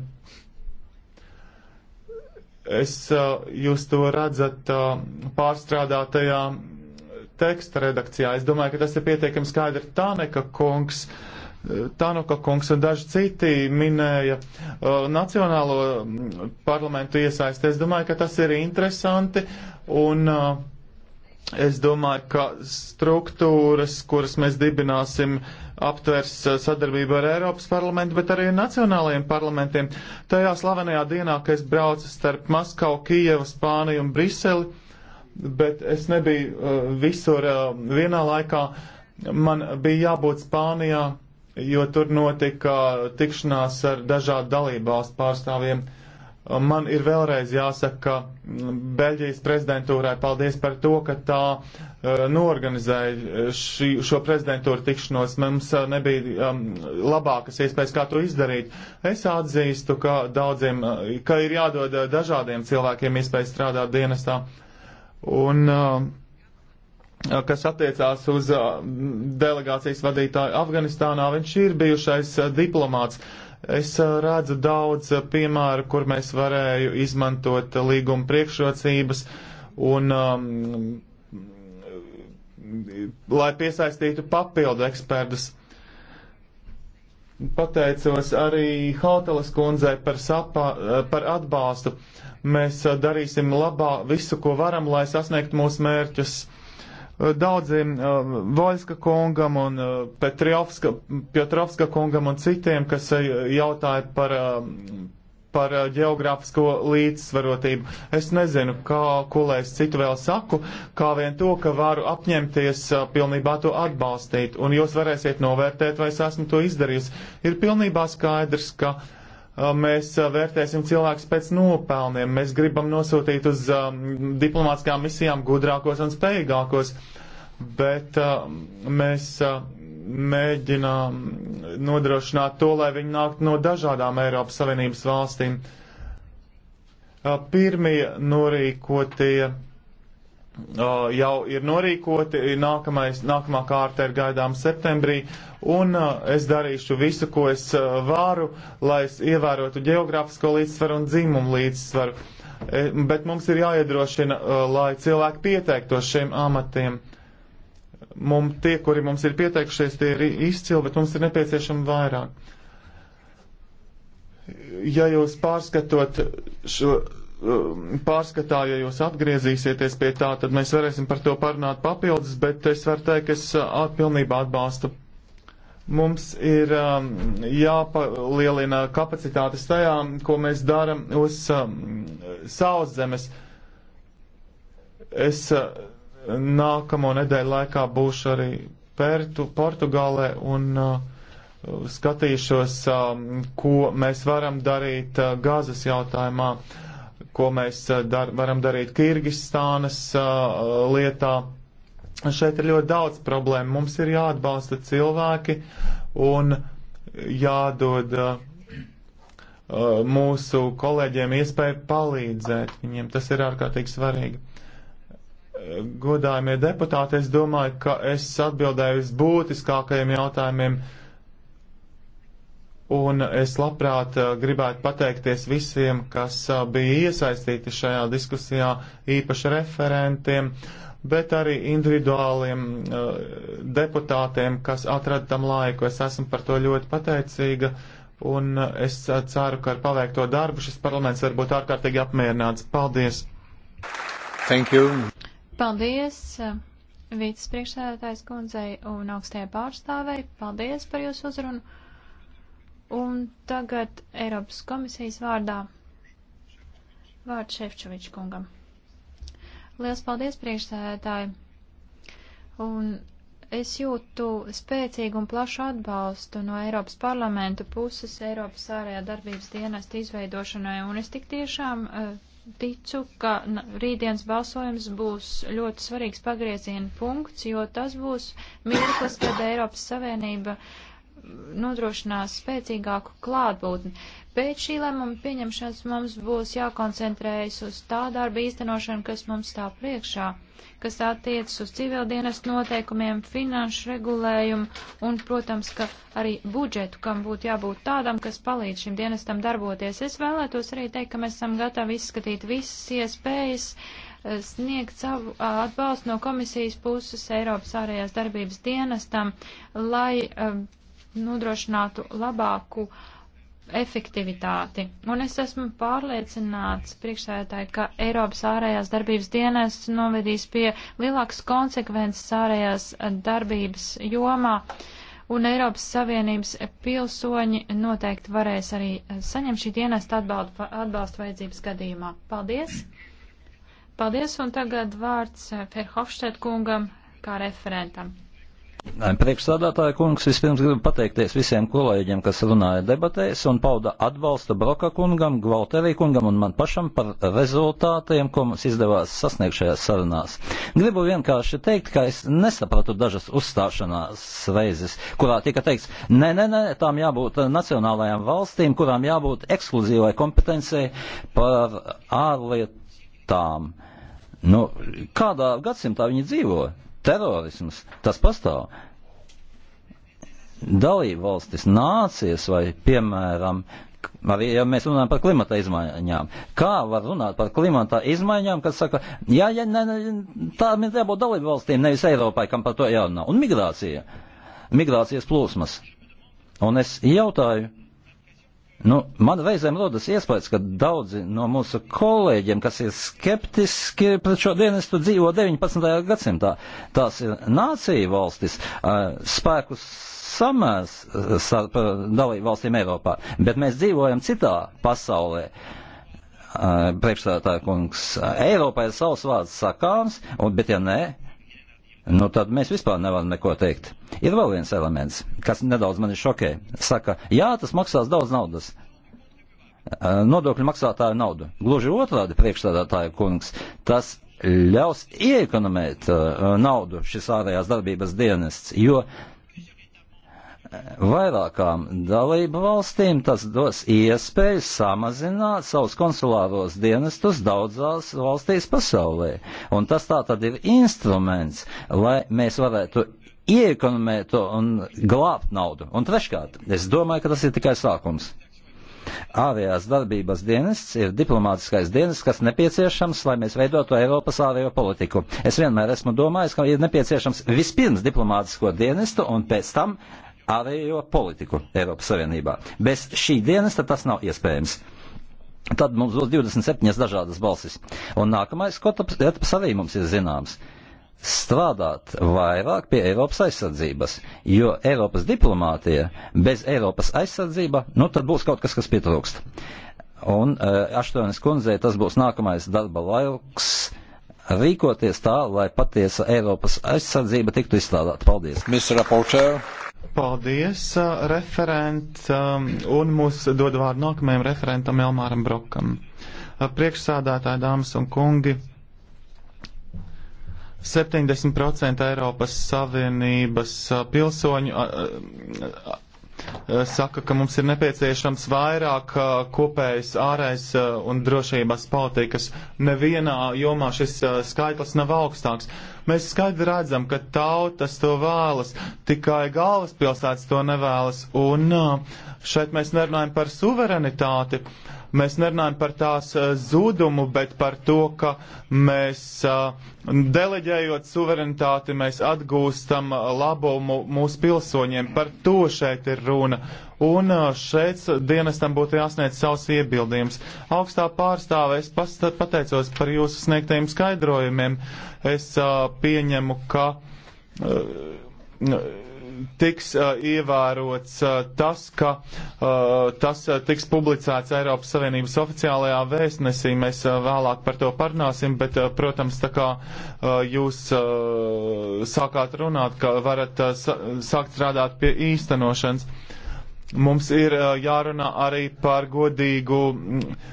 Es, uh, jūs to redzat uh, pārstrādātajā teksta redakcijā. Es domāju, ka tas ir pietiekami skaidri. Tāneka kungs, Tānuka kungs un daži citi minēja uh, nacionālo parlamentu iesaisti. Es domāju, ka tas ir interesanti un uh, Es domāju, ka struktūras, kuras mēs dibināsim, aptvers eh, sadarbību ar Eiropas parlamentu, bet arī nacionālajiem parlamentiem. Tajā slavenajā dienā, kad es braucu starp Maskavu, Kijevu, Spāniju un Briseli, bet es nebiju uh, visur uh, vienā laikā, man bija jābūt Spānijā, jo tur notika tikšanās ar dažādu dalībvalstu pārstāvjiem. Uh, Man ir vēlreiz jāsaka, ka mm, Beļģijas prezidentūrai paldies par to, ka tā uh, norganizēja šī, šo prezidentūru tikšanos. Mums uh, nebija um, labākas iespējas, kā to izdarīt. Es atzīstu, ka daudziem, uh, ka ir jādod dažādiem cilvēkiem iespēja strādāt dienestā. Un, kas attiecās uz delegācijas vadītāju Afganistānā, viņš ir bijušais diplomāts. Uh, Es eh, redzu daudz eh, piemēru, kur mēs varēju izmantot eh, līguma priekšrocības un um, lai piesaistītu papildu ekspertus. Pateicos arī Hautelas kundzei par, sapā, par atbalstu. Mēs darīsim labā visu, ko varam, lai sasniegtu mūsu mērķus. Eh, daudziem eh, Voļska kungam un eh, Petrovska, Piotrovska kungam un citiem, kas jautāja par, par geogrāfisko līdzsvarotību. Es nezinu, kā, ko lai es citu vēl saku, kā vien to, ka varu apņemties pilnībā to atbalstīt, un jūs varēsiet novērtēt, vai es esmu to izdarījis. Ir pilnībā skaidrs, ka. Uh, mēs vērtēsim cilvēkus pēc nopelniem. Mēs gribam nosūtīt uz um, diplomātskām misijām gudrākos un spējīgākos, bet uh, mēs uh, mēģinām nodrošināt to, lai viņi nāktu no dažādām Eiropas Savienības valstīm. Uh, pirmie norīkotie jau ir norīkoti, nākamais, nākamā kārta ir gaidām septembrī, un es darīšu visu, ko es varu, lai es ievērotu geogrāfisko līdzsvaru un dzimumu līdzsvaru. E, bet mums ir jāiedrošina, lai cilvēki pieteiktos šiem amatiem. Mums tie, kuri mums ir pieteikušies, tie ir izcili, bet mums ir nepieciešama vairāk. Ja jūs pārskatot šo Um, pārskatā, ja jūs atgriezīsieties pie tā, tad mēs varēsim par to parunāt papildus, bet es varu teikt, ka es uh, pilnībā atbalstu. Mums ir um, jāpalielina kapacitātes tajā, ko mēs darām uz um, savas zemes. Es uh, nākamo nedēļu laikā būšu arī Pertu, Portugālē un uh, skatīšos, um, ko mēs varam darīt uh, gazas jautājumā. Uh, ko mēs eh, dar, varam darīt Kirgistānas uh, lietā. Šeit ir ļoti daudz problēmu. Mums ir jāatbalsta cilvēki un jādod uh, mūsu kolēģiem iespēju palīdzēt viņiem. Tas ir ārkārtīgi svarīgi. Godājumie deputāti, es domāju, ka es atbildēju uz būtiskākajiem jautājumiem. Uh, Un es labprāt uh, gribētu pateikties visiem, kas uh, bija iesaistīti šajā diskusijā, īpaši referentiem, bet arī individuāliem uh, deputātiem, kas atrada tam laiku. Es esmu par to ļoti pateicīga, un es ceru, ka ar paveikto darbu šis parlaments var būt ārkārtīgi apmierināts. Paldies! Thank you! Paldies! Vītas priekšsēdētājs kundzei un augstajai pārstāvei, paldies par jūsu uzrunu! Un tagad Eiropas komisijas vārdā vārds Šefčoviča kungam. Liels paldies priekšsēdētāji! Un es jūtu spēcīgu un plašu atbalstu no Eiropas parlamenta puses Eiropas ārējā darbības dienesta izveidošanai, un es tik tiešām eh, ticu, ka rītdienas balsojums būs ļoti svarīgs pagrieziena punkts, jo tas būs mirklis, kad Eiropas Savienība uh, nodrošinās spēcīgāku klātbūtni. Pēc šī lēmuma pieņemšanas mums būs jākoncentrējas uz tā darba īstenošanu, kas mums stāv priekšā, kas attiecas uz civildienas noteikumiem, finanšu regulējumu un, protams, ka arī budžetu, kam būtu jābūt tādam, kas palīdz šim dienestam darboties. Es vēlētos arī teikt, ka mēs esam gatavi izskatīt visas iespējas eh, sniegt savu eh, atbalstu no komisijas puses Eiropas ārējās darbības dienestam, lai eh, nodrošinātu labāku efektivitāti. Un es esmu pārliecināts, priekšsēdētāji, ka Eiropas ārējās darbības dienas novedīs pie lielākas konsekvences ārējās darbības jomā, un Eiropas Savienības pilsoņi noteikti varēs arī saņemt šī dienesta atbalstu, atbalstu vajadzības gadījumā. Paldies! Paldies, un tagad vārds Ferhofštēt kungam kā referentam. Priekšstādātāja kungs, vispirms gribu pateikties visiem kolēģiem, kas runāja debatēs un pauda atbalstu Broka kungam, Gvalterī kungam un man pašam par rezultātiem, ko mums izdevās sasniegt šajās sarunās. Gribu vienkārši teikt, ka es nesapratu dažas uzstāšanās reizes, kurā tika teikts, nē, nē, nē, tām jābūt nacionālajām valstīm, kurām jābūt ekskluzīvai kompetencijai par ārlietām. Nu, kādā gadsimtā viņi dzīvoja? terorisms, tas pastāv. Dalība valstis, nācijas vai, piemēram, arī ja mēs runājam par klimata izmaiņām. Kā var runāt par klimata izmaiņām, kad saka, jā, jā, ne, ne, tā ir jābūt dalību valstīm, nevis Eiropai, kam par to jārunā. Un migrācija, migrācijas plūsmas. Un es jautāju, Nu, man reizēm rodas iespējas, ka daudzi no mūsu kolēģiem, kas ir skeptiski pret šo dienestu, dzīvo 19. gadsimtā. Tās ir nācija valstis, spēkus samērs starp dalību valstīm Eiropā, bet mēs dzīvojam citā pasaulē. Priekšstādātāja kungs, Eiropā ir savs vārds sakāms, un, bet ja nē, nu tad mēs vispār nevaram neko teikt. Ir vēl viens elements, kas nedaudz mani šokē. Saka, jā, tas maksās daudz naudas. Nodokļu maksātāju naudu. Gluži otrādi, priekšstādātāja kungs, tas ļaus iekonomēt uh, naudu šis ārējās darbības dienests, jo uh, vairākām dalību valstīm tas dos iespēju samazināt savus konsulāros dienestus daudzās valstīs pasaulē. Un tas tā tad ir instruments, lai mēs varētu ieekonomēt un glābt naudu. Un treškārt, es domāju, ka tas ir tikai sākums. Ārējās darbības dienests ir diplomātiskais dienests, kas nepieciešams, lai mēs veidotu Eiropas ārējo politiku. Es vienmēr esmu domājis, ka ir nepieciešams vispirms diplomātisko dienestu un pēc tam ārējo politiku Eiropas Savienībā. Bez šī dienesta tas nav iespējams. Tad mums būs 27 dažādas balsis. Un nākamais, ko tas arī mums ir zināms, strādāt vairāk pie Eiropas aizsardzības, jo Eiropas diplomātija bez Eiropas aizsardzība, nu tad būs kaut kas, kas pietrūkst. Un uh, eh, Aštonis kundzei tas būs nākamais darba laiks rīkoties tā, lai patiesa Eiropas aizsardzība tiktu izstrādāta. Paldies! Mr. Rapporteur. Paldies, uh, referent, um, un mūs dod vārdu nākamajam referentam Elmāram Brokam. Uh, priekšsādātāji, dāmas un kungi, 70% Eiropas Savienības uh, pilsoņu saka, ka mums ir nepieciešams vairāk kopējas ārējas un drošības politikas. Nevienā jomā šis skaitlis nav augstāks. Mēs skaidri redzam, ka tautas to vēlas, tikai galvaspilsētas to nevēlas. Un šeit mēs nerunājam par suverenitāti, mēs nerunājam par tās zudumu, bet par to, ka mēs deleģējot suverenitāti, mēs atgūstam labumu mūsu pilsoņiem. Par to šeit ir runa. Un šeit dienestam būtu jāsniedz savs iebildījums. Augstā pārstāve es pateicos par jūsu sniegtajiem skaidrojumiem. Es uh, pieņemu, ka uh, tiks uh, ievērots uh, tas, ka uh, tas uh, tiks publicēts Eiropas Savienības oficiālajā vēstnesī. Mēs uh, vēlāk par to parunāsim, bet, uh, protams, tā kā uh, jūs uh, sākāt runāt, ka varat uh, sākt strādāt pie īstenošanas. Uh, Mums ir jārunā arī par godīgu mm,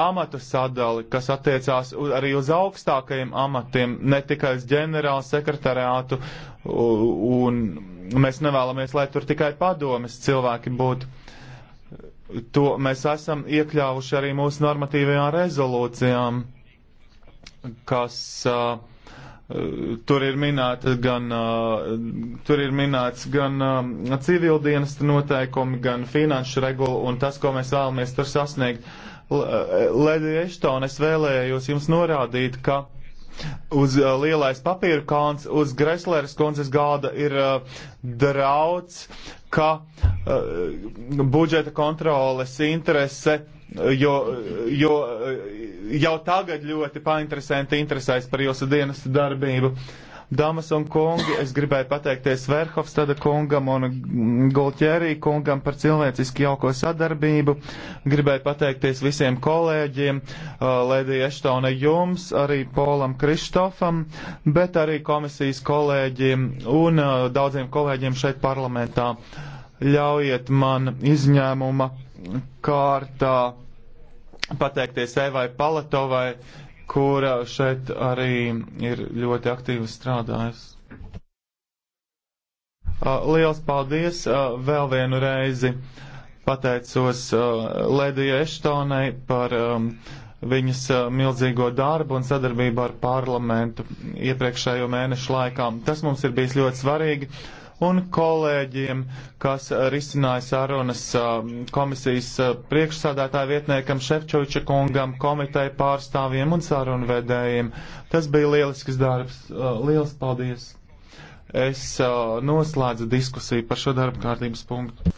amatu sadali, kas attiecās arī uz augstākajiem amatiem, ne tikai uz ģenerālu sekretariātu, un mēs nevēlamies, lai tur tikai padomes cilvēki būtu. To mēs esam iekļāvuši arī mūsu normatīvajām rezolūcijām, kas uh, Tur ir, minēta gan, tur ir minēts gan civildienesta noteikumi, gan finanšu regula un tas, ko mēs vēlamies tur sasniegt. Lēdija Eštona, es vēlējos jums norādīt, ka uz uh, lielais papīra kalns, uz Gresleres kundzes galda ir uh, drauds, ka uh, budžeta kontroles interese jo, jo jau tagad ļoti painteresanti interesēs par jūsu dienas darbību. Dāmas un kungi, es gribēju pateikties Verhofstada kungam un Gulķērī kungam par cilvēciski jauko sadarbību. Gribēju pateikties visiem kolēģiem, uh, Lēdija Eštona jums, arī Polam Kristofam, bet arī komisijas kolēģiem un uh, daudziem kolēģiem šeit parlamentā. Ļaujiet man izņēmuma kārtā pateikties Evai Palatovai, kura šeit arī ir ļoti aktīvi strādājusi. Liels paldies vēl vienu reizi. Pateicos Lēdija Eštonai par viņas milzīgo darbu un sadarbību ar parlamentu iepriekšējo mēnešu laikā. Tas mums ir bijis ļoti svarīgi un kolēģiem, kas risināja sarunas um, komisijas uh, priekšsādātāja vietniekam Šefčoviča kungam, komiteja pārstāvjiem un sarunvedējiem. Tas bija lielisks darbs. Uh, Lielas paldies! Es uh, noslēdzu diskusiju par šo darba kārtības punktu.